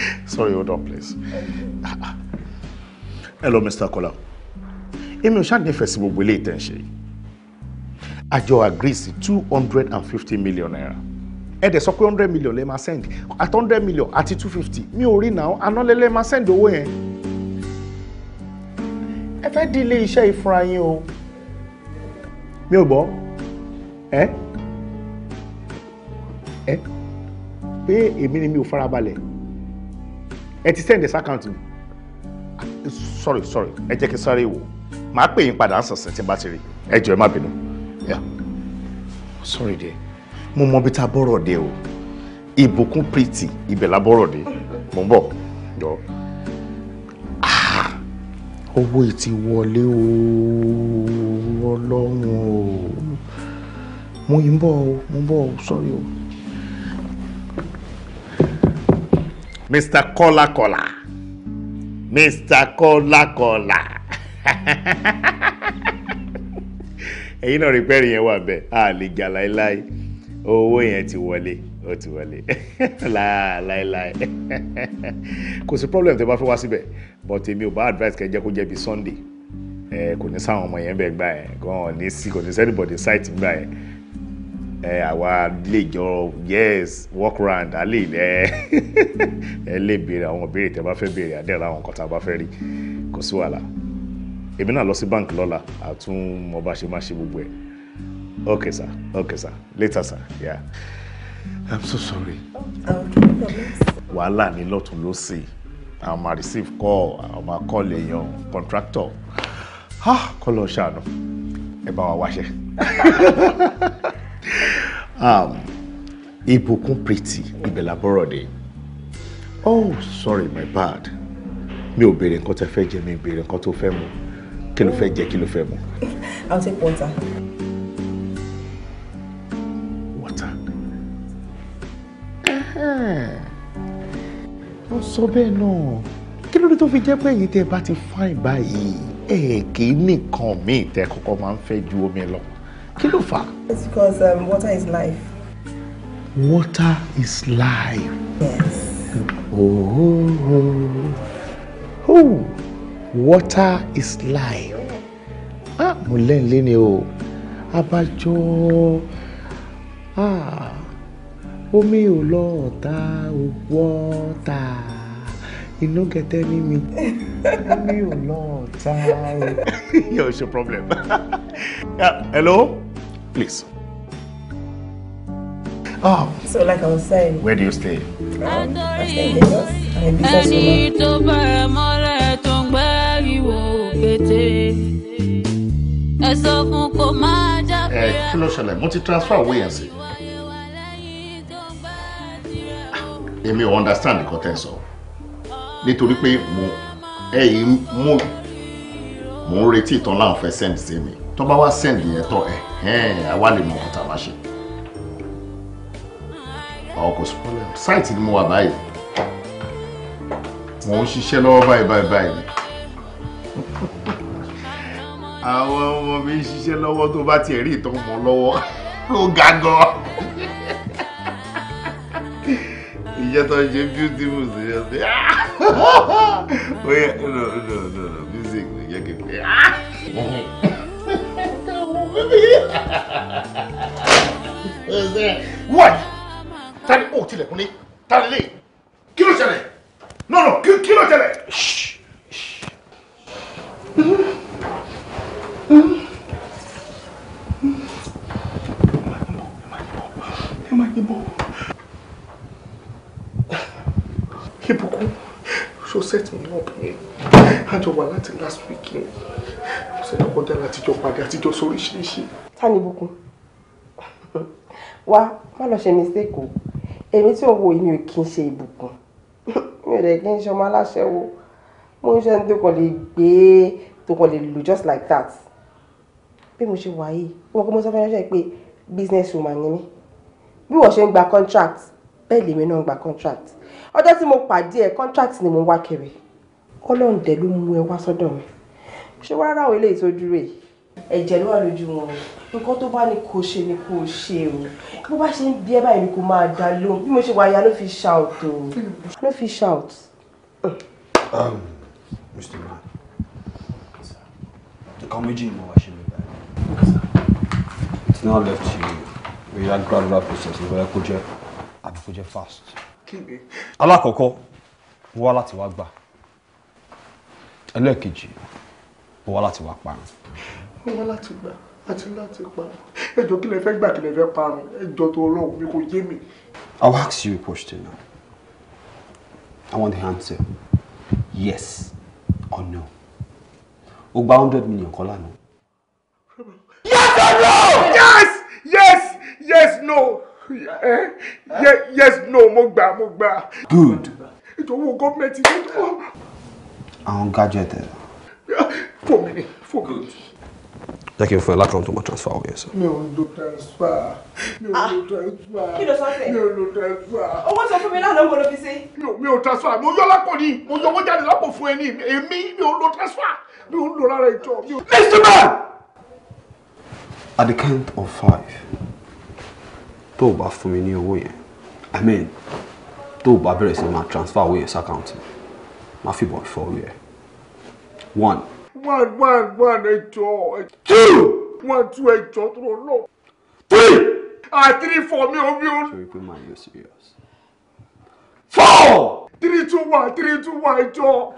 sorry hold on please hello Mr. Kola èmi ò ṣànífẹ̀ẹ́ sí gbogbo ilé ìtẹ̀ǹṣe yìí àjọ agree sí two hundred and fifty million naira ẹ dẹ̀ sọ pé hundred million lẹ́ẹ̀ máa send at hundred million at two fifty mi now, rí náà análẹ́lẹ́ máa send owó yẹn ẹ fẹ́ delay, ilé iṣẹ́ ìfúnra yín o mi ò gbọ́ ẹ ẹ pé èmi ni mi ò farabalẹ̀ ẹ ti send this account mi sorry sorry ẹ jẹ́ kí sáré wò màá pè yín padà ṣọ̀ṣẹ̀ tí n bá ti rí ẹ jọ̀ọ́ ẹ má bínú sorry dear mo mọ bí ta bọ́rọ̀ dé o ìbùkún pretty ibẹ̀ la bọ́rọ̀ dé mo ń bọ̀ jọ ah! owó ti wọlé o ọlọ́run o mo ń bọ̀ o mo ń bọ̀ o sorry o. Mr. Kọ́lá Kọ́lá Mr. Kọ́lá Kọ́lá ẹ̀yin náà rí pẹ́ẹ́rì yẹn wà bẹ́ẹ̀ a lè jà láéláé owó yẹn ti wọlé ó ti wọlé láéláé kò sí problem tó bá fẹ́ wá síbẹ̀ but èmi ò bá advice kẹ́ jẹ́ kó jẹ́ bí Sunday kò ní sáwọn ọmọ yẹn bẹ́ẹ̀ gbà yẹn gan-an ní sí kò ní sẹ́ni bọ̀dé site gbà yẹn ẹ àwa lè jọ yes work round a lè ẹ ẹ lè béèrè àwọn béèrè tẹ bá fẹ́ béèrè àdẹ́rẹ́ àwọn nǹkan tá a bá fẹ́ rí kò sí wàhálà èmi náà lọ sí bank lọ́la àtún mo bá ṣe máa ṣe gbogbo ẹ̀ ok sir ok sir later sir yeah i'm so sorry wàhálà ni lọ́tún ló sì àwọn máa receive call àwọn máa call èèyàn contractor kọ́ lọ ṣàánú ẹ bá wa wáṣẹ́. um, Ìbùkún Pretty ibẹ̀ làbọ̀rọ̀dé oh sorry my bad mi ò béèrè nǹkan tẹ́ fẹ́ jẹ mi ò béèrè nǹkan tó fẹ́ mu kí ló fẹ́ jẹ kí ló fẹ́ mu. I'll take water. water. wọ́n sọ bẹ́ẹ̀ náà kí ló dé tó fi jẹ́ pé ẹ̀yin tẹ́ bá ti fáìn báyìí ẹ̀ kì í nìkan míì tẹ́ kọ́kọ́ máa ń fẹ́ ju omi lọ kí ló fà á. it's because um, water is life. water is life. yes. oh, oh. oh. water is life. ah mo lẹ́yìn lẹ́ni o abájọ ah omi ò lọ ọ̀tá o water inú gẹ̀tẹ́ ní mi omi ò lọ ọ̀tá o. your ṣe problem. yeah, hello. Please. Oh. So like I was saying. Where do you stay? Um, eh, I stay in Lagos. I'm a business woman. Ẹni tó bẹ̀rẹ̀ Mo ti transfer owó yẹn sí. Èmi ò understand nǹkan tẹ́ ẹ sọ. Nítorí pé mo ẹ̀yìn mo mo ń retí ìtàn láwọn fẹ́ send sí mi. Tó bá wá send yẹn tọ́ ẹ̀. Eh, àwa lè mọ̀ ọ́n tá a bá ṣe ọkọ̀ spoiler site ni mo wà báyìí mo ń ṣiṣẹ́ lọ́wọ́ báyìí báyìí báyìí àwọn ọmọ mi ń ṣiṣẹ́ lọ́wọ́ tó bá tiẹ̀ rí ìtàn mọ́ lọ́wọ́ ló ga gan iṣẹ́ tó ń ṣe beautiful sí ẹ sí oye no no no no music ló yẹ kékeré wáyé tani o tilẹ̀kùn ní tani lè kí ló ṣẹlẹ̀ nọ́nà kí ló ṣẹlẹ̀. Ibùkún, so set me up here. Àjọ wà láti last weekend ṣẹlẹ̀ kọ́ńtàrà àtijọ́ padà àtijọ́ sọ oríṣiríṣi. tani bukun wá má lọ ṣe mistake o èmi tí ò wo èmi ò kí n ṣe ìbùkún mi ò dẹ̀ kí n ṣe ọmọ aláṣẹ wo mo ń ṣe ní tó kàn lè gbé tó kàn just like that bí mo ṣe wà yìí wọn kò mọ sọ fẹ́rẹ́ pé business woman ni mí bí wọ́n ṣe ń gba contract bẹ́ẹ̀ lèmi náà ń gba contract ọjọ́ tí mo pade, ẹ̀ contract ni mo ń wá kiri ọlọ́run dẹ̀ ló mú ẹ wá mi ṣé wàá ráwọ̀ eléyìí tó dúró yìí. ẹ̀jẹ̀ ló wà lójú wọn nǹkan tó bá ní kó ṣe ni kó ṣe o bó bá ṣe ń bí ẹ báyìí ni kó máa dá lóhùn bí mo ṣe wà ló fi shout o ló fi shout. Mr. Man nǹkan méjì ni mo wá ṣe nígbà yẹn it's now left to you we had gradual process ló bẹ́ẹ̀ kó jẹ́ àbí kó jẹ́ fast. alákọ̀ọ́kọ́ mo wá láti wá gbà ẹlẹ́ẹ̀kejì ó wá láti wá parun. ó wá láti gbà àti láti parun ẹjọ́ kí lẹ fẹ́ gbà kí lẹ fẹ́ parun ẹjọ́ tó Ọlọ́run mi kò yé mi. I will ask you a question now. I want the answer yes or no. o gba hundred million kan lánàá. yes or no yes yes yes no eh? yes, yes no mo gbà mo gbà. good. ètò owó gọ́ọ̀mẹ̀ntì ló tó. àwọn gadget ẹ̀. Four minutes. Four good. Thank you for your ẹ láti rántó máa transfer owó yẹn sọ. Mi transfer. Mi ò ah. lo transfer. Kí ló sọ pé? Mi ò lo transfer. Owó sọ fún mi lánàá wo ló fi ṣe? Mi ò transfer. Mo yọ lápò ni. Mo yọ owó jáde lápò fún ẹ ní. Èmi mi ò transfer. Mi ò lo rárá ìjọ. Mr. Man! At the count of five, tó o for me, mi ní owó yẹn, I mean, tó o bá transfer owó yẹn sí àkáǹtì, máa for you one. one one one eight, two. two, one two eight, two, lọ lọ. three. ah three four mi ò oh, mi ò. ṣé o rí pé serious. four. three two one three two one two.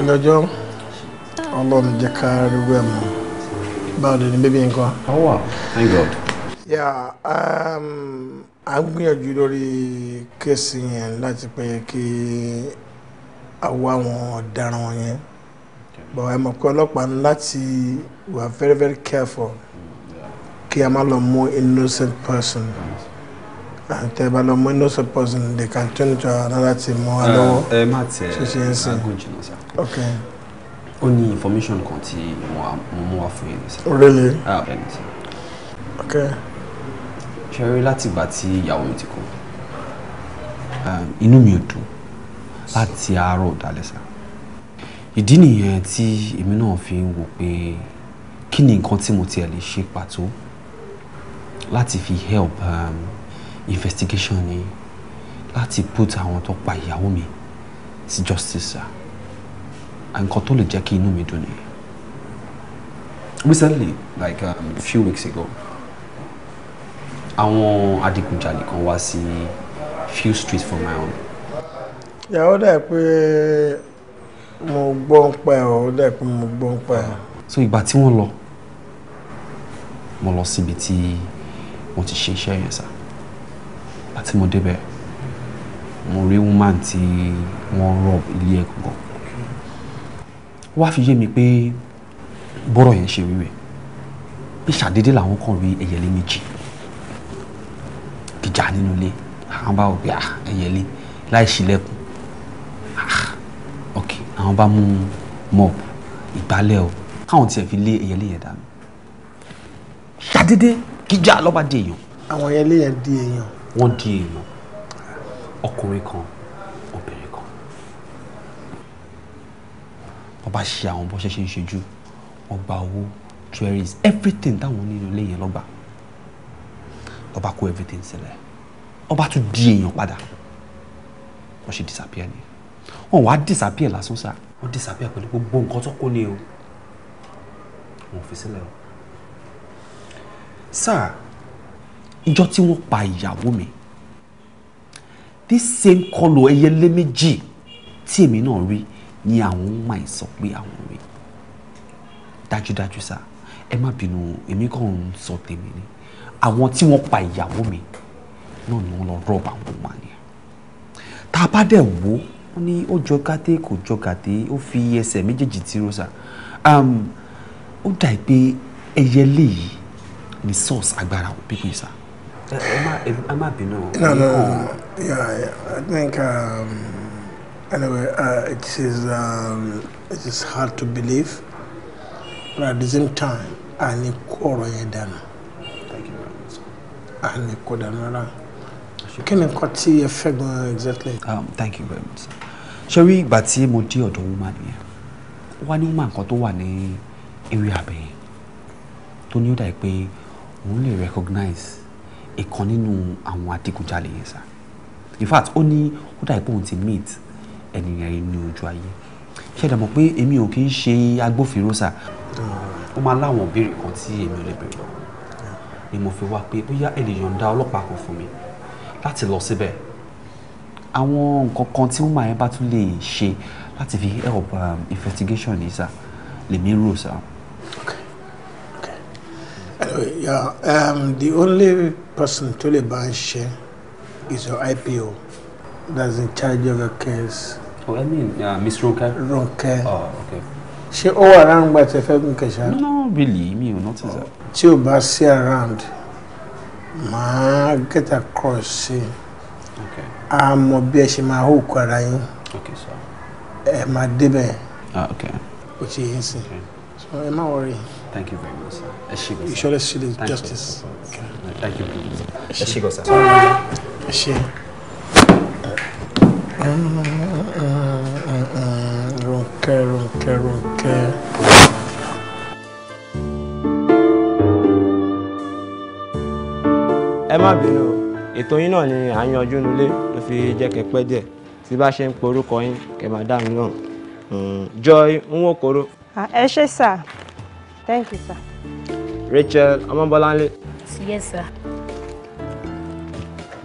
pẹ̀lẹ́jọ́ ọlọ́run jẹ́ ká rúgbọ́ ẹ̀ mọ́ báwo ni bébí nǹkan. how are thank god. yeah a um, ń gbìyànjú lórí kéèsì yẹn láti pé kí a wá àwọn ọ̀daràn yẹn but ẹ mọ̀ pé ọlọ́pàá ní láti wà very very careful kí a má lọ mú innocent person. Mm -hmm àtẹ bá lọ mú innocent person they can turn to another team mọ́ wa eh, lọ́wọ́ ẹ eh, má tẹ ẹ ago jìnnà sá ó ní information kan tí mo mú wá fún yín sá. Oh, really ah bẹ́ẹ̀ ni sá. ok. ṣe rí láti ìgbà tí ìyàwó mi ti kú eh, inú mi ò dùn láti àárọ̀ dalẹ́ sá ìdí nìyẹn tí èmi náà fi ń wò pé kí ni nǹkan tí mo tiẹ̀ lè ṣe pàtó láti fi help um, investigation ni láti put àwọn tó pa ìyàwó mi sí justice sir nǹkan tó lè jẹ́ kí inú mi dùn ni. recently like um, a few weeks ago àwọn adigunjalè kan wá sí few streets for my own. ìyàwó dà pé mo gbọ́ ń pa ẹ̀ ọ́ dà pé mo gbọ́ ń pa ẹ̀. so ìgbà tí wọ́n lọ mo lọ síbi tí mo ti ṣe iṣẹ́ yẹn sáà àti mo débẹ̀ mo rí woman tí wọ́n rob ilé ẹ̀ gbọ̀ngàn wá fi yé mi pé bọ́rọ̀ yẹn ṣe wíwẹ̀ bí ṣàdédé làwọn kàn rí ẹyẹlé méjì dìjà nínú ilé àwọn bá wò pé ah, ẹyẹlé láì ṣílẹ̀kùn ah, ok àwọn bá mú mop ìgbálẹ̀ o káwọn tiẹ̀ fi lé ẹyẹlé yẹn dànù ṣàdédé kíjà lọ́ba di èèyàn. àwọn ẹyẹlé yẹn di èèyàn wọ́n di èèyàn ọkùnrin kan obìnrin kan wọ́n bá ṣe àwọn bọ́ṣẹ́ ṣe ń ṣojú wọ́n gba owó treasuries everything táwọn nínú ilé yẹn lọ́gbà wọ́n bá kó everything sílẹ̀ wọ́n bá tún di èèyàn padà wọ́n ṣe disappear ni wọ́n wá disappear lásán sá wọ́n disappear pẹ̀lú gbogbo nǹkan tó kó ni o wọ́n fi sílẹ̀ o sáà ìjọ tí wọ́n pa ìyàwó mi this same kọlù ẹyẹlé méjì tí èmi náà rí ni àwọn máa sọ pé àwọn rí dájúdájú sá ẹ má bínú èmi kàn ń sọ tèmi ni àwọn tí wọ́n pa ìyàwó mi náà ni wọ́n lọ rọ́ọ̀bù àwọn ọmọ àlẹ́ tá a bá dẹ̀ wò ó ní ó jọ gàdé kò jọ gàdé ó fi ẹsẹ̀ méjèèjì tí rosa ó dà pé ẹyẹlé yìí ni source agbára àwọn pípín ẹ má bínú. no no no yeah, yeah. i think um, anyway uh, it is um, it is hard to believe but at the same time I need kó ọ̀rọ̀ yẹn dànù a ní kó dànù rárá kí ni nǹkan tí ẹ fẹ́ gan exactly. Um, thank you very much Shall we ìgbà tí mo dé ọ̀dọ̀ woman yẹn wá woman kan tó wà ní eré abẹ́yẹn tó ní ó dà pé òun recognize ìkan nínú àwọn adigunjalè yẹn sá in fact ó ní ó dà ìpòhùn ti meet ènìyàn yẹn ní ojú ayé ṣé ẹ dàmọ̀ pé èmi ò kì í ṣe agbófinró sá ó máa láwọn ìbéèrè kan tí èmi ò lè béèrè lọ ni mo fi wá pé bóyá ènìyàn da ọlọ́pàá kan fún mi láti lọ síbẹ̀ àwọn nǹkan kan tí wọ́n máa yẹn bá tún lè ṣe láti fi help um, investigation yìí sá lèmi rò sá. okay yeah, um, the only person Tole Banshe is your IPO that's in charge of the case. Oh, I mean, yeah, Miss Ronke? Ronke. Oh, okay. She all around but if I'm kẹ̀ṣá? No, really, me, you notice oh. that. Tí o bá around, Ma get across sí. Okay. A mọ bí ẹ ṣe máa hókù ara yín. Okay, sir. Ẹ máa débẹ̀. Ah, okay. O ti Okay. sí. So ẹ má worry. Thank you very much, sir. You ṣé gan. Ìṣọ́lẹ̀ ṣílẹ̀ justice. Thank you very much, sir. Ẹ ṣé gan, sir. Ẹ ṣé. Ah, ah, ah, Ronke, Ronke, Ẹ má bínú, ètò yín náà ni à ń yanjú nulé ló fi jẹ́ kẹ́ pẹ́ díẹ̀. Tí bá ṣe ń porúkọ yín, kẹ́ máa dá mi náà. Hmm, Joy Nwokoro. Ẹ ṣé sà. Thank you, sir. Rachel Ọmọbọ́láńlé. Yes, sir.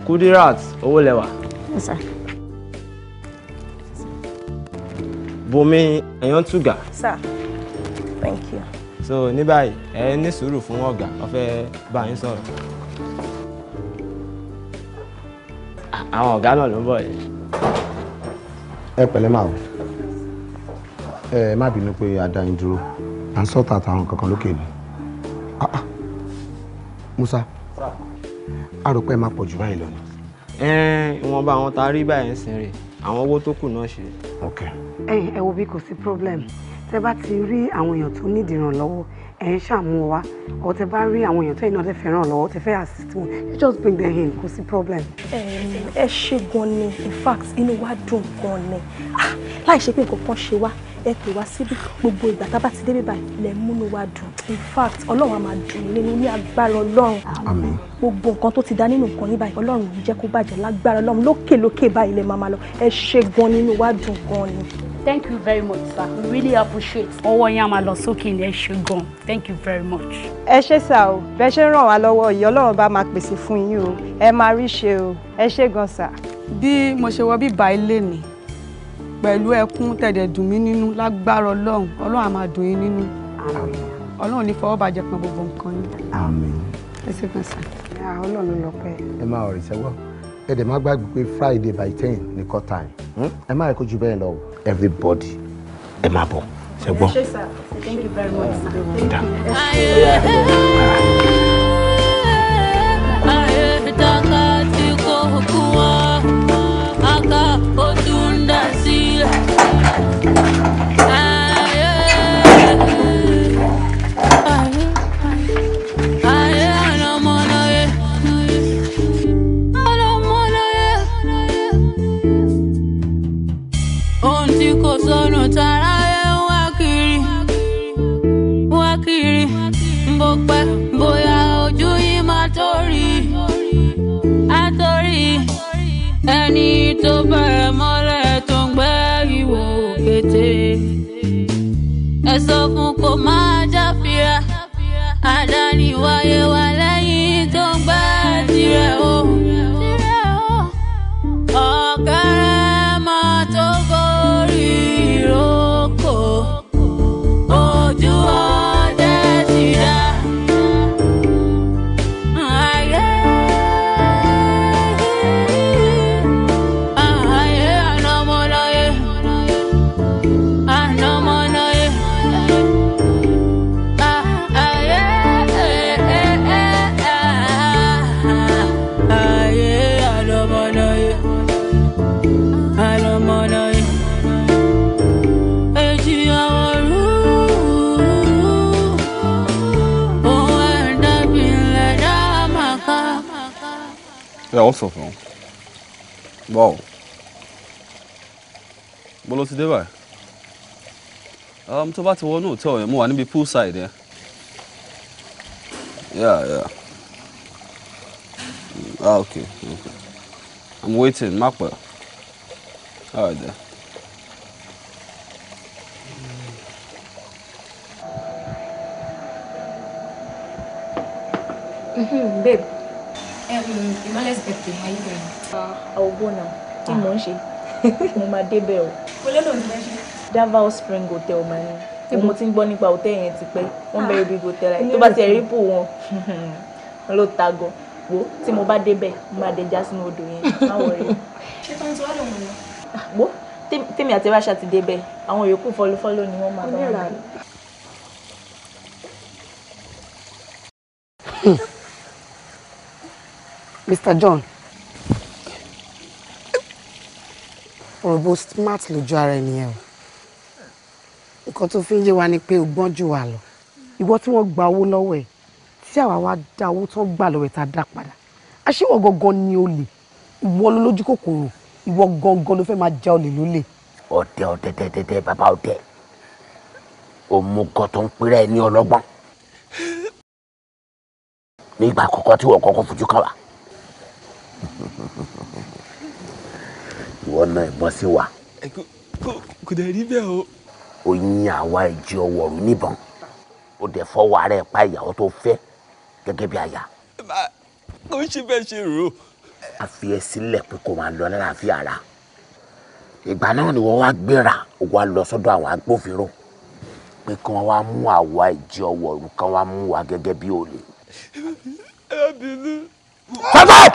Kudirat Owólẹwà. Yes, sir. Bomi, Bùnmi tuga. Sir. Thank you. So ní báyìí ẹ ní sùúrù fún ọ̀gá ó fẹ́ bá yín sọ̀rọ̀. Àwọn ọ̀gá náà ló ń bọ̀ yìí. o, ẹ má bínú pé a dá yín à ń sọ́tà àtàwọn kankan lókè ni ah, ah. Musa a rò pé ẹ máa pọ̀ jù báyìí lọ ni. ìwọ̀nba àwọn tá a rí báyìí ń sin rè àwọn owó tó kù náà ṣe. ẹ wo bí kò sí problem tẹ bá ti rí àwọn èèyàn tó nídìí ìrànlọ́wọ́ ẹ ń ṣàmú wa ọ tẹ bá rí àwọn èèyàn tó iná tẹ fẹ́ ràn lọ́wọ́ tẹ fẹ́ assist wọn you just bring them in kò sí problem. ẹ ṣe gan ni in fact inú wa dùn gan ni ah, láì ṣe pé nǹkan kan ṣe wá ẹ pè wá síbi gbogbo ìgbà tá a bá ti débí báyìí lẹ múnú wa dùn in fact ọlọ́run a máa dùn nínú ní agbára ọlọ́run gbogbo nǹkan tó ti dá nínú nǹkan yín báyìí ọlọ́run yìí jẹ́ kó bàjẹ́ lágbára ọlọ́run lókè lókè báyìí lẹ máa máa lọ ẹ ṣe gan nínú wa dùn gan ni. thank you very much sir we really appreciate ọwọ́ yín a máa lọ sókè ní ẹ ṣe gan thank you very much. ẹ ṣe sá o bẹ ṣe ràn wá lọ́wọ́ yìí ọlọ́run bá máa pèsè fún yín o ẹ máa rí ṣe o ẹ ṣe gan sá. bí mo ṣe wọ bíbá ilé mi pẹ̀lú ẹkún tẹ̀dẹ̀ dùn mí nínú lágbára ọlọ́run ọlọ́run á dùn yín nínú ọlọ́run ní fọwọ́ bàjẹ́ pọn gbogbo nǹkan yín. ẹ ṣe kan sàn. ọlọ́run ló pẹ́. ẹ máa ọ̀rẹ́ sẹ́wọ́ ẹ dẹ̀ má gbàgbé pé friday by ten ní cut time ẹ má rẹ̀ kó bẹ́ẹ̀ lọ everybody ẹ máa bọ̀ ṣẹ́gbọ́n. ayé ayé dàgbà tí kú wá àgbà ó pẹ́ bóyá ojú yìí máa torí àtorí ẹni tó bẹ̀rẹ̀ mọ́lẹ̀ tó ń gbẹ́ ìwò kété. ẹ sọ fún kó máa jáfira àdáni wáyé wáyé. É also from. Wow. Bolo ti dé báyìí. Um, tó bá ti wọnú òtẹ́ọ̀ yẹn, mo wà níbi poolside yẹn. Yeah, yeah. Ah, okay, okay. I'm waiting, má All right, there. Mm-hmm, babe. Imale's birthday, how you going? I will go now. Tí mò ń ṣe, ah. mo máa débẹ̀ o. Olé ló ń bẹ́ ṣe. Davao Spring Hotel máa ní. Mo ti ń gbọ́ nípa hòtẹ́ẹ̀lì yẹn ah. ti pẹ́. Wọ́n bẹ̀rẹ̀ bí hotel láì. Tó bá ti rí pò wọn, wọ́n ló ta gan. Wo tí mo bá débẹ̀, mo máa dẹja sínú odò yẹn. Má wọrí. Ṣé tó ń tí wá lòun lọ? Ah, wo tèmi àti Rasha ti débẹ̀. Àwọn yòókù fọlúfọlú ni wọ́n máa bá wọn. Mr. John ọ̀rọ̀ bó smart lójú ara ẹni ẹ̀ o nǹkan tó fi ń yé wa ni pé o gbọ́n jù wá lọ ìwọ tí wọ́n gba owó lọ́wọ́ ẹ̀ tí àwa wá dá owó tó gbà lọ́wọ́ ẹ̀ tá a dá padà aṣíwọ̀ gangan ni olè ìwọ ló lójú kòkòrò ìwọ gangan ló fẹ́ máa já olè lólè. ọ̀tẹ ọ̀tẹ tẹ́tẹ́tẹ́ bàbá ọ̀tẹ òmùgọ̀ tó ń pèrè ní ọlọ́gbọ́n nígbà àkọ́kọ́ tí wọ́n kọ́kọ́ fojú kàn ìwọ náà ìbọn sí wa. kò dẹ̀ rí bẹ́ẹ̀ o. ó yin àwa ìjì ọwọ́rù níbọn ó dẹ̀ fọwọ́ ara ẹ̀ pa ìyàwó tó fẹ́ gẹ́gẹ́ bí aya. kò ń ṣe bẹ́ẹ̀ ṣe rò. a fi ẹ sílẹ̀ pé kò máa lọ lálàáfíà ara ìgbà náà ni wọ́n wá gbéra wá lọ sọ́dọ̀ àwọn agbófinró pé kí wọ́n wá mú àwa ìjì ọwọ́rù kí wọ́n wá mú wa gẹ́gẹ́ bí olè. ẹ bínú. Papa!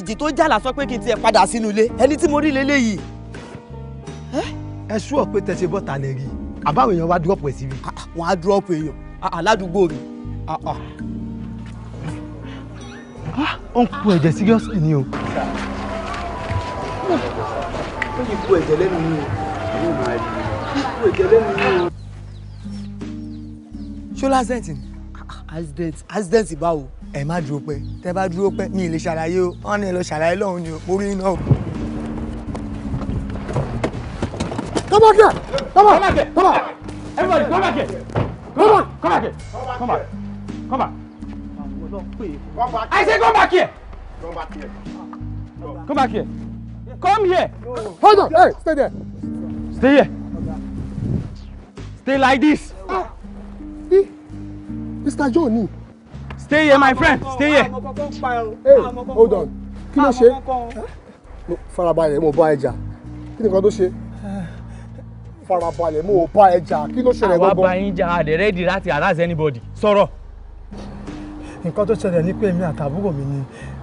òjijì tó jàlá sọ pé kí n tiẹ̀ padà sínú ilé ẹni tí mo rí leléyìí. ẹ sú ọ pé bọ́ta lè rí àbáwọn èèyàn wá dúrọ́pù ẹ̀ síbi. Ah, ah, wọn á dúrọ́pù èèyàn aládùúgbò ah, mi. ó ń ku ẹ̀jẹ̀ seriously ni o. ó yìí ku ẹ̀jẹ̀ lẹ́nu ni o. Oh ku ẹ̀jẹ̀ lẹ́nu ni accident accident báwo. ẹ má dúró pẹ́ tẹ́ bá dúró pẹ́ mi ì lè ṣàlàyé o wọn ní lọ ṣàlàyé lọ́hùn ni orí iná o. come on there come on come on everybody come back here come on come back here come back come back. I say come back here. Come back here. Come back here. Come here. Hold on. Hey, stay there. Stay here. Stay like this. Mr. Johnny, Stay here my friend stay here. Ah, hey ah, hold on kí ló ah, ṣe farabalẹ̀ mo bá ẹja kí nìkan tó ṣe farabalẹ̀ mo bá ẹja kí ló ṣẹlẹ̀ gbọ́gbọ́n. àwa bá yín jà àdè rẹ́ẹ̀dì láti aráàzẹ́ anybody sọ̀rọ̀. nǹkan tó ṣẹlẹ̀ ni pé èmi àtàbúrò mi ni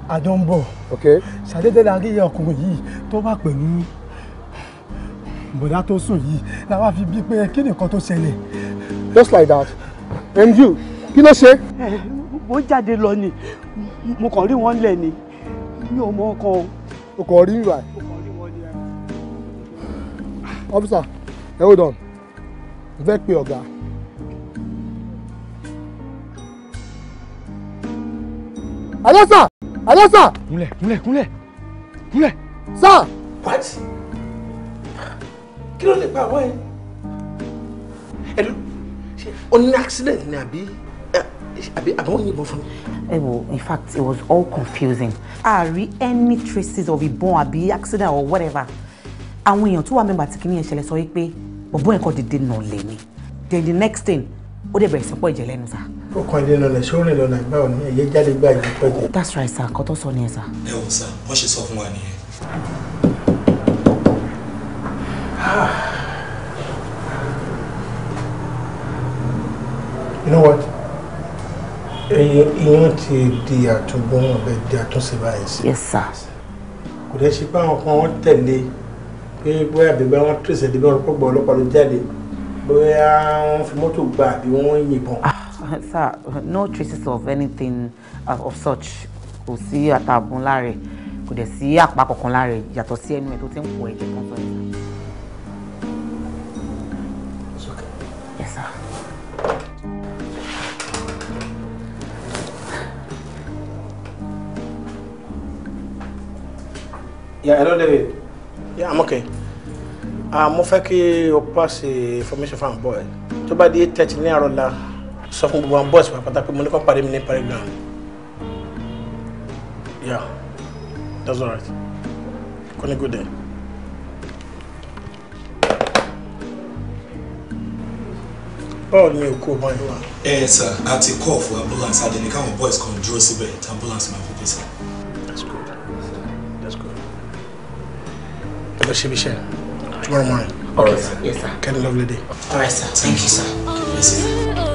àjọ ń bọ̀ ṣàdédé la rí ọkùnrin yìí tó wà pẹ̀lú bọ̀dá tó sùn yìí làwa fi bí pé kí nìkan tó ṣẹlẹ̀. just like that and you kí ló ṣe. ẹ mo jáde lọ ni mo kàn rí wọn lẹ ni mi ò mọ ọkàn o. o kàn rí ìwà ẹ. officer ẹ hold on mo fẹ́ pe ọ̀gá. alo sir alo sir. kúnlẹ̀ kúnlẹ̀ kúnlẹ̀ kúnlẹ̀. sir. what kí ló lè pa àwọn ẹ ẹ ló ṣe ó accident ni àbí àbí àbí wọ́n ẹ wo in fact it was all confusing a rí any traces of ìbọn àbí accident or whatever àwọn èèyàn tó wà mẹ́gbà tí kìíní yẹn ṣẹlẹ̀ sọ wípé bọ̀bọ́ yẹn kọ́ dédé nà lè ní then the next thing ó dẹ̀ bẹ̀rẹ̀ sí pọ̀ ìjẹ́ lẹ́nu sá. ó kàn dé ṣé ó rìn lọlẹ̀ ìgbà òní ẹ̀yẹ jáde gba ìlú pẹ̀jẹ̀. that's right sir kọ́ tó sọ nìyẹn sir. ẹ wò sá wọ́n ṣe sọ fún wa nìyẹn. you know what? iyán ti di àtúngbọ́n ọ̀bẹ di àtúnṣe báyìí sí. yes sir. kò dẹ́ ṣe pé àwọn kan wọ́n tẹ̀lé pé bóyá àbẹ̀bẹ̀ wọn tẹ̀sẹ̀ débi wọn pọ̀gbọ́ ọlọ́pàá ló jáde bóyá wọ́n fi mọ́tò gbà àbí wọ́n yìnbọn. Ah, sir no traces of anything of such kò sí àtàbùn lára ẹ̀ kò dẹ̀ sí àpá kankan lára yàtọ̀ sí ẹnu ẹ̀ tó ti ń pọ̀ ẹ̀jẹ̀ kan sọ́yìn. Yeah, hello David. Yeah, I'm okay. I'm ah, fẹ́ kí o pass information from boy. Tó bá di thirty ní àárọ̀ la sọ fún gbogbo àwọn boys pàápàá pé mo ní kó parí mi Yeah, that's all right. Kò ní good day. Oh, ni òkú ọmọ ìwà. Ẹ sà, a ti kọ́ ọ̀fù ambulance, I didn't come with boys Come dúró síbẹ̀ tí ambulance máa fún. lọ ṣe tomorrow morning. All right, sir. Yes, sir. Get a lovely day. All right, sir. Thank you, sir. Yes, sir.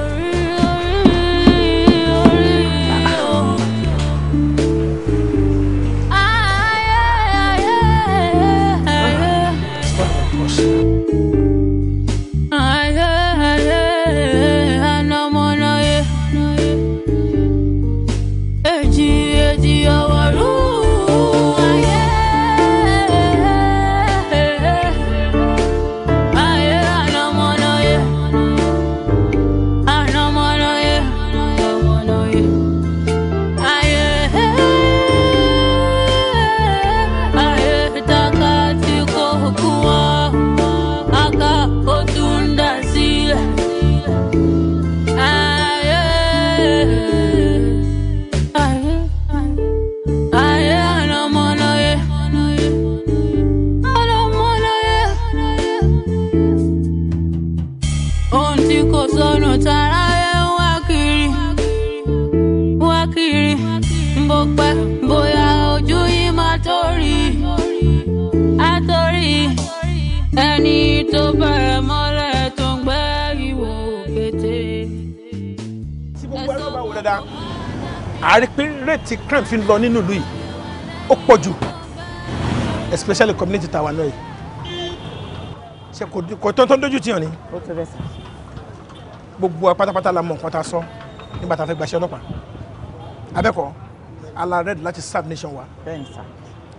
àárí pé rate crime fi ń lọ nínú ìlú yìí ó pọ̀ jù especially community tàwa náà yìí ṣe kò tó tó ń dojú tiyan ni. ó tó bẹ́ẹ̀ sọ. gbogbo pátápátá la mọ nǹkan tá a sọ nígbà tá a fẹ́ gbaṣẹ́ ọlọ́pàá abẹ́kọ̀ọ́ ala red láti serve nation wa.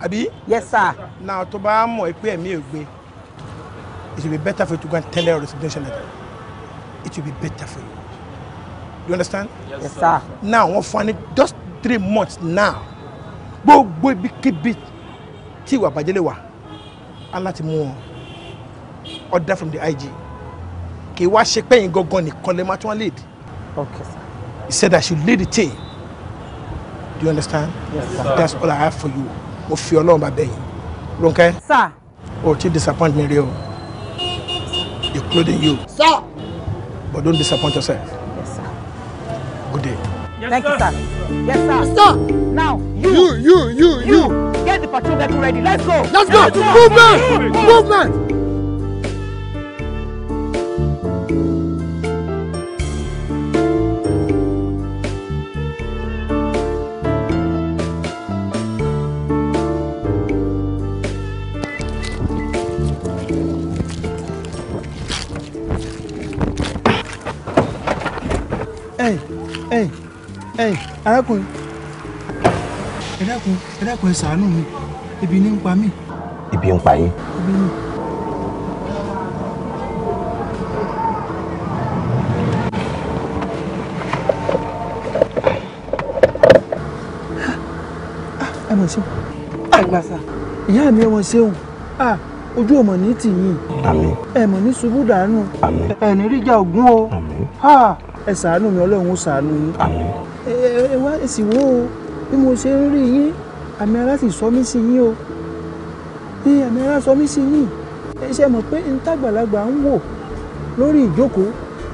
àbí. yes sir. na tó bá mọ̀ pé ẹ̀mí ò gbé it will be better for you to go and tell your resignation letter it will be better for you you understand. yes, yes sir. now wọ́n fún wa ní just three months now gbogbo ibikíbi tí ìwà àbájẹ́ lè wà á láti mú wọn order from the IG kì í wá ṣe pẹ́yìn gangan nìkan lè má tún wá lead. okay sir. he said I should lead the team do you understand. yes sir. that's all I have for you mo fi ọlọ́run bá bẹ̀yìn Ronke. sir. oh chief disappoint me real including you. sir. but don't disappoint yourself. Good day. Yes, Thank sir. you, sir. Yes, sir. Yes, sir. Now, you, you, you, you, you. Get the patrol vehicle ready. Let's go. Let's go. Let's go. Movement. Movement. Movement. arákùnrin ẹ dákun ẹ dákun ẹ ṣàánú mi ebi ní ń pa mí. ibi ń pa yín. ibi ní. Ah, ẹ mọ̀ sí. Ah, àgbàsà. ìyá mi ẹ wọ́n ṣeun ah, ojú ọmọ ní tìyìn. àmín. ẹ mọ̀ ní ṣubú dànù. ẹ ní ríjà ògún o. àmín. ẹ ṣàánú mi ọlọ́run ó ṣàánú yín ẹ wá èsì wo o bí mo ṣe ń rí yín àmì ara sì sọ mí sí yín o bí àmì ara sọ mí sí yín ẹ ṣe mọ̀ pé n tàgbàlagbà ń wò lórí ìjókòó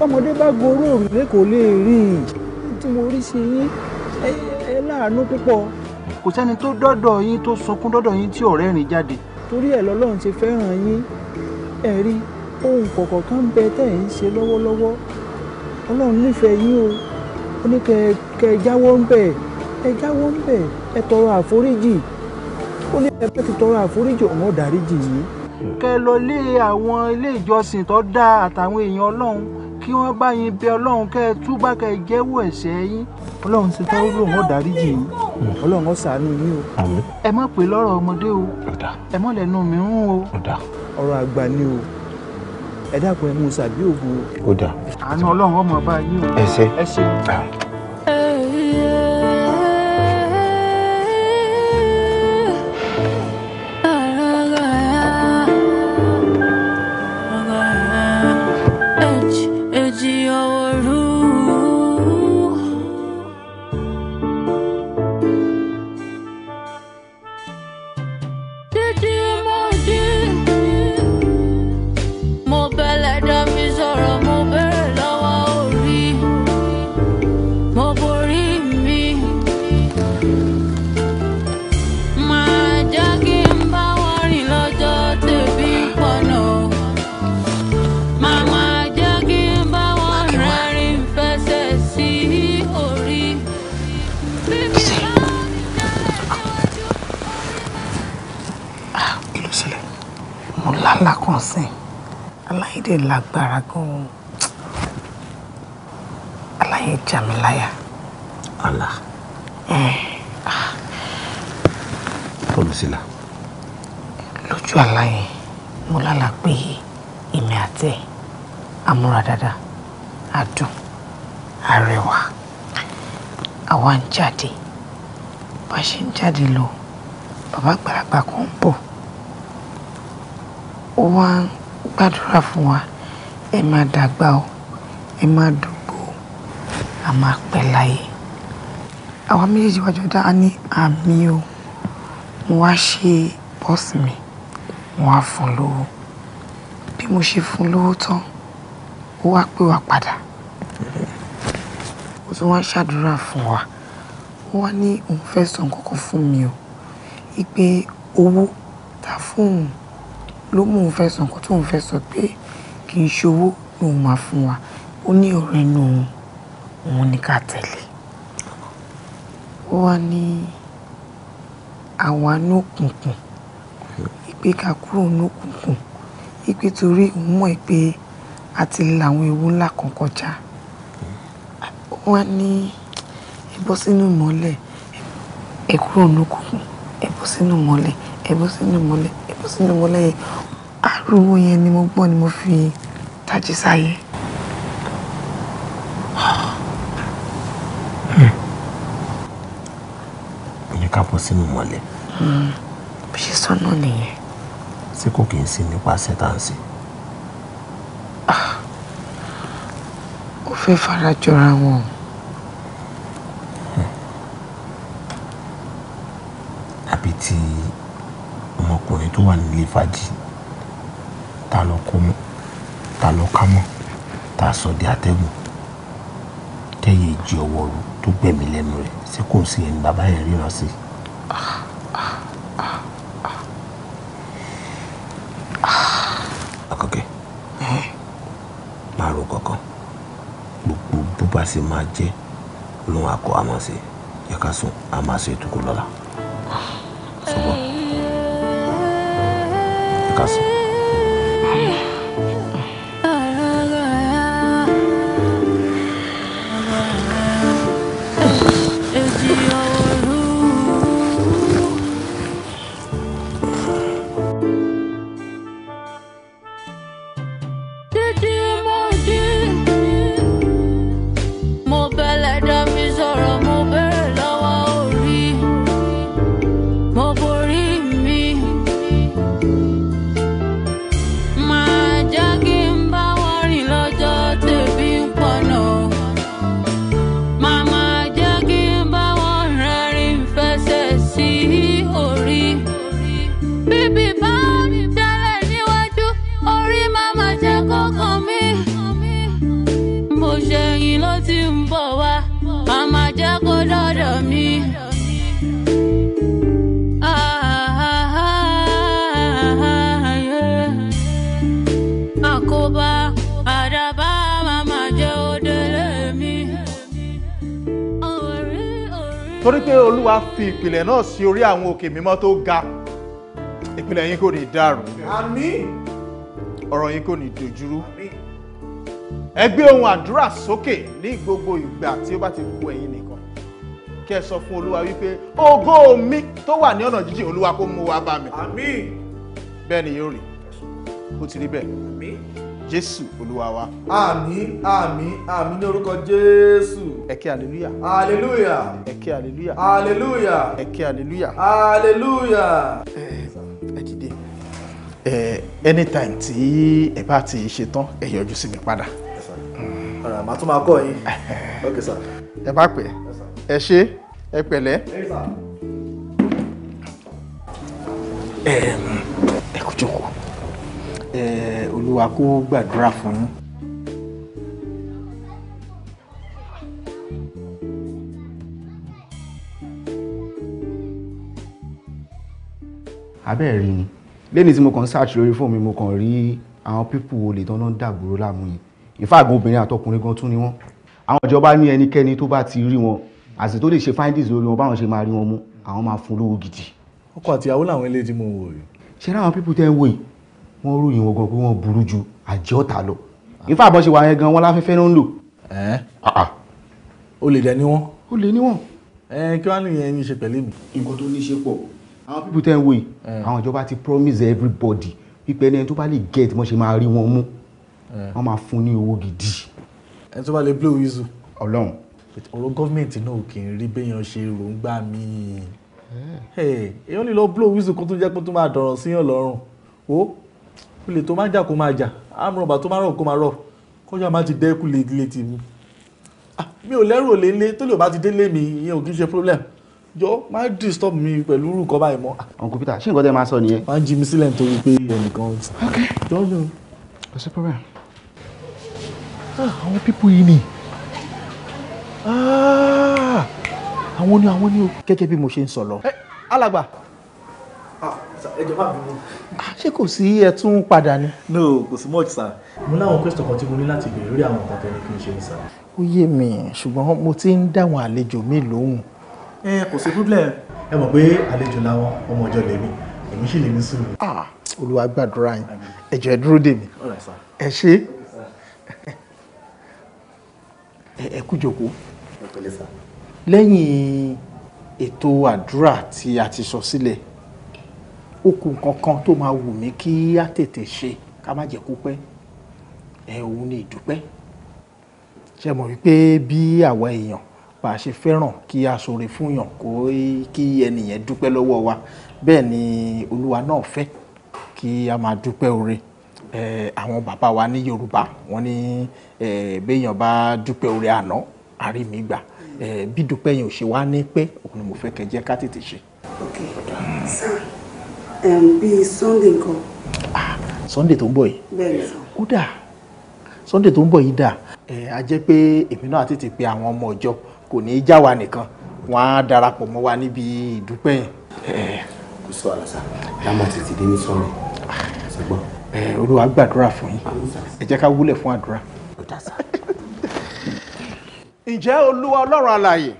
ọmọdé bá goró òrùlé kò lè rí i tí mo rí sí yín ẹ láàánú púpọ̀. kò sẹ́ni tó dọ́dọ̀ yín tó sunkún dọ́dọ̀ yín tí ọ̀rẹ́ rìn jáde. torí ẹ̀ lọ́lọ́run ti fẹ́ràn yín ẹ rí ohun kọ̀ọ̀kan bẹ tẹ̀ ń ṣe lọ́wọ́lọ́wọ́ ọlọ́run nífẹ̀ẹ́ yín o ó ní kẹ kẹ jáwọ́ ń bẹ̀ ẹ jáwọ́ ń bẹ̀ ẹ tọrọ àforíjì ó ní ẹ fẹ́ ti tọrọ àforíjì ọ̀hún ọ̀dáríjì yìí. kẹ lọ lé àwọn ilé ìjọsìn tó dáa àtàwọn èèyàn ọlọ́run kí wọ́n bá yín bẹ ọlọ́run kẹ túbà kẹ jẹ́wọ́ ẹ̀ṣẹ̀ yín ọlọ́run ti tọ́wọ́ lòun ọ̀dáríjì yìí ọlọ́run ó ṣàánú yín o. ẹ má pè lọ́rọ̀ ọmọdé o ẹ má lẹ́nu mìíràn o ọ̀rọ̀ àgbà ni o ẹ dákun ẹ mú un ṣàbí ògo. ó dà. àánú ọlọ́run ọmọ ọba yìí o. ẹ ṣe. ẹ ṣe. lágbára gan-an aláyé já mi láyà. àlá. olùsílà. lójú àlá yẹn mo lálà pé èmi àti ẹ amúra dáadáa adùn arẹwà àwa ń jáde bá ṣe ń jáde lọ bàbá àgbàlagbà kan ń bọ̀ ó wá ń gbàdúrà fún wa ẹ máa dàgbà o ẹ máa dùgbò o a máa pẹ́ láyé àwa méjèèjì wájú dá a ní àmì o mo wá ṣe bọ́ọ̀sì mi mo wá fún un lówó bí mo ṣe fún lówó tán ó wá pè wá padà ó tún wá ṣàdúrà fún wa ó wá ní òun fẹ́ sọ nǹkan kan fún mi o wípé owó ta fóun ló mú òun fẹ́ sọ nǹkan tóun fẹ́ sọ pé kì í ṣowó lòun máa fún wa ó ní ọ̀rọ̀ ẹnu òun òun ní ká tẹ̀lé ó wá ní àwa ní òkùnkùn ìpè ká kúrò ní òkùnkùn ìpè torí òun mọ̀ pé a ti làwọn ewu ńlá kan kọjá ó wá ní ẹ bọ́ sínú ìmọ́lẹ̀ ẹ kúrò ní òkùnkùn ẹ bọ́ sínú ìmọ́lẹ̀ ẹ bọ́ sínú ìmọ́lẹ̀ ẹ bọ́ sínú ìmọ́lẹ̀ yẹn ariwo yẹn ni mo gbọ́ ni mo fi tají sáyé. ìyẹn ká bọ́ sínú mọ́lẹ̀. Hmm. bí ṣe sọnù nìyẹn. ṣé kò kì í sí nípasẹ̀ tá à ń ṣe. ó fẹ́ fara jọra wọn. àbí ti ọmọkùnrin tó wà nílé fàájì ta ló kó mọ́ lọ ká mọ́ tá a sọ di atẹ́gùn tẹ́yẹ ìjì ọwọ́ ru tó gbẹ̀mí lẹ́nu rẹ̀ ṣé kò sí ẹni bàbá yẹn ríran sí. àkànkẹ́ máa ro kankan gbogbo bó bá ṣe máa jẹ́ lóun àkọ́ àmọ́ sí yẹ ká sùn a máa ṣe ètò kó lọ́la. ṣùgbọ́n yẹ ká sùn. sí orí àwọn òkè mímọ́ tó ga ìpìlẹ̀ yín kò ní dàrú ọ̀rọ̀ yín kò ní dojúrú àmín ohun àdúrà sókè ní gbogbo ìgbà tí ó bá ti kú ẹ̀yin nìkan kí ẹ sọ fún olúwa wípé ògo mi tó wà ní ọ̀nà jíjìn olúwa kó mú wá bá mi bẹ́ẹ̀ ni yóò rí ó ti rí bẹ́ẹ̀ jésù olúwa wa. àmín àmín àmín ní orúkọ jésù ẹ̀kẹ́ hallelujah. hallelujah. ẹ̀kẹ́ hallelujah. hallelujah. ẹ̀kẹ́ hallelujah. hallelujah. ẹ ẹ anytime tí ẹ bá ti ṣetán ẹ yọjú sí mi padà. ọ̀rọ̀ tún máa kọ́ yín. okay sir. ẹ bá pẹ́ ẹ ṣé ẹ pẹ̀lẹ́. ẹ kò jókòó olúwa kó gbàdúrà fún yín. abẹ́ẹ̀ rí ni lẹ́ni tí mo kàn ń search lórí fóònù mi mo kàn rí àwọn pípù olè tán náà ń dàgbòrò láàmú yẹn ìfáàgùn obìnrin àtọkùnrin gan tún ni wọ́n àwọn ìjọba ní ẹnikẹ́ni tó bá ti rí wọn àti tó lè ṣe findings lórí wọn báwọn ṣe máa rí wọn mú àwọn máa fún lówó gidi. ọkọ àti làwọn ilé tí mo wò yìí. ṣé láwọn pípù tẹ́ ń wò yìí wọ́n ròyìn wọn gan pé wọ́n burú ju àjẹ́ ọ̀tá lọ ìfá àbọ̀ ṣe wà yẹn gan àwọn pípù tẹ́ ń wò yìí àwọn ìjọba ti promise everybody pípẹ́ ẹni tó bá lè get mọ́ ṣe máa rí wọn mú wọ́n máa fún ní owó gidi. ẹni tó bá lè blow whistle. ọlọ́run. ọ̀rọ̀ gọ́ọ̀mẹ̀ntì náà ò kì í rí béèyàn ṣe ròǹgbà míì èèyàn lè lọ blow whistle kó tó jẹ́ pé tó máa dọ̀rọ̀ síyàn lọ́rùn o olè tó máa jà kó máa jà àmúrọ̀bà tó máa rọ̀ kó máa rọ̀ kọjá máa ti dẹ́kù létí mi ah, mi ò lẹ́rù òlé ńlé tó lè bá ti délé mi ìyẹn ò kí ń ṣe problem jọ má disturb mi pẹ̀lú orúkọ báyìí mọ́. uncle peter ṣé nǹkan tẹ́ máa sọ nìyẹn. má jí mi sílẹ̀ nítorí pé ẹnìkan ti. ok jọ lọ. kò sí problem. Ah, àwọn pípù yìí ni ah, àwọn ni àwọn ni o. gẹ́gẹ́ bí mo ṣe ń sọ lọ. Eh, alàgbà. ẹjọ bá mi mú. ṣé kò sí ẹtún padà ni. no kò sí much sir. mo láwọn question kan tí mo ní láti béèrè lórí àwọn nǹkan tẹ́lẹ̀ kí n ṣe ń sá. ó yé mi ṣùgbọ́n mo ti ń dáwọn àlejò mi lóhùn ẹ eh, kò sí problem. ẹ mọ̀ pé àlejò làwọn ọmọ ọjọ́ lèmi èmi sì lèmi sùn. olúwa gbàdúrà yín ẹ jọ̀ọ́ ẹ dúró dè mí ẹ ṣe ẹ kú jòkó lẹ́yìn ètò àdúrà tí a ti sọ sílẹ̀ ó kù tó máa wù mí kí á tètè ṣe ká má jẹ́ kó pẹ́ ẹ̀ òun ni ìdúpẹ́ ṣe mọ̀ wípé bí àwa èèyàn bá a ṣe fẹ́ràn kí a ṣoore fún yàn kó kí ẹnìyẹn dúpẹ́ lọ́wọ́ wa bẹ́ẹ̀ ni olúwa náà fẹ́ kí a máa dúpẹ́ oore àwọn bàbá wa ní yorùbá wọ́n ní béèyàn bá dúpẹ́ oore àná àrí mi gbà bí dúpẹ́ yẹn ò ṣe wá ní pé òun ni mo fẹ́ kẹ́ jẹ́ ká tètè ṣe. ok sir bí sunday nǹkan. Ah, sunday tó ń bọ̀ yìí. bẹ́ẹ̀ ni sir. ó dà sunday tó ń bọ̀ yìí dà a jẹ́ pé èmi náà tètè pe àwọn ọmọ ọjọ́ kò ní í já wa nìkan wọ́n á darapọ̀ mọ́ wa níbi ìdúpẹ́ yẹn. kò sí wàhálà sá dáàmà tètè dé ní sọ́ọ̀rọ̀ ṣùgbọ́n. olúwa gbàdúrà fún yín ẹ jẹ́ ká wúlẹ̀ fún àdúrà. ǹjẹ́ olúwa ọlọ́run alààyè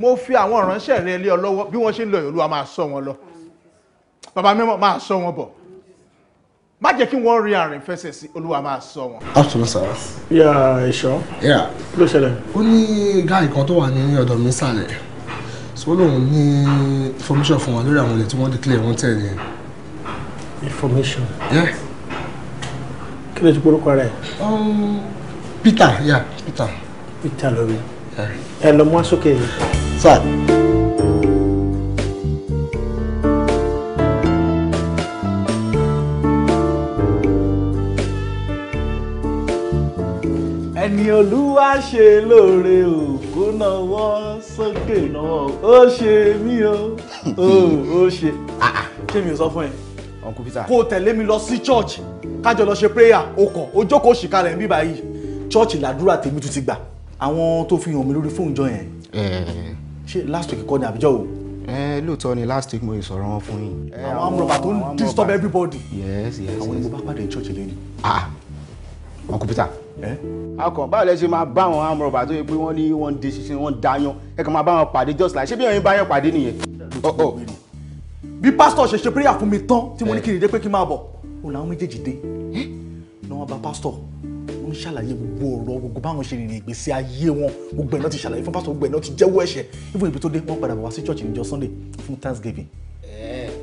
mo fi àwọn ìránṣẹ́ rẹ lé ọ lọ́wọ́ bí wọ́n ṣe ń lọ yìí olúwa máa sọ wọn lọ bàbá mímọ́ máa sọ wọn bọ̀ má jẹ́ kí wọ́n rí àrùn ìfẹsẹ̀ sí olúwa máa sọ wọn. afternoon sir. yà ìṣọ́. yà ló ṣẹlẹ̀. ó ní gáì kan tó wà ní ọ̀dọ̀ mi sàlẹ̀ so lóun ní information fún wa lórí àwọn olè tí wọ́n declare wọ́n tẹ̀ ní. information. yẹ. kí ló ti porúkọ rẹ. Um, Peter yà Peter. Peter lórí. ẹ lọ mú wá sókè. sáà. ni olúwa ṣe lóore o kó náwó sókè náwó ó ṣe mí o ó ṣe ah, ah, ṣé mi ò sọ fún ẹ uncle peter. kó o tẹ̀lé mi lọ sí church kájọ lọ ṣe prayer o kọ̀ o jókòó ṣìkà rẹ̀ ń bí báyìí church làdúrà tèmi tún ti gbà àwọn tó fi hàn mí lórí fóònù jọ yẹn. ṣé last week kọ́ ni àbíjọ́ o. lóòótọ́ ni last week mo yìí sọ̀rọ̀ wọn fún yín. àwọn amúrọ̀bà tó ń disturb everybody. yes yes yes àwọn ni mo bá pàdé church lẹ́nu. ah uncle peter Eh? akàn báwo lẹ ṣe máa bá àwọn amọ̀rọ̀bà tó yẹ pé wọ́n ní wọ́n ń de ṣinṣin wọ́n ń dayan ẹ kàn máa bá wọn pàdé just like ṣé bí ẹ̀yin bá yẹn pàdé nìyẹn. bí pásítọ̀ ṣe ṣe prayer fún mi tán tí mo ní kí n dé pé kí n máa bọ̀ òun làwọn méjèèjì dé ni eh? wọ́n bá pásítọ̀ ń ṣàlàyé gbogbo ọ̀rọ̀ gbogbo báwọn ṣe rìnrìn ìgbésí ayé wọn gbogbo ẹ̀ náà ti ṣàlàyé fún pásítọ̀ gbogbo ẹ̀ náà ti jẹ́wọ́ ẹ̀ṣẹ̀ even ibi tó dé wọ́n padà bọ̀ wá sí church níjọ́ Sunday fún Thanksgiving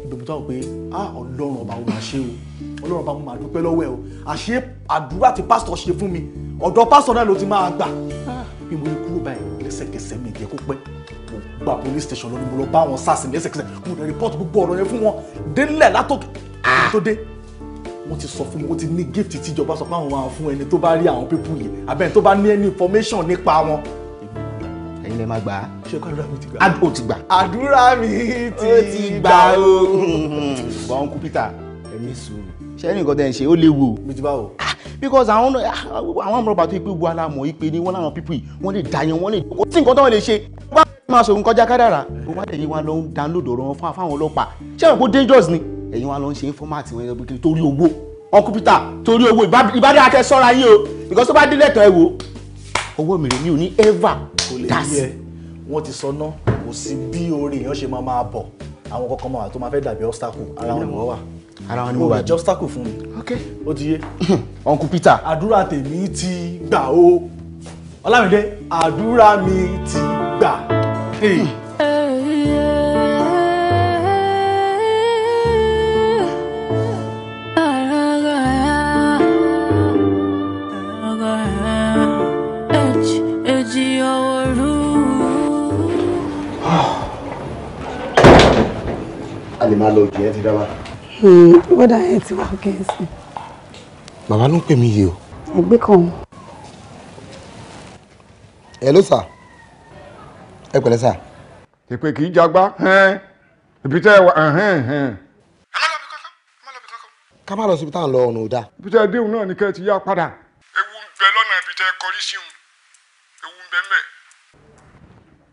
dòmítọ́ pé a ọlọ́run ọba ó máa o ọlọ́run ọba mo máa dúpẹ́ lọ́wọ́ ẹ o àṣé àdúrà tí pásítọ̀ ṣe fún mi ọ̀dọ̀ pásítọ̀ náà ló ti máa gbà ah, bí mo kúrò báyìí lẹ́sẹ̀kẹsẹ̀ mi jẹ́ kó pẹ́ mo gba police station lọ́nà mo lọ bá wọn sars lẹ́sẹ̀kẹsẹ̀ mo lè report gbogbo ọ̀rọ̀ yẹn fún wọn délẹ̀ látòkè tó ah, dé wọ́n ti sọ fún mi wọ́n ti ní gift tíjọba sọ pé àwọn máa fún ẹni tó bá rí àwọn people yìí àbẹ́ni tó bá ní any information nípa wọn ẹ̀yin lè máa gbà á. ṣé àdúrà mi ti gbà. ó ti gbà. àdúrà mi ti gbà o. bọ́n kú Peter ẹ̀mí sùúrù. ṣé ẹni nǹkan tẹ̀ ń ṣe ó léwu. bí ti bá wò ah, because àwọn ah, àwọn àmúrọ̀bà tó ipe gbogbo alamọ̀ ipe ni wọ́n láwọn pípì wọ́n lè dàyàn wọ́n lè kó sí nǹkan tó wọ́n lè ṣe wọ́n bá máa sọ̀rọ̀ kọjá kádàrà wọ́n wá lẹ́yìn wa lọ ń download ọ̀rọ̀ wọn fáwọn ọlọ́pàá ṣé àwọn kó dangerous ni ẹ̀yìn wa lọ ń ṣe fọ́mátì wọn ẹgbẹ́ kiri torí owó wọn kú Peter torí owó ìbádé akẹ́ sọ́ra yín o because tó bá dé lẹ́tọ̀ ẹ wo owó mi rè mi ò ní ever kò lè yẹ wọ́n ti sọ náà kò sí bí orí èèyàn ṣe máa máa bọ̀ àwọn kankan máa wà tó máa fẹ́ dàbí obstacle ara wọn ni wọ́n wà ara wọn ni wọ́n wà ní obstacle fún mi ó ti yé uncle peter àdúrà tèmi ti gbà o ọlámídé àdúrà mi ti gbà. Hey. lè máa lọ òjì yẹn ti dábàá. Hmm, bọ́dà yẹn ti wá kẹ́sì. bàbá ló ń pè mí yìí o. ẹgbẹ́ kan. ẹ ló sà ẹ pẹ̀lẹ́ sà. ìpè kì í jagbá ibi tẹ́ ẹ wà. ká má lọ síbi tá à ń lọ ọ̀nà òdà. ibi tẹ́ ẹ déhùn náà ni kẹ́ ẹ ti yá padà. ewu ń bẹ lọ́nà ibi tẹ́ ẹ kọrí sí un ewu ń bẹ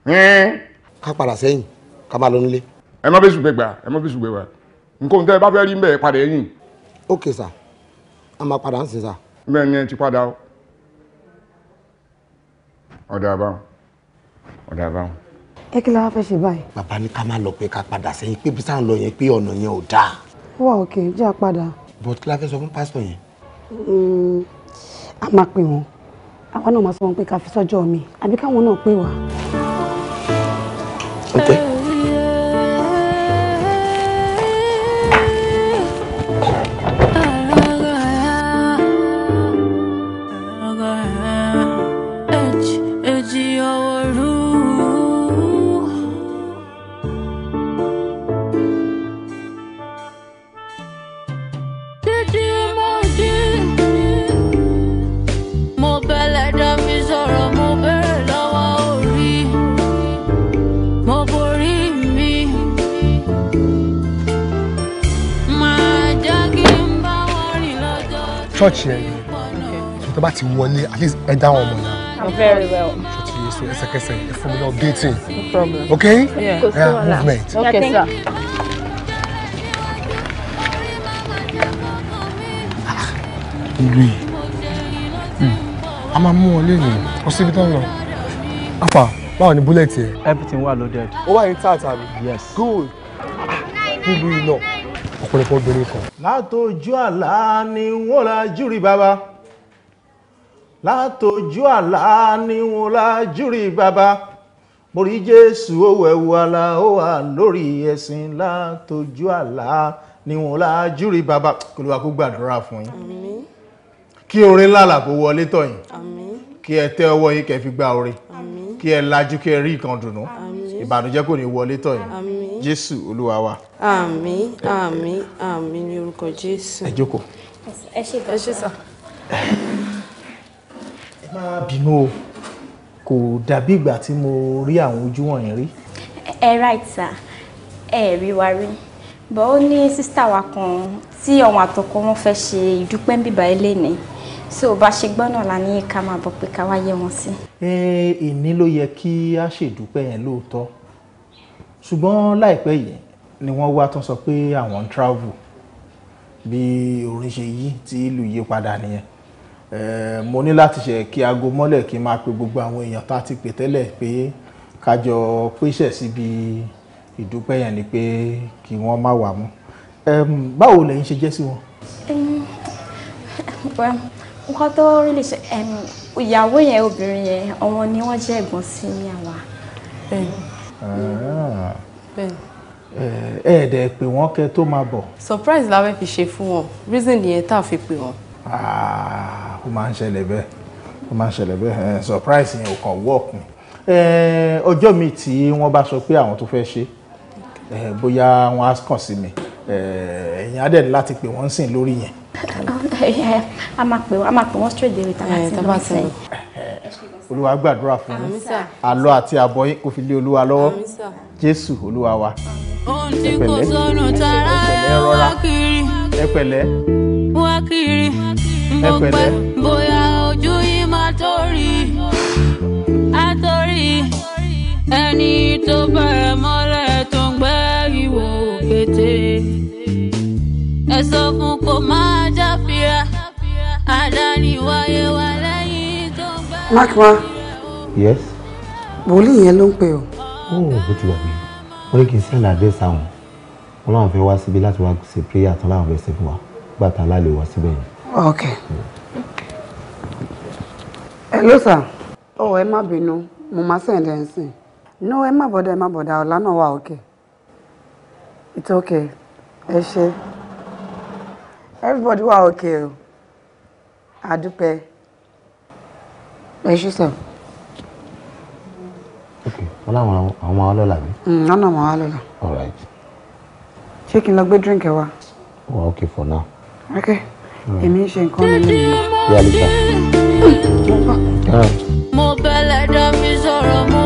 mẹ́. ká padà sẹ́yìn ká má lọ nílé ẹ má bẹ́sù gbẹgbà ẹ má bẹ́sù gbẹgbà nǹkan tẹ́ ẹ bá fẹ́ rí ń bẹ̀ padà ẹ̀yìn. ókè sà a máa padà ń sìn sà. bẹ́ẹ̀ ni ẹ ti padà o ọ̀dà àbáwọn ọ̀dà àbáwọn. ẹ kí la wá fẹ́ ṣe báyìí. bàbá ní ká má lọ pé ká padà sẹ́yìn pé bísà ń lọ yẹn pé ọ̀nà yẹn ò dáa. wà òkè jẹ́ àpadà. but kí la fẹ́ sọ fún pásítọ̀ yẹn. Mm, a máa pè wọ́n àwa náà máa sọ wọn pé ká fi sọ́jọ́ mi àbí káwọn náà pè wá. ok. Hey. church yẹn ni so tó ti wọlé at least ẹ dá wọn mọ̀ náà. i'm very well. so ti yẹ so ẹsẹ̀kẹsẹ̀ ẹ fún mi náà dating. no problem. okay yeah, yeah movement. okay yeah, sir. ìlú yìí hmm. a máa mú wọn léèrè kó síbi tán lọ apá báwo ni búlẹ̀tì ẹ. everything wà loaded. ó wà ní tààtà mi. yes. good. Ah, nílùú yìí náà ọ̀pọ̀lọpọ̀ obìnrin kan. látọjú àlá ni wọn lajú rí bàbá látọjú àlá ni wọn lajú rí bàbá mo rí jésù owó ẹwù àlá ó wà lórí ẹ̀sìn látọjú àlá ni wọn lajú rí bàbá kí Olúwa kó gbàdúrà fún yín. kí orin lálà kó wọlé tọ̀ yín. kí ẹ tẹ ọwọ́ yín kẹ́ fi gba orin. kí ẹ lajú kí ẹ rí ìkan dùnú. ìbànújẹ́ kò ní wọlé tọ̀ yín jésù olúwa wa. àmín àmín àmín ní orúkọ jésù. ẹ jókòó. ẹ ṣe ẹ ṣe sọ. ẹ má bínú o kò dàbí ìgbà tí mo rí àwọn ojú wọ̀nyí rí. ẹ right sir ẹ rí wa rí bọ́ ó ní sísítà wa kan tí ọ̀hún àtọkọ wọn fẹ́ ṣe ìdúpẹ́ ń bìbá ilé ni so bá ṣe gbọ́ náà la ní ká máa bọ̀ pé ká wá yẹ wọn sí. ẹ ẹ ní ló yẹ kí a ṣèdúpẹ́ yẹn lóòótọ́ ṣùgbọ́n láìpẹ́ yìí ni wọ́n wá tún sọ pé àwọn ń travel bí orin ṣe yí tí ìlú yí padà nìyẹn mo ní láti ṣe kí aago mọ́lẹ̀ kí n máa pe gbogbo àwọn èèyàn tá a ti pè tẹ́lẹ̀ pé kájọ pèsè síbi ìdúpẹ́ yẹn ni pé kí wọ́n má wà mọ́ báwo lẹ́yìn ṣe jẹ́ sí wọn. nǹkan tó rí lè ṣe ìyàwó yẹn obìnrin yẹn ọmọ ni wọ́n jẹ́ ẹ̀gbọ́n sí àwa ẹ̀ẹ́dẹ̀ pè wọ́n kẹ́ tó máa bọ̀. surprise la fẹ́ fi ṣe fún wọn reason nìyẹn tá a fi pè wọ́n. Ah, ó máa ń ṣẹlẹ̀ bẹ́ẹ̀ ó máa ń ṣẹlẹ̀ bẹ́ẹ̀ surprise yẹn ò kàn wọ́ọ̀kùn ọjọ́ mi tí wọ́n bá sọ pé àwọn tó fẹ́ ṣe bóyá wọ́n á kàn sí mi ẹ̀yin á dẹ̀ láti pè wọ́n sìn lórí yẹn. a máa pè wọ́n straight day with our team olúwa gbàdúrà fún yín àlọ àti àbọ̀ yín kò fi lé olúwa lọ́wọ́ jésù olúwa wa ẹ pẹ̀lẹ́ ẹ ẹni tó bẹ̀rẹ̀ mọ́lẹ̀ tó ń gbẹ́ ìwò kété ẹ sọ fún kó máa jáfira àdáni wáyé Makwa. Yes. Wòlíì yẹn ló ń pè o. Ó oh, bó ti wà mí. Wọ́n ní kí n send address àwọn. Wọ́n láwọn fẹ́ wá síbi láti wá ṣe prayer tán láwọn fẹ́ ṣe fún wa. Gbà tá láàlè wá síbẹ̀ yẹn. Ok. Hello sir. Ó oh, ẹ má bínú, mo máa send ẹ̀ ń No ẹ má bọ̀dá ẹ má bọ̀dá ọ̀la náà wà okay. It's okay. Ẹ ṣé. Everybody wà okay o. Àdúpẹ́ ẹ ṣe ok wọn làwọn àwọn máa lọ́la mi. wọn náà máa lọ́la. all right. ṣé kí n lọ gbé drink ẹ wá. wà ok for now. ok èmi ń ṣe nǹkan mi lẹ́yìn. yálì sá. mo bẹ̀lẹ̀ dá mi sọ̀rọ̀ mo.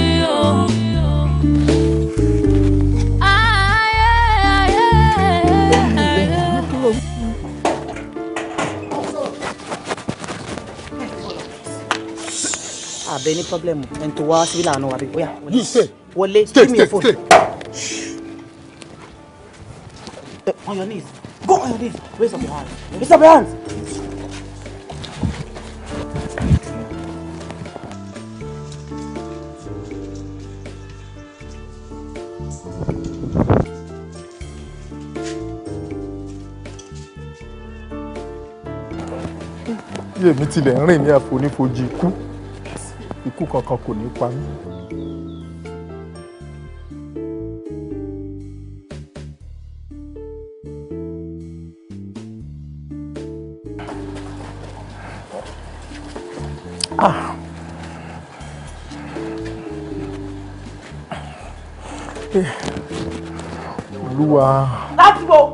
abẹ ní pọ́blẹ́mù ẹni tó wá síbí làánú wa bí bóyá wọlé kí mi ò On your knees. Go on your knees. Raise up your hands. Raise up your hands. yèmí tilẹ̀ ń rìn ní àfonífojì kú ikú kankan kò ní pa mí. Ah. Eh. Olúwa. Láti wo.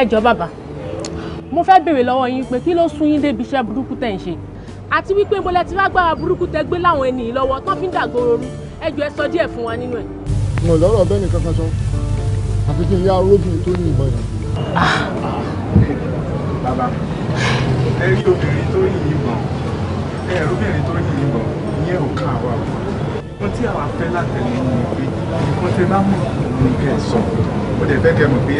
ẹ jọ bàbá mo fẹ́ béèrè lọ́wọ́ yín pé kí ló sún yín débi iṣẹ́ burúkú tẹ̀ ń ṣe àti wípé mo lẹ ti lágbára burúkú tẹ gbé láwọn ènìyàn lọ́wọ́ tó fi ń dàgbòrò rú ẹ jọ ẹ sọ díẹ̀ fún wa nínú ẹ̀. mo lọ́rọ̀ bẹ́ẹ̀ ni kankan sọ àfi kí n yá aróbìnrin tó ní ìbọn yẹn. bàbá ẹ rí obìnrin tó ní ìbọn ẹ rí obìnrin tó ní ìbọn ìyẹn ò kàn wá wọn tí àwa fẹ́ látẹ̀lé ni pé nǹkan tẹ bá mọ̀ nǹkan ẹ̀ sọ ó dẹ̀ fẹ́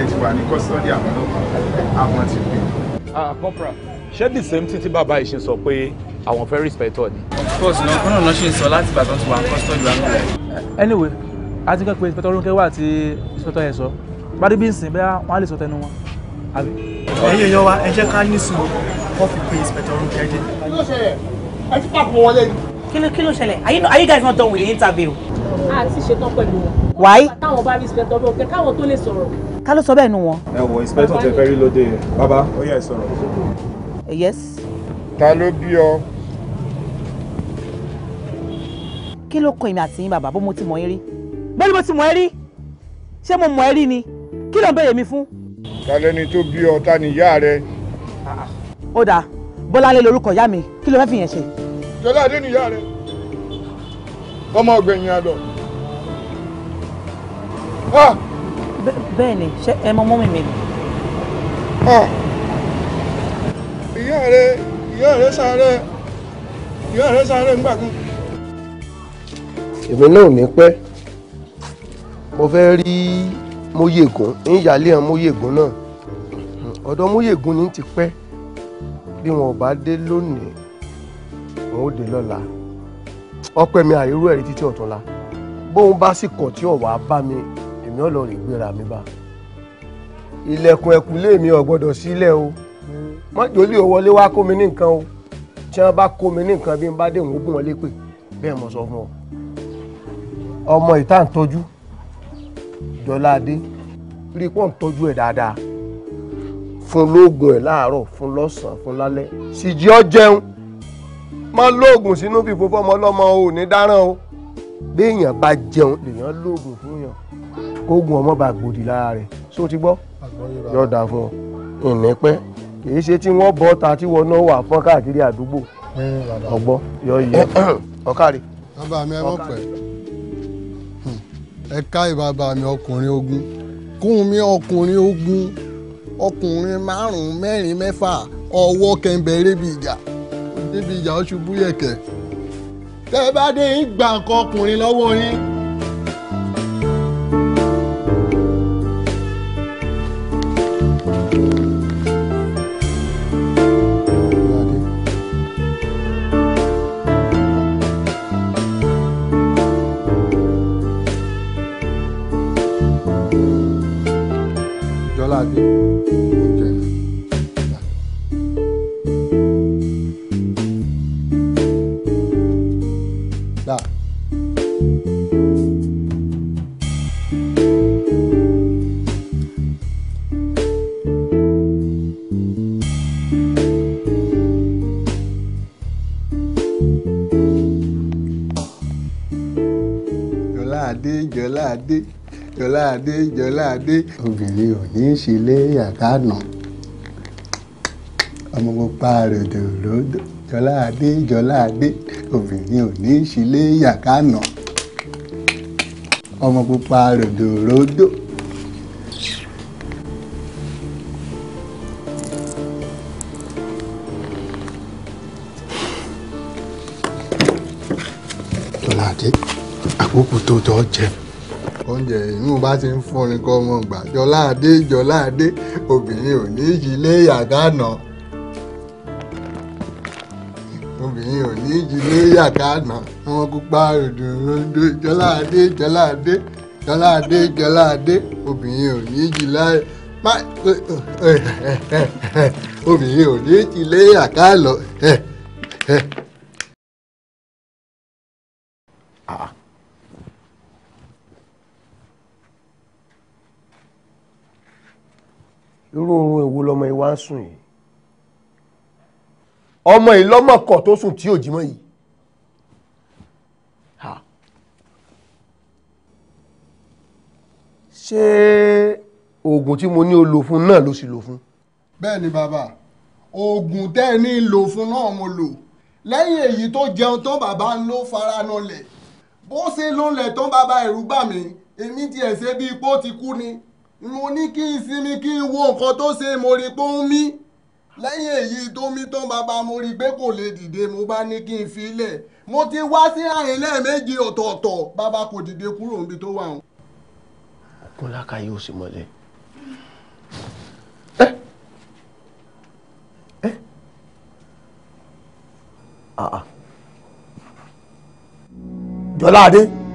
ah, ṣé the same thing tí bàbá yìí ṣe sọ pé àwọn fẹ́ respect ọ ni. of course náà kọ́nà náà ṣe ń sọ láti ìbàdàn tí wà ní kọ́sítọ́dì wa. anyway a ti kẹ́ pé inspector Ronke wà àti inspector yẹn sọ bàdí bí ń sìn bẹ́ẹ̀ wọ́n á lè sọ tẹnu wọn àbí. ẹ̀yin èèyàn wa ẹ jẹ́ ká ní sùúrù kọ́ fi pé inspector Ronke dé. kí ló ṣẹlẹ̀ ẹ ti pàpọ̀ wọlé ni. kí ló ṣẹlẹ̀ are you guys not done with the interview. a ti ṣetán pẹ̀lú wọn wáyé. káwọn bá rí inspector náà kẹ káwọn tó lè sọ̀rọ̀. ká ló sọ bẹ́ẹ̀ nu wọn. ẹ wọ inspector tẹ fẹ́ rí lóde bàbá ó yẹ sọ̀rọ̀. Eh, yes. ta ló bí ọ. kí ló kọ èmi àti yín bàbá bó mo ti mọ̀ ẹ́ rí bẹ́ẹ̀ ni mo ti mọ̀ ẹ́ rí ṣé mo mọ̀ ẹ́ rí ni kí ló ń béèrè mi fún. ta lẹni tó bí ọ ta ni ìyá rẹ. ó dáa bọ́láńlé lorúkọ ìyá mi kí ló fẹ́ fi yẹn ṣe. jọlá adé ni ìyá rẹ ọmọ ọgbẹ̀yìn àdọ̀. Ah! bẹ́ẹ̀ ni ṣé ẹ mọ mọ́mì mi ni. Ah! ìyá rẹ ìyá rẹ sáré ìyá rẹ sáré ńgbà kan. èmi náà ò ní pẹ́ mo fẹ́ rí Mọ́yègún ní ìyáálé àwọn Mọ́yègún náà ọ̀dọ̀ Mọ́yègún ní ti pẹ́ bí wọn ò bá dé lónìí wọn ò dé lọ́la ọpẹ́ mi àìrú ẹ̀rí títí ọ̀túnla bóun bá sì kọ̀ tí ọ̀wá bá mi èmi ò lọ rè gbéra mi bá ilẹ̀kùn ẹ̀kúlé mi ò sílẹ̀ o mọ́jọ́lì ò wá kó mi ní nǹkan o tí wọ́n bá kó mi ní nǹkan bí n bá dé òun gún wọn lépè bẹ́ẹ̀ mo sọ fún ọ ọmọ ìta ń tọ́jú Jọládé rí pọ́n tọ́jú ẹ̀ dáadáa fún lóògùn ẹ̀ láàárọ̀ fún lọ́sàn-án fún lálẹ́ sì ọ jẹun má lóògùn sínú fífo fọmọ ọlọ́mọ ò ní dáràn o béèyàn bá jẹun lèèyàn lóògùn fún yàn kóògùn ọmọ bá gbòdì lára rẹ̀ só ti gbọ́ yọ̀dà fún ọ ìnípẹ́ kìí ṣe tí wọ́n bọ́ ta tí wọ́n náà wà fọ́n káàkiri àdúgbò ọgbọ́ yọ yẹ ọ̀kàrí. bàbá mi ẹ mọ̀ pẹ́ ẹ ká ìbàbà mi ọkùnrin ogun kún mi ọkùnrin ogun ọkùnrin márùn-ún mẹ́rin mẹ́fà ọwọ́ kẹ́ńbẹ́ rébi ìjà rébi ìjà ó ṣubú yẹ̀kẹ́ tẹ́ bá dé ń gbà nǹkan ọkùnrin lọ́wọ́ yín. adé obìnrin ò ní í ṣe léyà kánà ọmọ pupa rẹ̀ dòdòdò jọlá adé jọlá adé obìnrin ò ní í ṣe léyà kánà ọmọ pupa rẹ̀ dòdòdò. àkókò tó tọ́ jẹ jẹ inú bá ti ń fúnni kọ́ ọmọ gbà jọládé jọládé obìnrin ò ní yí ilé yàgànà obìnrin ò ní yí ilé yàgànà wọn kú pa òdòdó jọládé jọládé jọládé jọládé obìnrin ò ní yí láyé má obìnrin ò ní yí ilé yàgànà. irú oorun èwo lọmọ yìí wá ń sùn yìí ọmọ yìí lọ́mọ̀kọ̀ tó sùn tí ò jímọ̀ yìí ṣé oògùn tí mo ní o lò fún náà ló sì lò fún. bẹ́ẹ̀ ni bàbá oògùn tẹ́ ẹ ní lò fún náà mo lò lẹ́yìn èyí tó jẹun tán bàbá ń ló fara nalẹ̀ bó ṣe ló ń bàbá ẹ̀rù bà mí èmi tiẹ̀ ṣe bíi pó ti kú ni mo ní kí n sinmi kí n wo nǹkan tó ṣe mo rí pé ó ń mí lẹ́yìn èyí tó mí tán bàbá mo rí pé kò lè dìde mo bá ní kí n fi lẹ̀ mo ti wá sí àárín lẹ́ẹ̀mejì ọ̀tọ̀ọ̀tọ̀ bàbá kò dìde kúrò níbi tó wà hàn. yóò sì mọ̀lẹ́. Ah, ah. jọlá adé.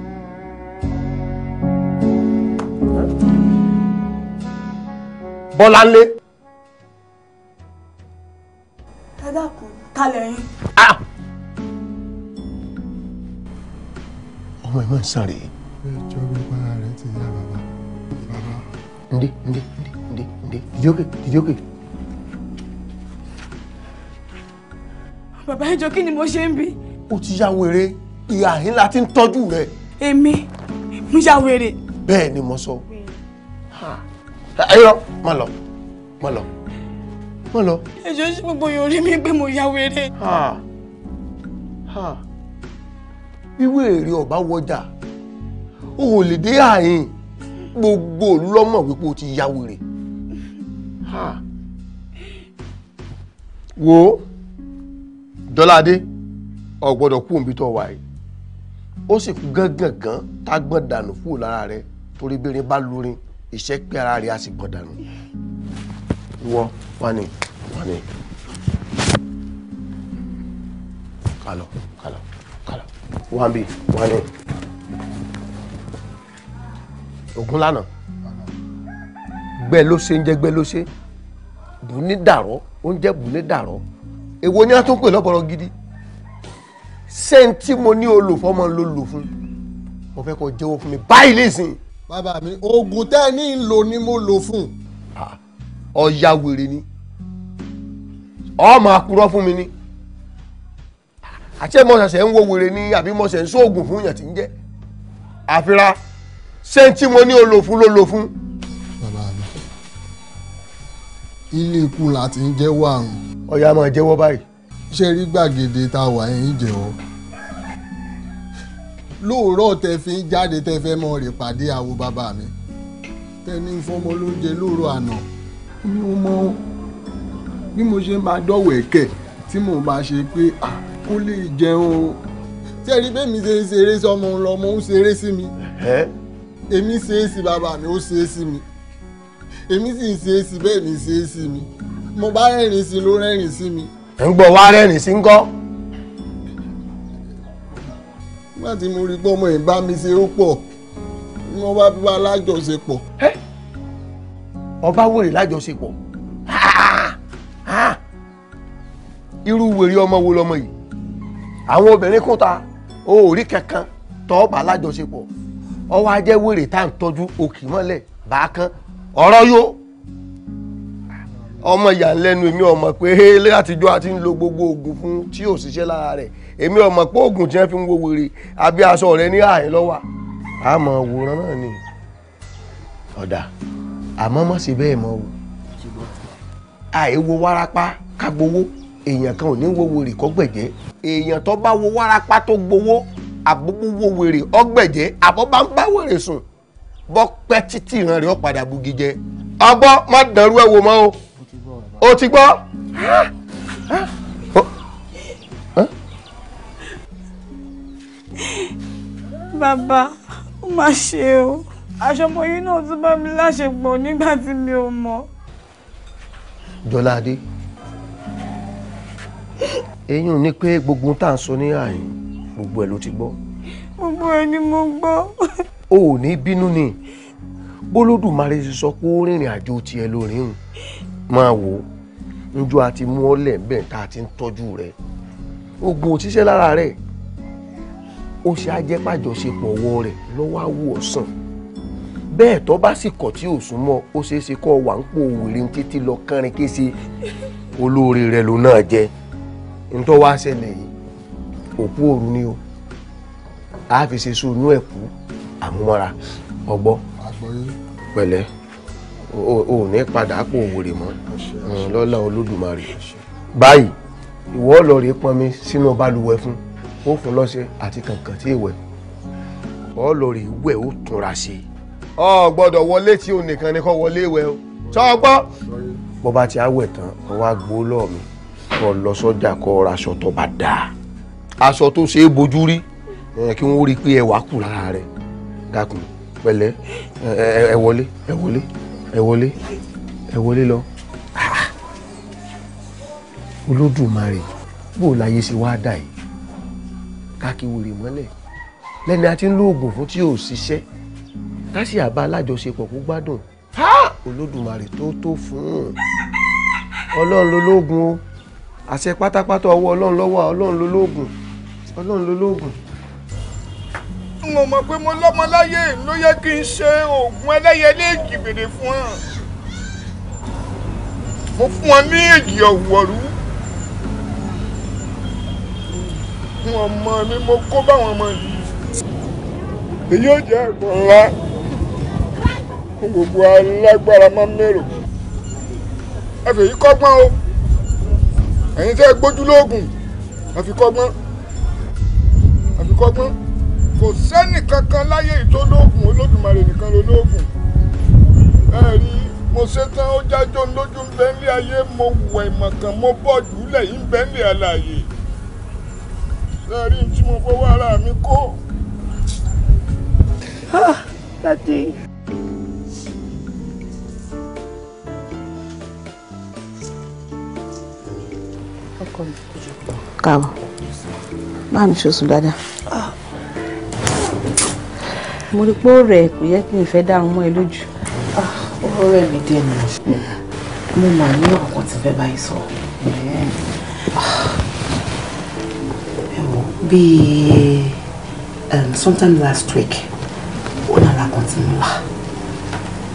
Bọ́láńlé. ẹ dákun ta lẹ́yìn. Ah! ọmọ ẹ máa ń sàn rèé. ẹjọ́ gbogbo ara rẹ̀ ti yá bàbá bàbá. ǹdẹ́ ǹdẹ́ ǹdẹ́ ǹdẹ́ dìjókè dìjókè. bàbá ẹjọ́ kí ni mo ṣe ń bí. ó ti ya wèrè ìhà yín la ń tọ́jú rẹ̀. èmi mo ya wèrè. bẹ́ẹ̀ ni mo sọ ayọ má lọ má lọ má lọ. ẹjọ ṣe gbogbo yóò rí mi pé mo ya wèrè. wíwé èrè ọba wọjà o ò lè dé àyìn gbogbo lọ́mọ wípé o ti ya wèrè. wo dọ́ládé ọ̀gbọ́dọ̀ kú òǹbí tó wà yìí ó sì kú gángan tán tágbọ́n dànù kúrò lára rẹ torí bí erin bá lórin iṣẹ́ pé ara rẹ̀ á sì gbọ́n dànù wọ́ wá ní wá ní. kálọ kálọ kálọ wá bí wá ní. ògùn lánàá gbẹ ló ṣe ń jẹ gbẹ ló ṣe bù ní dàrọ oúnjẹ bù ní dàrọ èwo ni a tún pè lọ́bọ̀rọ̀ gidi ṣé mo ní olùfọ́ ló lò fún mo fẹ́ kó jẹ́wọ́ fún mi báyìí lè sìn bàbá mi oògùn tẹ́ ẹ ní ń lò ni mo lò fún. ọ̀ya wèrè ni ọmọ àkúrọ̀ fún mi ni àti ẹ̀ mọ̀ọ́sẹ̀ ń wo wèrè ni àbí mọ̀ọ́sẹ̀ ń sóògùn fún yàn tí ń jẹ́ àfira ṣé tí mo ní olò fún ló lò fún. bàbá mi ilé ikú la ń jẹ́wọ́ àrùn. ọ̀ya máa jẹ́wọ́ báyìí. ṣé rí gbàgede tá a wà yẹn ń jẹ́wọ́ lóòrọ̀ tẹ fi ń jáde tẹ fẹ́ mọ rè pàdé àwo bàbá mi tẹni fọmọ lóúnjẹ lóòrọ̀ àná mi ò mọ bí mo ṣe máa dọ̀wọ̀ ẹ̀kẹ́ tí mo bá ṣe pé kó lè jẹun o tẹ́rí bẹ́ẹ̀ mi ṣe ń ṣeré sí ọmọ ọlọmọ ó ṣeré sí mi èmi ṣe é sí bàbá mi ó ṣe é sí mi èmi sì ń ṣe é sí bẹ́ẹ̀ mi ṣe é sí mi mo bá rẹ́rìn sí ló rẹ́rìn sí mi. ń gbọ́ wá rẹ́rìn sí ń kọ́ nígbà tí mo rí pé ọmọ yìí bá mi ṣe ó pọ̀ ni wọ́n bá fi wá lájọṣepọ̀. ọba wèrè lájọṣepọ̀ irú wèrè ọmọ wo lọmọ yìí àwọn obìnrin kún ta o ò rí kankan tọ́ bá lájọṣepọ̀ ọwọ́ ajẹ́ wèrè tá à ń tọ́jú òkì mọ́lẹ̀ bá kán ọ̀rọ̀ yóò ọmọ ìyá ńlẹ́nu èmi ọmọ pé látijọ́ a ti ń lo gbogbo oògùn fún tí ò ṣiṣẹ́ lára rẹ̀ èmi ọmọ pé oògùn tí wọ́n fi ń wo wèrè àbí aṣọ rẹ ní ààyè lọ́wọ́ àmọ́ wòran náà ni ọ̀dà àmọ́ mọ̀ sí bẹ́ẹ̀ mọ́ o àìwo wárápá ká gbowó èèyàn kan ò ní wo wèrè kó gbẹ̀jẹ́ èèyàn tó bá wo wárápá tó gbowó àbúgbò wo wèrè ọgbẹ̀jẹ́ àbọ̀ bá ń bá wèrè sùn bọ́ pẹ́ títí ìran rẹ̀ ó padà bugi jẹ ọgbọ́n má dàrú ẹ̀ wò o ó ti gbọ́. bàbá ó má ṣe o àṣọmọyún náà tún bá mi láṣepọ̀ nígbà tí mi ò mọ̀. jọládé eyín ní pé gbogbo tá à ń sọ ní àyìn gbogbo ẹ ló ti gbọ́. gbogbo ẹ ni mo gbọ́. o ò ní bínú ni bólódùmarè ti sọ pé ó rìnrìn àjò tiẹ̀ lórí hùn máa wò ó njọ́ àti mú ọ́ lẹ̀ bẹ́ẹ̀ ń tọ́jú rẹ̀ oògùn òtíṣẹ́ lára rẹ̀. ó ṣe ajẹ́pàjọṣepọ̀ ọwọ́ rẹ̀ lọ́wọ́ àwọ̀ ọ̀sán bẹ́ẹ̀ tó bá sì kọ̀ tí ò mọ́ ó ṣeé ṣe kọ́ wà ń pò wèrè títí lọ kánrin kése olóore rẹ̀ ló náà jẹ́ ntọ́ wá ṣẹlẹ̀ yìí òkú òru ni o a fi ṣe sunú ẹ̀ kú àmúmọ́ra ọgbọ́ pẹ̀lẹ́ o ò ní padà pò wèrè mọ́ lọ́lá olódùmarè báyìí ìwọ lọ rèé pọnmi sínú balùwẹ̀ fún ó fún lọ́sẹ̀ àti kànkàn tí ìwẹ̀ ọ lórí ìwẹ̀ ó túnra sí i. ọ gbọ́dọ̀ wọlé tí òun nìkan ni kò wọlé ìwẹ̀ o sọ gbọ́. bó bá ti awẹ̀ tán kó wá gbó lọ́ọ̀ mi kó lọ sọ́jà kó ra aṣọ tó bá dáa aṣọ tó ṣe é bojú rí kí wọ́n rí i pé ẹwà kù lára rẹ̀ dákun pẹ̀lẹ́ ẹ wọlé ẹ wọlé ẹ wọlé ẹ wọlé lọ ah, ah. olódùmarè bó o láyé ṣe wá dà yìí kákiwèrè mọ́lẹ̀ lẹ́ni a ti ń lo oògùn fún tí ò ṣiṣẹ́ kásì àbá alájọṣepọ̀ kó gbádùn olódùmarè tó tó fún un ọlọ́run lológun o àṣẹ pátápátá ọwọ́ ọlọ́run lọ́wọ́ ọlọ́run lológun ọlọ́run lológun. n ò mọ̀ pé mo lọ́mọ láyé ló yẹ kí n ṣe oògùn ẹlẹ́yẹlé ìjìbèrè fún ọ mo fún ọ ní èjì ọ̀wọ̀rú fún ọmọ mi mo kó báwọn ọmọ yìí èyí ò jẹ́ ẹ̀kọ́ ńlá fún gbogbo alágbára máa ń mérò ẹ fèyí kọ́gbọ́n o ẹ̀yin tẹ́ gbójú lóògùn àfi kọ́gbọ́n àfi kọ́gbọ́n kò sẹ́nì kankan láyé ìtólóògùn olódùmarè nìkan lolóògùn ẹ rí mo ṣetán ó jájó lójú ń bẹ́ńlẹ̀ ayé mo wẹ̀ mọ̀kàn mo bọ̀ jùlẹ̀ yìí ń bẹ́ńlẹ̀ alààyè sẹ́rí tí mo fọwọ́ ara mi kó. Ah, tati. mi kò jù. káàbọ̀ báà ní ṣoṣù dáadáa. Ah. mo rí pé ó rẹ̀ kò yẹ kí n fẹ́ dárun mọ́ ẹ lójú. Ah, ó rẹ̀ mí ni hmm. mo mà ní ọ̀kan tí fẹ́ báyìí sọ̀rọ̀. bíi um, sometime last week ó lára kan tí mo là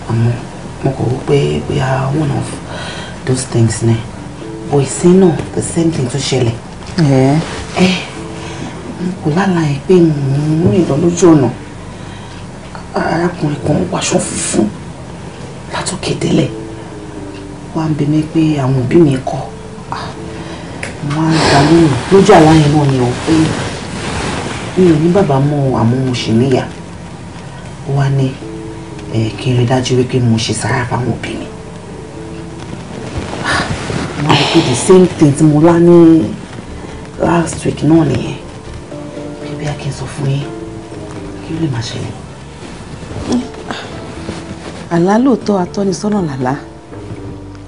àmọ́ mo we are one of those things ne? bọ̀ say no, the same thing tó ṣẹlẹ̀ ẹ eh, mo kò lálà ẹ pé mo ń rìn lọ lójú ọ̀nà arákùnrin kan wàṣọ funfun látòkè délẹ̀ wá ń bi mí pé àwọn òbí mi kọ́ ah, wọ́n á dá lóhùn lójú àlá yẹn náà ni ò pé mi ò ní bàbá mọ́ àmọ́ mo ṣì níyà ó wá ní kí n rí dájú wípé mo ṣe sára fáwọn òbí mi ah, mo rò pé the same thing tí mo lá ní last week náà nìyẹn kí bí a kí n sọ fún yín kí ló lè máa ṣẹlẹ̀. àlá lóòótọ́ atọ́nisọ́nà làlá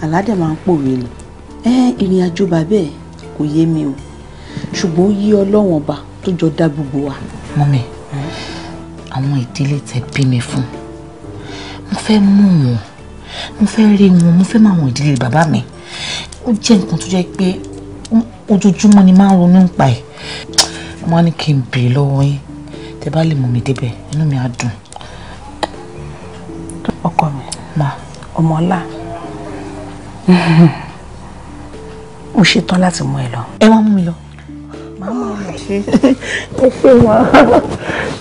àlá dẹ̀ máa ń pòwe ni ìrìn àjò bàbá ẹ̀ kò yé mi o ṣùgbọ́n ó ọlọ́wọ̀n ọba tó jọ dá gbogbo wa. mọ́mí àwọn ìdílé tẹ bí mi fún mo fẹ́ mú wọn mo fẹ́ rí wọn mo fẹ́ mọ àwọn ìdílé bàbá mi ó jẹ́ nǹkan tó jẹ́ pé ojoojúmọ́ ni máa ń ronú nípa ẹ̀ mo ní kí n bèè lọ́wọ́ yín tẹ bá lè mú mi débẹ̀ inú mi á dùn. ọkọ mi ma ọmọ ọlá mo ṣetán láti mú ẹ lọ. ẹ wá mú mi lọ. màá mú ẹ ẹ ṣe máa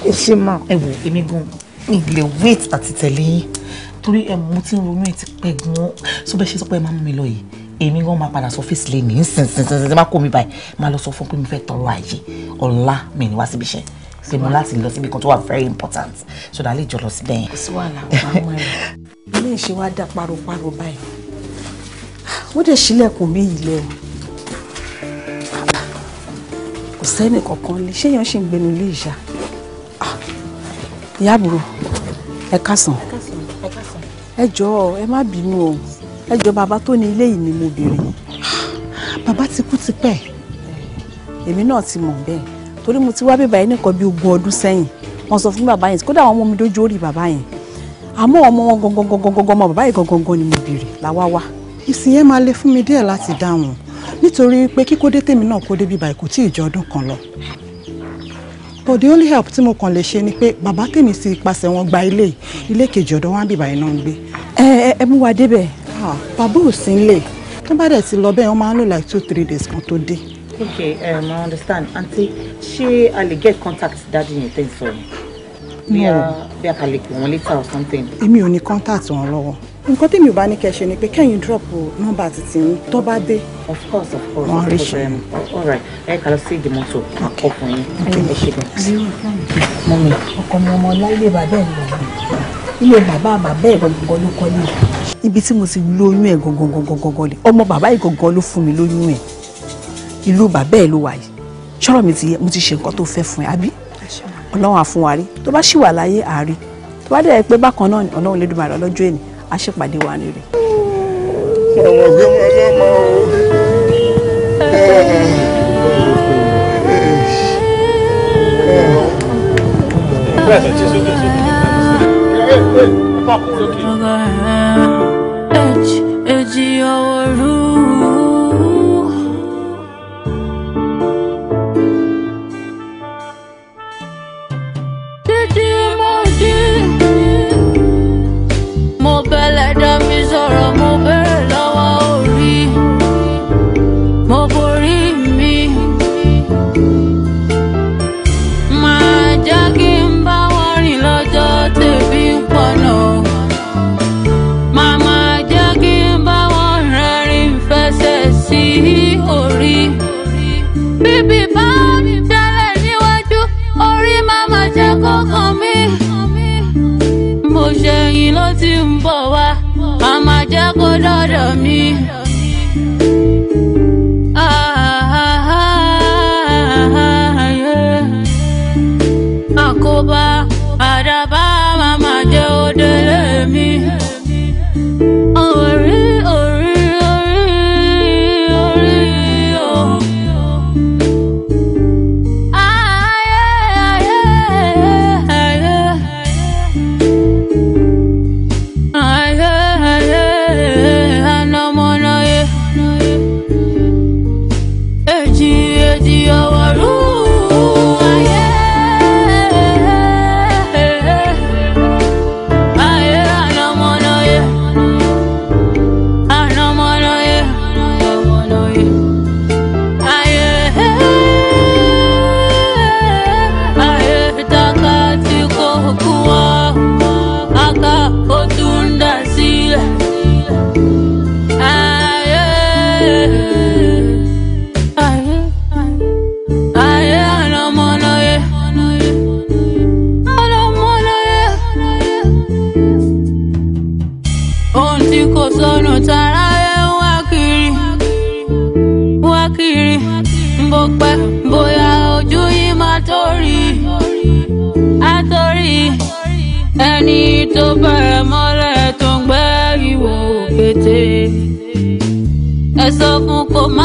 ẹ ṣe máa. ẹ wò èmi gan mi lè wait àti tẹ̀lé yín torí ẹ mo ti ń ronú ẹ ti pẹ́ gan so bẹ́ẹ̀ ṣe sọ pé ẹ máa mú mi lọ yìí èmi gan máa padà sọ́fíìsì lé mi nísinsìnyí máa kó mi báyìí máa lọ sọ fún pé mo fẹ́ tọrọ ààyè ọ̀la mi ni wá síbi iṣẹ́ pé mo láti lọ síbi kan tó wà very important so that a lè jọ lọ síbẹ̀ yẹn. kò sí wàhálà àwọn ẹ̀rọ ilé ìṣe wa dá paropáro báyìí wọ́n dẹ̀ ṣílẹ̀kùn bí ilé o sẹ́ni kankan lé ṣé yẹn ṣì ń gbénu ilé ìṣá ah, ìyá àbúrò ẹ kásán ẹ jọ̀ọ́ ẹ má bínú o ẹ jọ̀ọ́ bàbá tó ní ilé yìí ni mo béèrè bàbá ti kú tipẹ́ èmi náà ti mọ̀ bẹ́ẹ̀ torí mo ti wá bíbá yẹn nìkan bí ogún ọdún sẹ́yìn wọ́n sọ fún bàbá yẹn kódà àwọn ọmọ mi dójú orí bàbá yẹn àmọ́ ọmọ wọn gangan gangan gangan ọmọ bàbá yẹn gangan gangan ni mo béèrè làwa wá. ìsìn yẹn máa le fún mi díẹ̀ láti dáhùn nítorí pé kíkódé tèmi náà kó débi báyìí kò tí ì jọ ọdún kan lọ but the only help tí mo kàn lè ṣe ni pé bàbá tèmi sì ipasẹ̀ wọn gba ilé ilé kejì ọ̀dọ̀ wọn bíbá iná ń gbé. ẹ ẹ ẹ mú wa débẹ̀. Ah, bàbá ò sí nílé tó bá dẹ̀ ti lọ bẹ́ẹ̀ wọ́n máa ń lò like two three days kan tó dé. ok um, I understand aunty ṣé a lè get contact dájú yẹn tẹ́ ń sọ yẹn. bí a bí a kà lè pè wọ́n later or something. èmi ò ní contact wọn lọ́wọ́ nǹkan tèmi ò bá ní kẹ́ ṣe ni pé kẹ́yìn drop nọ́mbà títí yín tó bá dé. of course of course wọn rí ṣe all right ẹ kà lọ sí ìdí mọ́tò ọkùnrin yín ẹ ṣe bẹ́ẹ̀. mọ mi ọkọ mi ọmọ láyé bàbá ẹ lọ ilé bàbá bàbá ẹ gbọgbọgbọ ló kọ ní. ibi tí mo ti lóyún ẹ gọgọgọgọgọ lè ọmọ bàbá yìí gọgọ ló fún mi lóyún ẹ ìlú bàbá ẹ ló wà yìí ṣọ́rọ̀ mi ti yẹ mo ti ṣe nǹkan tó fẹ́ fún ẹ àbí ọlọ́run àfúnwa rí tó bá ṣì wà láyé àárí tó bá dẹ̀ pé bákan náà ọlọ́run lè dùn màrà lọ́jọ́ ènìyàn àṣepàdé wa rere. ọmọ gbé wọn lọ́mọ o. Ọgá ẹ̀ ẹ̀jì ọwọ́ rú. love me. love won't